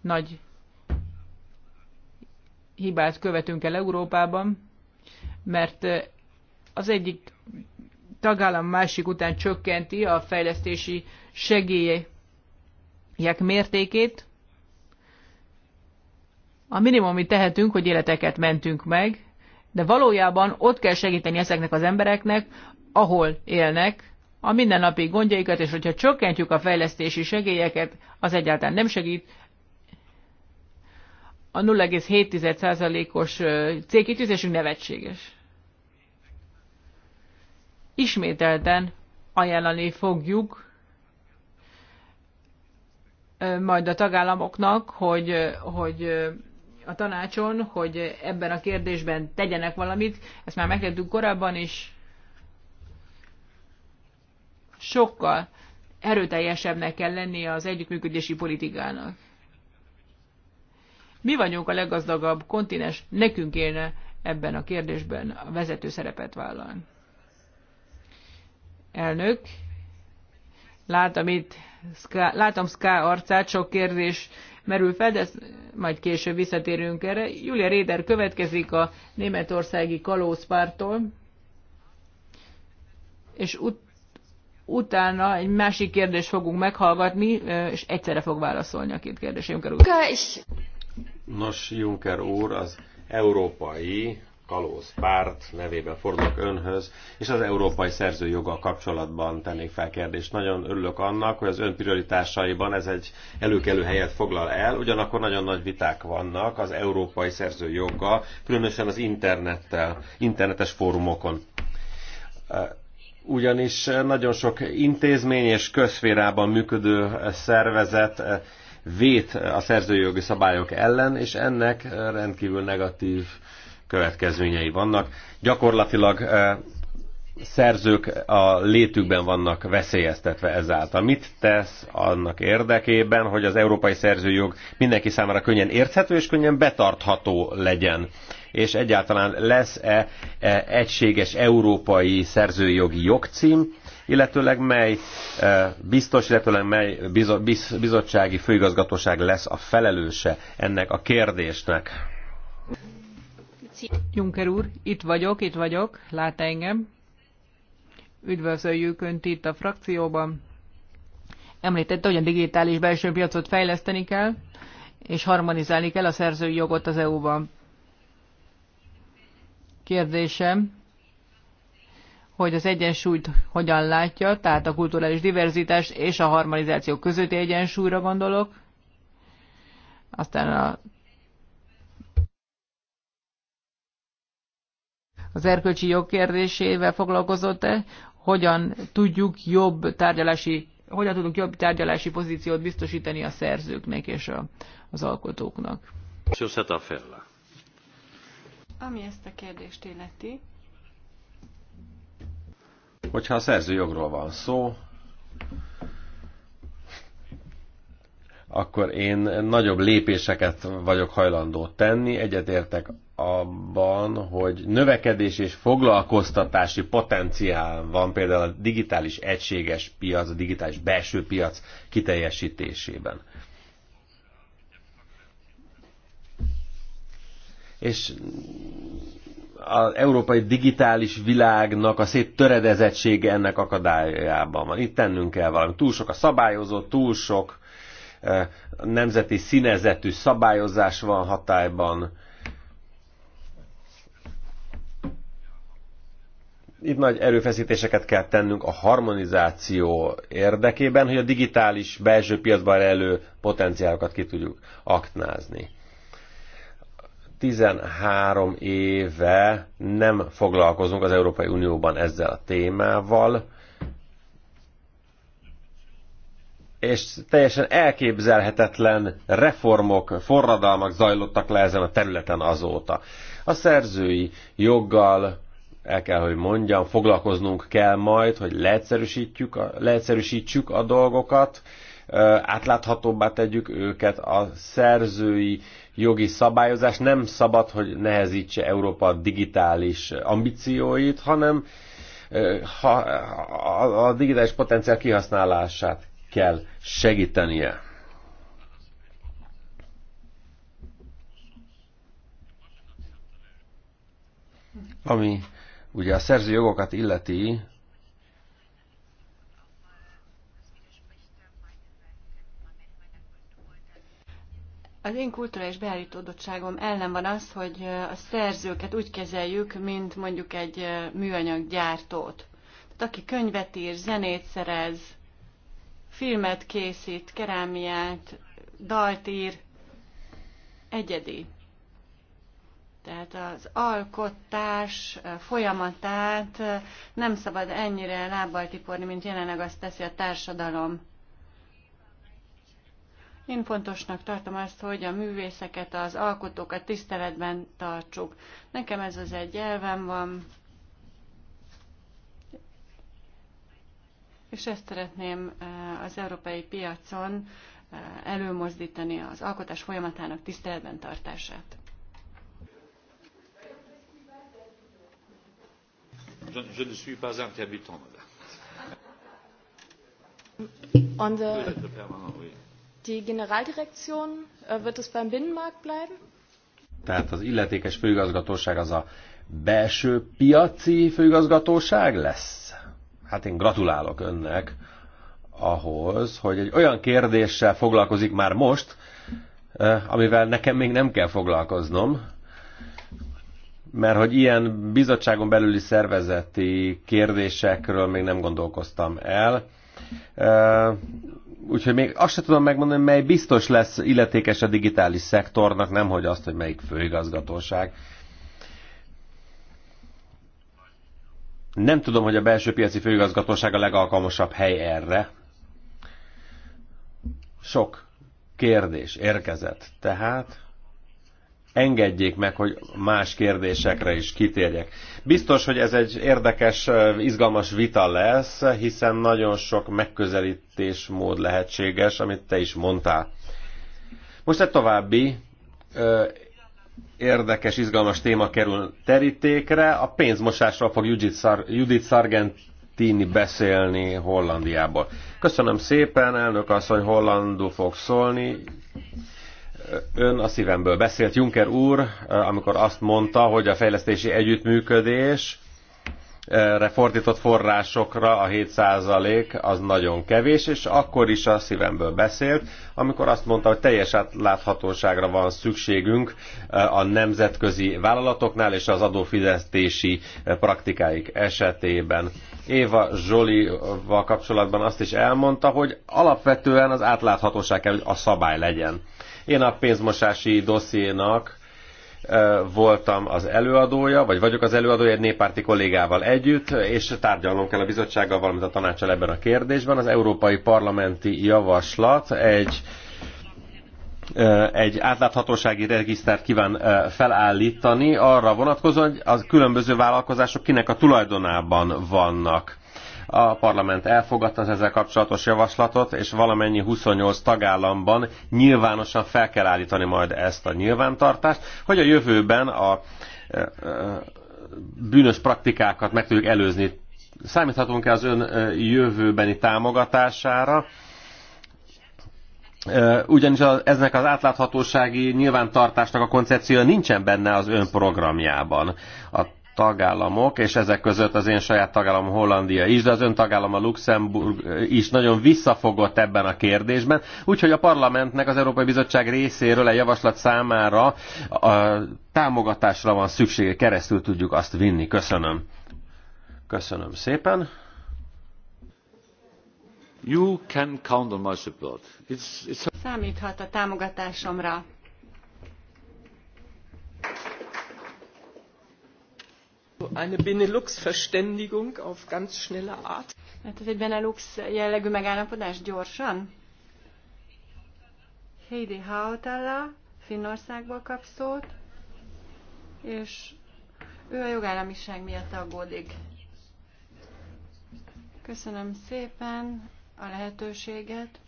Nagy hibát követünk el Európában, mert az egyik tagállam másik után csökkenti a fejlesztési segélyek mértékét. A minimum, amit tehetünk, hogy életeket mentünk meg, de valójában ott kell segíteni ezeknek az embereknek, ahol élnek, a mindennapi gondjaikat, és hogyha csökkentjük a fejlesztési segélyeket, az egyáltalán nem segít. A 0,7%-os célkitűzésünk nevetséges. Ismételten ajánlani fogjuk majd a tagállamoknak, hogy, hogy a tanácson, hogy ebben a kérdésben tegyenek valamit. Ezt már megtettük korábban is sokkal erőteljesebbnek kell lennie az együttműködési politikának. Mi vagyunk a leggazdagabb kontinens, nekünk kéne ebben a kérdésben a vezető szerepet vállalni. Elnök, látom itt, Ska, látom Ská arcát, sok kérdés merül fel, de majd később visszatérünk erre. Julia Réder következik a németországi kalózpártól, és ut- utána egy másik kérdést fogunk meghallgatni, és egyszerre fog válaszolni a két kérdés, Juncker úr. Nos, Juncker úr, az európai párt nevében fordulok önhöz, és az európai szerzőjoggal kapcsolatban tennék fel kérdést. Nagyon örülök annak, hogy az ön prioritásaiban ez egy előkelő helyet foglal el, ugyanakkor nagyon nagy viták vannak az európai szerzőjoggal, különösen az internettel, internetes fórumokon ugyanis nagyon sok intézmény és közférában működő szervezet vét a szerzőjogi szabályok ellen, és ennek rendkívül negatív következményei vannak. Gyakorlatilag eh, szerzők a létükben vannak veszélyeztetve ezáltal. Mit tesz annak érdekében, hogy az európai szerzőjog mindenki számára könnyen érthető és könnyen betartható legyen? és egyáltalán lesz-e e, egységes európai szerzői jogi jogcím, illetőleg mely e, biztos, illetőleg mely bizottsági főigazgatóság lesz a felelőse ennek a kérdésnek. Juncker úr, itt vagyok, itt vagyok, lát engem. Üdvözöljük Önt itt a frakcióban. Említette, hogy a digitális belső piacot fejleszteni kell, és harmonizálni kell a szerzői jogot az EU-ban kérdésem, hogy az egyensúlyt hogyan látja, tehát a kulturális diverzitás és a harmonizáció közötti egyensúlyra gondolok. Aztán a az erkölcsi jog kérdésével foglalkozott-e, hogyan tudjuk jobb tárgyalási hogyan tudunk jobb tárgyalási pozíciót biztosítani a szerzőknek és a, az alkotóknak. Köszönöm ami ezt a kérdést illeti, hogyha a szerzőjogról van szó, akkor én nagyobb lépéseket vagyok hajlandó tenni. Egyetértek abban, hogy növekedés és foglalkoztatási potenciál van például a digitális egységes piac, a digitális belső piac kiteljesítésében. és az európai digitális világnak a szép töredezettsége ennek akadályában van. Itt tennünk kell valamit. Túl sok a szabályozó, túl sok nemzeti színezetű szabályozás van hatályban. Itt nagy erőfeszítéseket kell tennünk a harmonizáció érdekében, hogy a digitális belső piacban elő potenciálokat ki tudjuk aknázni. 13 éve nem foglalkozunk az Európai Unióban ezzel a témával, és teljesen elképzelhetetlen reformok, forradalmak zajlottak le ezen a területen azóta. A szerzői joggal el kell, hogy mondjam, foglalkoznunk kell majd, hogy leegyszerűsítjük a, leegyszerűsítsük a dolgokat, átláthatóbbá tegyük őket, a szerzői jogi szabályozás nem szabad, hogy nehezítse Európa digitális ambícióit, hanem a digitális potenciál kihasználását kell segítenie. Ami ugye a szerzőjogokat illeti, Az én kulturális beállítódottságom ellen van az, hogy a szerzőket úgy kezeljük, mint mondjuk egy műanyaggyártót. Tehát aki könyvet ír, zenét szerez, filmet készít, kerámiát, dalt ír, egyedi. Tehát az alkotás folyamatát nem szabad ennyire lábbal tiporni, mint jelenleg azt teszi a társadalom. Én fontosnak tartom azt, hogy a művészeket, az alkotókat tiszteletben tartsuk. Nekem ez az egy elvem van, és ezt szeretném eh, az európai piacon eh, előmozdítani az alkotás folyamatának tiszteletben tartását. Je, ne suis pas intermittent, madame. On the... Die Generaldirektion äh, wird es beim Binnenmarkt bleiben? Tehát az illetékes főigazgatóság az a belső piaci főigazgatóság lesz? Hát én gratulálok önnek ahhoz, hogy egy olyan kérdéssel foglalkozik már most, amivel nekem még nem kell foglalkoznom, mert hogy ilyen bizottságon belüli szervezeti kérdésekről még nem gondolkoztam el. Úgyhogy még azt sem tudom megmondani, mely biztos lesz illetékes a digitális szektornak, nemhogy azt, hogy melyik főigazgatóság. Nem tudom, hogy a belső piaci főigazgatóság a legalkalmasabb hely erre. Sok kérdés érkezett. Tehát engedjék meg, hogy más kérdésekre is kitérjek. Biztos, hogy ez egy érdekes, izgalmas vita lesz, hiszen nagyon sok megközelítésmód lehetséges, amit te is mondtál. Most egy további ö, érdekes, izgalmas téma kerül terítékre. A pénzmosásról fog Judith, Sar- Judith Sargentini beszélni Hollandiából. Köszönöm szépen, elnök asszony, hollandul fog szólni. Ön a szívemből beszélt, Juncker úr, amikor azt mondta, hogy a fejlesztési együttműködés eh, fordított forrásokra a 7% az nagyon kevés, és akkor is a szívemből beszélt, amikor azt mondta, hogy teljes átláthatóságra van szükségünk eh, a nemzetközi vállalatoknál és az adófizetési eh, praktikáik esetében. Éva Zsolival kapcsolatban azt is elmondta, hogy alapvetően az átláthatóság kell, hogy a szabály legyen. Én a pénzmosási dossziénak e, voltam az előadója, vagy vagyok az előadója egy néppárti kollégával együtt, és tárgyalnom kell a bizottsággal, valamint a tanácsal ebben a kérdésben. Az Európai Parlamenti Javaslat egy e, egy átláthatósági regisztert kíván e, felállítani arra vonatkozóan, hogy a különböző vállalkozások kinek a tulajdonában vannak. A parlament elfogadta az ezzel kapcsolatos javaslatot, és valamennyi 28 tagállamban nyilvánosan fel kell állítani majd ezt a nyilvántartást, hogy a jövőben a bűnös praktikákat meg tudjuk előzni. Számíthatunk-e az ön jövőbeni támogatására? ugyanis az, eznek az átláthatósági nyilvántartásnak a koncepciója nincsen benne az ön programjában tagállamok, és ezek között az én saját tagállam Hollandia is, de az ön tagállam a Luxemburg eh, is nagyon visszafogott ebben a kérdésben. Úgyhogy a parlamentnek az Európai Bizottság részéről egy javaslat számára a támogatásra van szüksége, keresztül tudjuk azt vinni. Köszönöm. Köszönöm szépen. You can count on my support. It's, it's... Számíthat a támogatásomra Eine Benelux-Verständigung auf ganz schnelle Art. Hát ez egy Benelux jellegű megállapodás gyorsan? Heidi Hautala Finnországból kap szót, és ő a jogállamiság miatt aggódik. Köszönöm szépen a lehetőséget.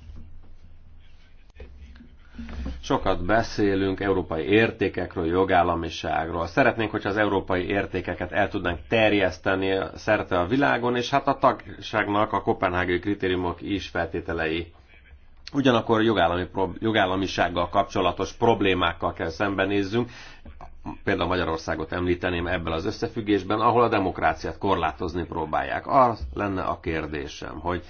Sokat beszélünk európai értékekről, jogállamiságról. Szeretnénk, hogyha az európai értékeket el tudnánk terjeszteni szerte a világon, és hát a tagságnak a kopenhágai kritériumok is feltételei. Ugyanakkor jogállami, jogállamisággal kapcsolatos problémákkal kell szembenézzünk, például Magyarországot említeném ebben az összefüggésben, ahol a demokráciát korlátozni próbálják. Az lenne a kérdésem, hogy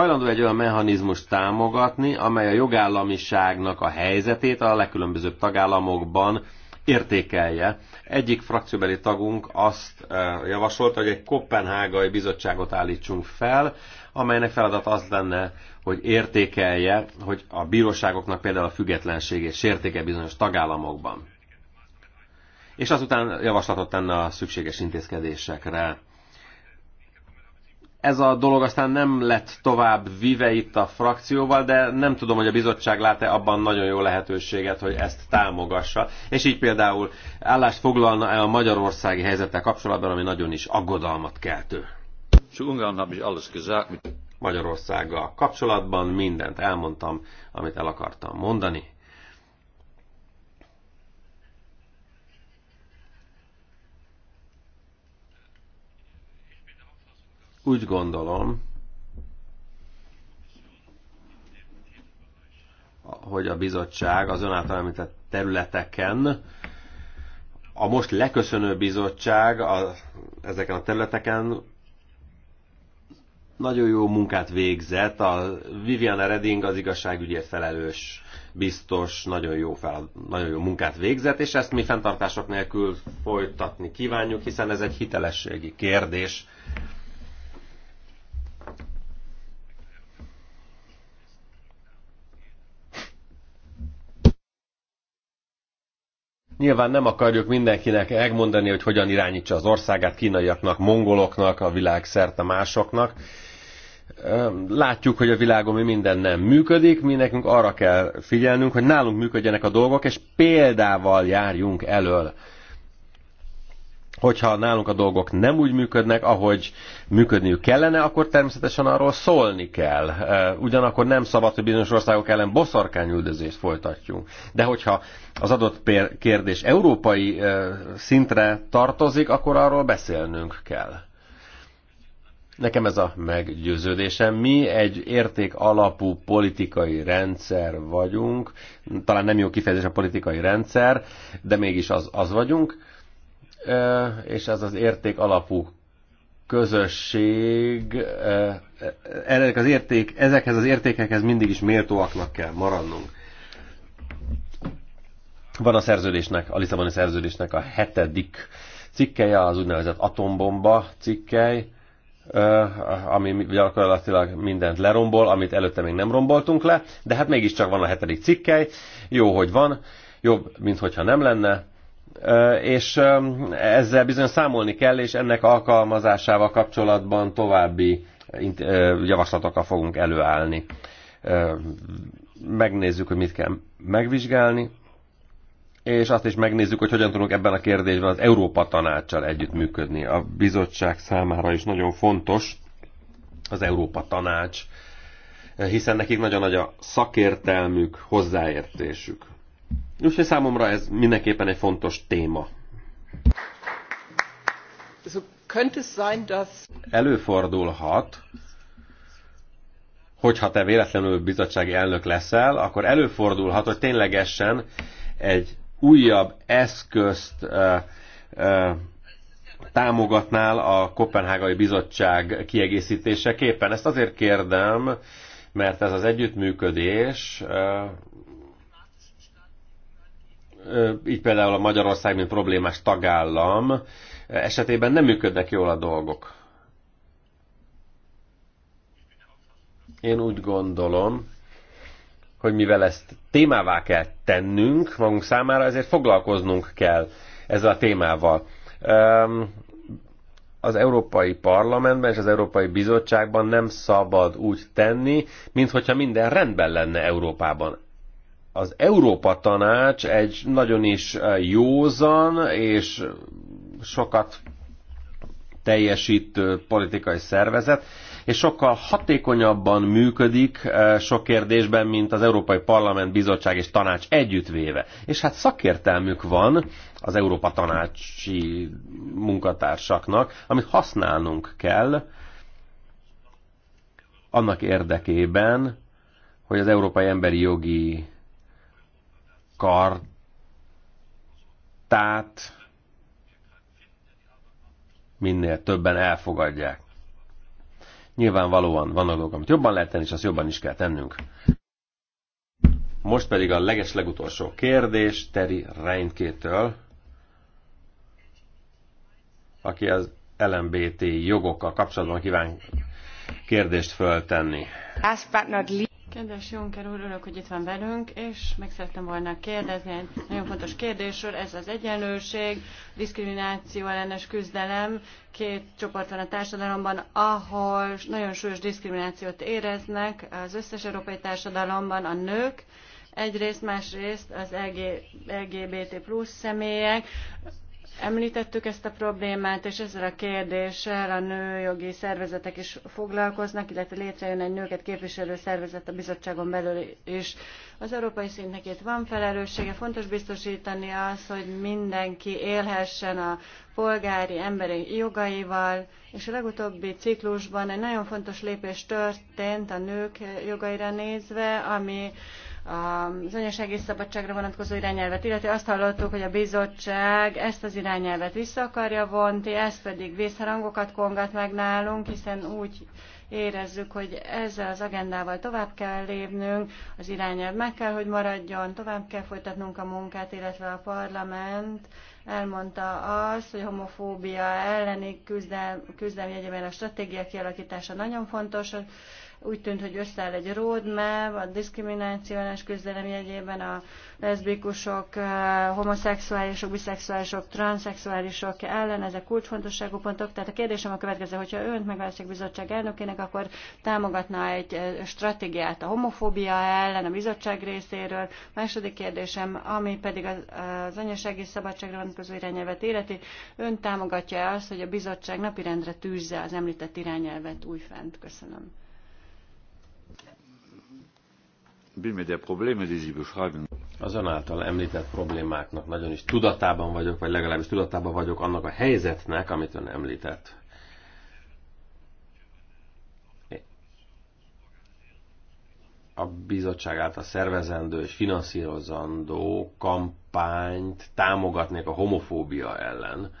hajlandó egy olyan mechanizmust támogatni, amely a jogállamiságnak a helyzetét a legkülönbözőbb tagállamokban értékelje. Egyik frakcióbeli tagunk azt eh, javasolta, hogy egy kopenhágai bizottságot állítsunk fel, amelynek feladat az lenne, hogy értékelje, hogy a bíróságoknak például a függetlenségét sértéke bizonyos tagállamokban. És azután javaslatot tenne a szükséges intézkedésekre. Ez a dolog aztán nem lett tovább vive itt a frakcióval, de nem tudom, hogy a bizottság lát-e abban nagyon jó lehetőséget, hogy ezt támogassa. És így például állást foglalna el a magyarországi helyzettel kapcsolatban, ami nagyon is aggodalmat keltő. Magyarországgal kapcsolatban mindent elmondtam, amit el akartam mondani. Úgy gondolom, hogy a bizottság az ön által említett területeken, a most leköszönő bizottság a, ezeken a területeken nagyon jó munkát végzett. A Viviana Redding az igazságügyért felelős biztos, nagyon jó, fel, nagyon jó munkát végzett, és ezt mi fenntartások nélkül folytatni kívánjuk, hiszen ez egy hitelességi kérdés Nyilván nem akarjuk mindenkinek megmondani, hogy hogyan irányítsa az országát kínaiaknak, mongoloknak, a világ szerte másoknak. Látjuk, hogy a világon mi minden nem működik, mi nekünk arra kell figyelnünk, hogy nálunk működjenek a dolgok, és példával járjunk elől hogyha nálunk a dolgok nem úgy működnek, ahogy működniük kellene, akkor természetesen arról szólni kell. Ugyanakkor nem szabad, hogy bizonyos országok ellen boszorkányüldözést folytatjunk. De hogyha az adott kérdés európai szintre tartozik, akkor arról beszélnünk kell. Nekem ez a meggyőződésem. Mi egy érték alapú politikai rendszer vagyunk, talán nem jó kifejezés a politikai rendszer, de mégis az, az vagyunk, és ez az érték alapú közösség, ezek az érték, ezekhez az értékekhez mindig is méltóaknak kell maradnunk. Van a szerződésnek, a Lisszaboni szerződésnek a hetedik cikkeje, az úgynevezett atombomba cikkely, ami gyakorlatilag mindent lerombol, amit előtte még nem romboltunk le, de hát mégiscsak van a hetedik cikkely, jó, hogy van, jobb, mint hogyha nem lenne, és ezzel bizony számolni kell, és ennek alkalmazásával kapcsolatban további javaslatokkal fogunk előállni. Megnézzük, hogy mit kell megvizsgálni, és azt is megnézzük, hogy hogyan tudunk ebben a kérdésben az Európa Tanácssal együttműködni. A bizottság számára is nagyon fontos az Európa Tanács, hiszen nekik nagyon nagy a szakértelmük, hozzáértésük. Úgyhogy számomra ez mindenképpen egy fontos téma. Előfordulhat, hogyha te véletlenül bizottsági elnök leszel, akkor előfordulhat, hogy ténylegesen egy újabb eszközt uh, uh, támogatnál a Kopenhágai Bizottság kiegészítéseképpen. Ezt azért kérdem, mert ez az együttműködés így például a Magyarország, mint problémás tagállam esetében nem működnek jól a dolgok. Én úgy gondolom, hogy mivel ezt témává kell tennünk magunk számára, ezért foglalkoznunk kell ezzel a témával. Az Európai Parlamentben és az Európai Bizottságban nem szabad úgy tenni, mintha minden rendben lenne Európában az Európa Tanács egy nagyon is józan és sokat teljesítő politikai szervezet, és sokkal hatékonyabban működik eh, sok kérdésben, mint az Európai Parlament, Bizottság és Tanács együttvéve. És hát szakértelmük van az Európa Tanácsi munkatársaknak, amit használnunk kell annak érdekében, hogy az Európai Emberi Jogi kartát minél többen elfogadják. Nyilvánvalóan vannak dolgok, amit jobban lehet tenni, és azt jobban is kell tennünk. Most pedig a legutolsó kérdés Teri Reinkétől, aki az LMBT jogokkal kapcsolatban kíván kérdést föltenni. Kedves Juncker úr, örök, hogy itt van velünk, és meg szerettem volna kérdezni egy nagyon fontos kérdésről. Ez az egyenlőség, diszkrimináció ellenes küzdelem. Két csoport van a társadalomban, ahol nagyon súlyos diszkriminációt éreznek az összes európai társadalomban a nők, egyrészt, másrészt az LGBT plusz személyek Említettük ezt a problémát, és ezzel a kérdéssel a nőjogi szervezetek is foglalkoznak, illetve létrejön egy nőket képviselő szervezet a bizottságon belül is. Az európai szintnek itt van felelőssége, fontos biztosítani az, hogy mindenki élhessen a polgári, emberi jogaival, és a legutóbbi ciklusban egy nagyon fontos lépés történt a nők jogaira nézve, ami az anyasági szabadságra vonatkozó irányelvet, illetve azt hallottuk, hogy a bizottság ezt az irányelvet vissza akarja vonni, ezt pedig vészharangokat kongat meg nálunk, hiszen úgy érezzük, hogy ezzel az agendával tovább kell lépnünk, az irányelv meg kell, hogy maradjon, tovább kell folytatnunk a munkát, illetve a parlament elmondta azt, hogy homofóbia elleni küzdelm, küzdelmi jegyében a stratégia kialakítása nagyon fontos, úgy tűnt, hogy összeáll egy roadmap a diszkriminációs ellenes küzdelem jegyében a leszbikusok, eh, homoszexuálisok, biszexuálisok, transzexuálisok ellen, ezek kulcsfontosságú pontok. Tehát a kérdésem a következő, hogyha önt megválasztják bizottság elnökének, akkor támogatná egy eh, stratégiát a homofóbia ellen a bizottság részéről. Második kérdésem, ami pedig az, anyasági szabadságra vonatkozó irányelvet életi, ön támogatja azt, hogy a bizottság napirendre tűzze az említett irányelvet újfent? Köszönöm. Az által említett problémáknak nagyon is tudatában vagyok, vagy legalábbis tudatában vagyok annak a helyzetnek, amit ön említett. A bizottság által szervezendő és finanszírozandó kampányt támogatnék a homofóbia ellen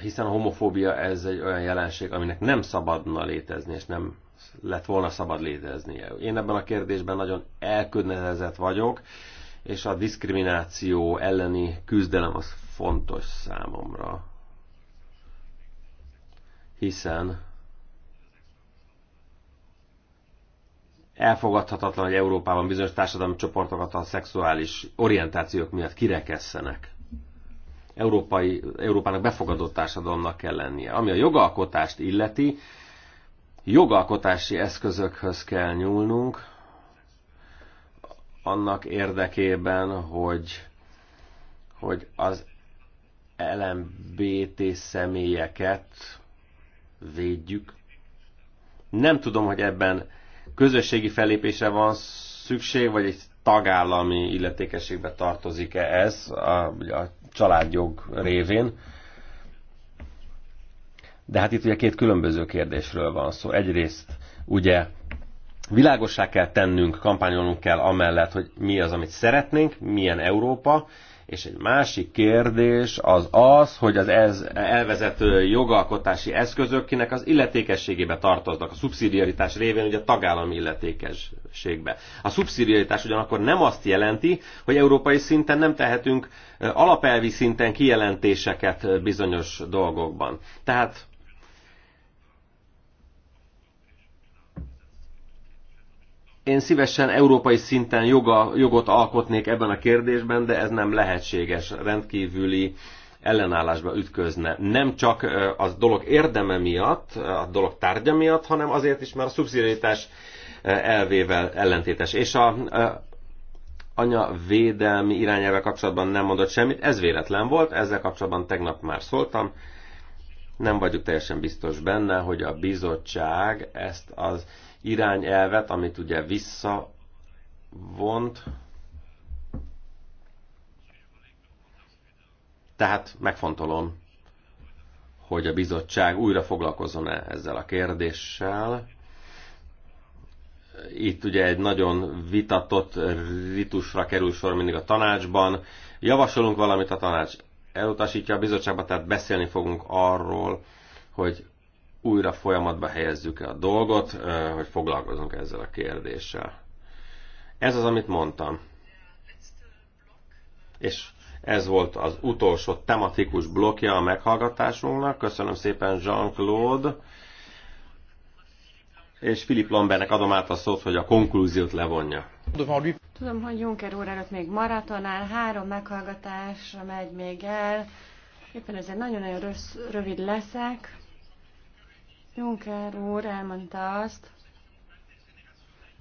hiszen a homofóbia ez egy olyan jelenség, aminek nem szabadna létezni, és nem lett volna szabad léteznie. Én ebben a kérdésben nagyon elkötelezett vagyok, és a diszkrimináció elleni küzdelem az fontos számomra. Hiszen elfogadhatatlan, hogy Európában bizonyos társadalmi csoportokat a szexuális orientációk miatt kirekesszenek. Európai, Európának befogadott társadalomnak kell lennie. Ami a jogalkotást illeti, jogalkotási eszközökhöz kell nyúlnunk, annak érdekében, hogy, hogy az LMBT személyeket védjük. Nem tudom, hogy ebben közösségi fellépésre van szükség, vagy egy tagállami illetékességbe tartozik-e ez a, a családjog révén. De hát itt ugye két különböző kérdésről van szó. Egyrészt ugye világossá kell tennünk, kampányolnunk kell amellett, hogy mi az, amit szeretnénk, milyen Európa, és egy másik kérdés az az, hogy az ez elvezető jogalkotási eszközök kinek az illetékességébe tartoznak. A szubszidiaritás révén ugye a tagállami illetékességbe. A szubszidiaritás ugyanakkor nem azt jelenti, hogy európai szinten nem tehetünk alapelvi szinten kijelentéseket bizonyos dolgokban. Tehát Én szívesen európai szinten joga, jogot alkotnék ebben a kérdésben, de ez nem lehetséges. Rendkívüli ellenállásba ütközne. Nem csak a dolog érdeme miatt, a dolog tárgya miatt, hanem azért is, mert a szubszidiaritás elvével ellentétes. És a, a anya védelmi irányával kapcsolatban nem mondott semmit, ez véletlen volt, ezzel kapcsolatban tegnap már szóltam. Nem vagyok teljesen biztos benne, hogy a bizottság ezt az irányelvet, amit ugye visszavont. Tehát megfontolom, hogy a bizottság újra foglalkozzon-e ezzel a kérdéssel. Itt ugye egy nagyon vitatott ritusra kerül sor mindig a tanácsban. Javasolunk valamit, a tanács elutasítja a bizottságba, tehát beszélni fogunk arról, hogy újra folyamatba helyezzük-e a dolgot, hogy foglalkozunk ezzel a kérdéssel. Ez az, amit mondtam. És ez volt az utolsó tematikus blokja a meghallgatásunknak. Köszönöm szépen Jean-Claude. És Philip Lambernek adom át a szót, hogy a konklúziót levonja. Tudom, hogy Juncker úr előtt még maratonál, három meghallgatásra megy még el. Éppen ezért nagyon-nagyon rövid leszek. Juncker úr elmondta azt,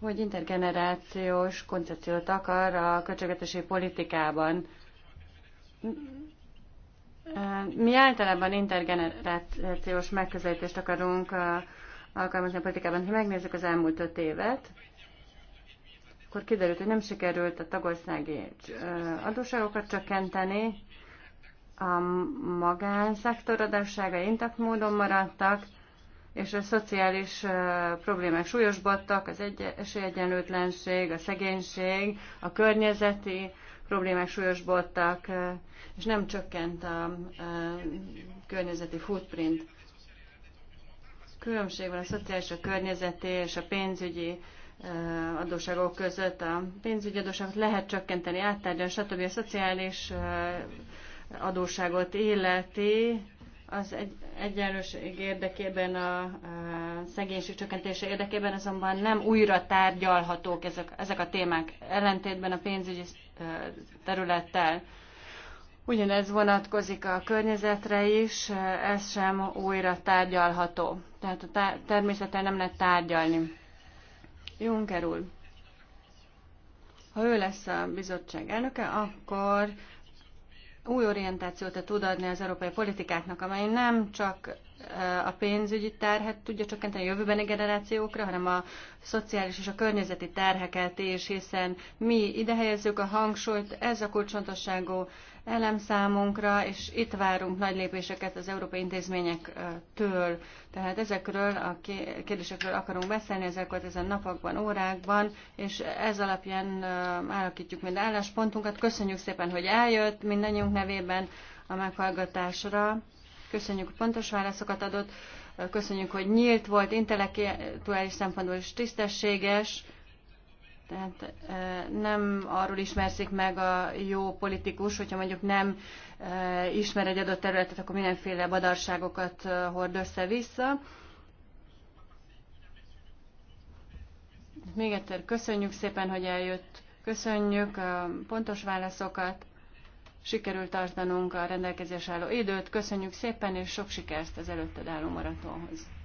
hogy intergenerációs koncepciót akar a költségvetési politikában. Mi általában intergenerációs megközelítést akarunk alkalmazni a politikában. Ha megnézzük az elmúlt öt évet, akkor kiderült, hogy nem sikerült a tagországi adósságokat csökkenteni, a magánszektor adóssága intak módon maradtak, és a szociális problémák súlyosbattak, az egy- esélyegyenlőtlenség, a szegénység, a környezeti problémák súlyosbattak, és nem csökkent a környezeti footprint. Különbség van a szociális, a környezeti és a pénzügyi adóságok között. A pénzügyi adóságot lehet csökkenteni, áttárgyalni, stb. a szociális adóságot illeti, az egy, egyenlőség érdekében, a, a szegénység csökkentése érdekében azonban nem újra tárgyalhatók ezek, ezek a témák, ellentétben a pénzügyi területtel. Ugyanez vonatkozik a környezetre is, ez sem újra tárgyalható. Tehát a tár- természettel nem lehet tárgyalni. Juncker úr, ha ő lesz a bizottság elnöke, akkor új orientációt -e tud adni az európai politikáknak, amely nem csak a pénzügyi terhet tudja csökkenteni a jövőbeni generációkra, hanem a szociális és a környezeti terheket is, hiszen mi ide helyezzük a hangsúlyt, ez a kulcsontosságú elem számunkra, és itt várunk nagy lépéseket az európai intézményektől. Tehát ezekről a kérdésekről akarunk beszélni, ezeket ezen napokban, órákban, és ez alapján állakítjuk mind álláspontunkat. Köszönjük szépen, hogy eljött mindannyiunk nevében a meghallgatásra. Köszönjük, hogy pontos válaszokat adott. Köszönjük, hogy nyílt volt, intellektuális szempontból is tisztességes. Tehát nem arról ismerszik meg a jó politikus, hogyha mondjuk nem ismer egy adott területet, akkor mindenféle badarságokat hord össze-vissza. Még egyszer köszönjük szépen, hogy eljött. Köszönjük a pontos válaszokat. Sikerült tartanunk a rendelkezés álló időt. Köszönjük szépen, és sok sikert az előtted álló maratonhoz.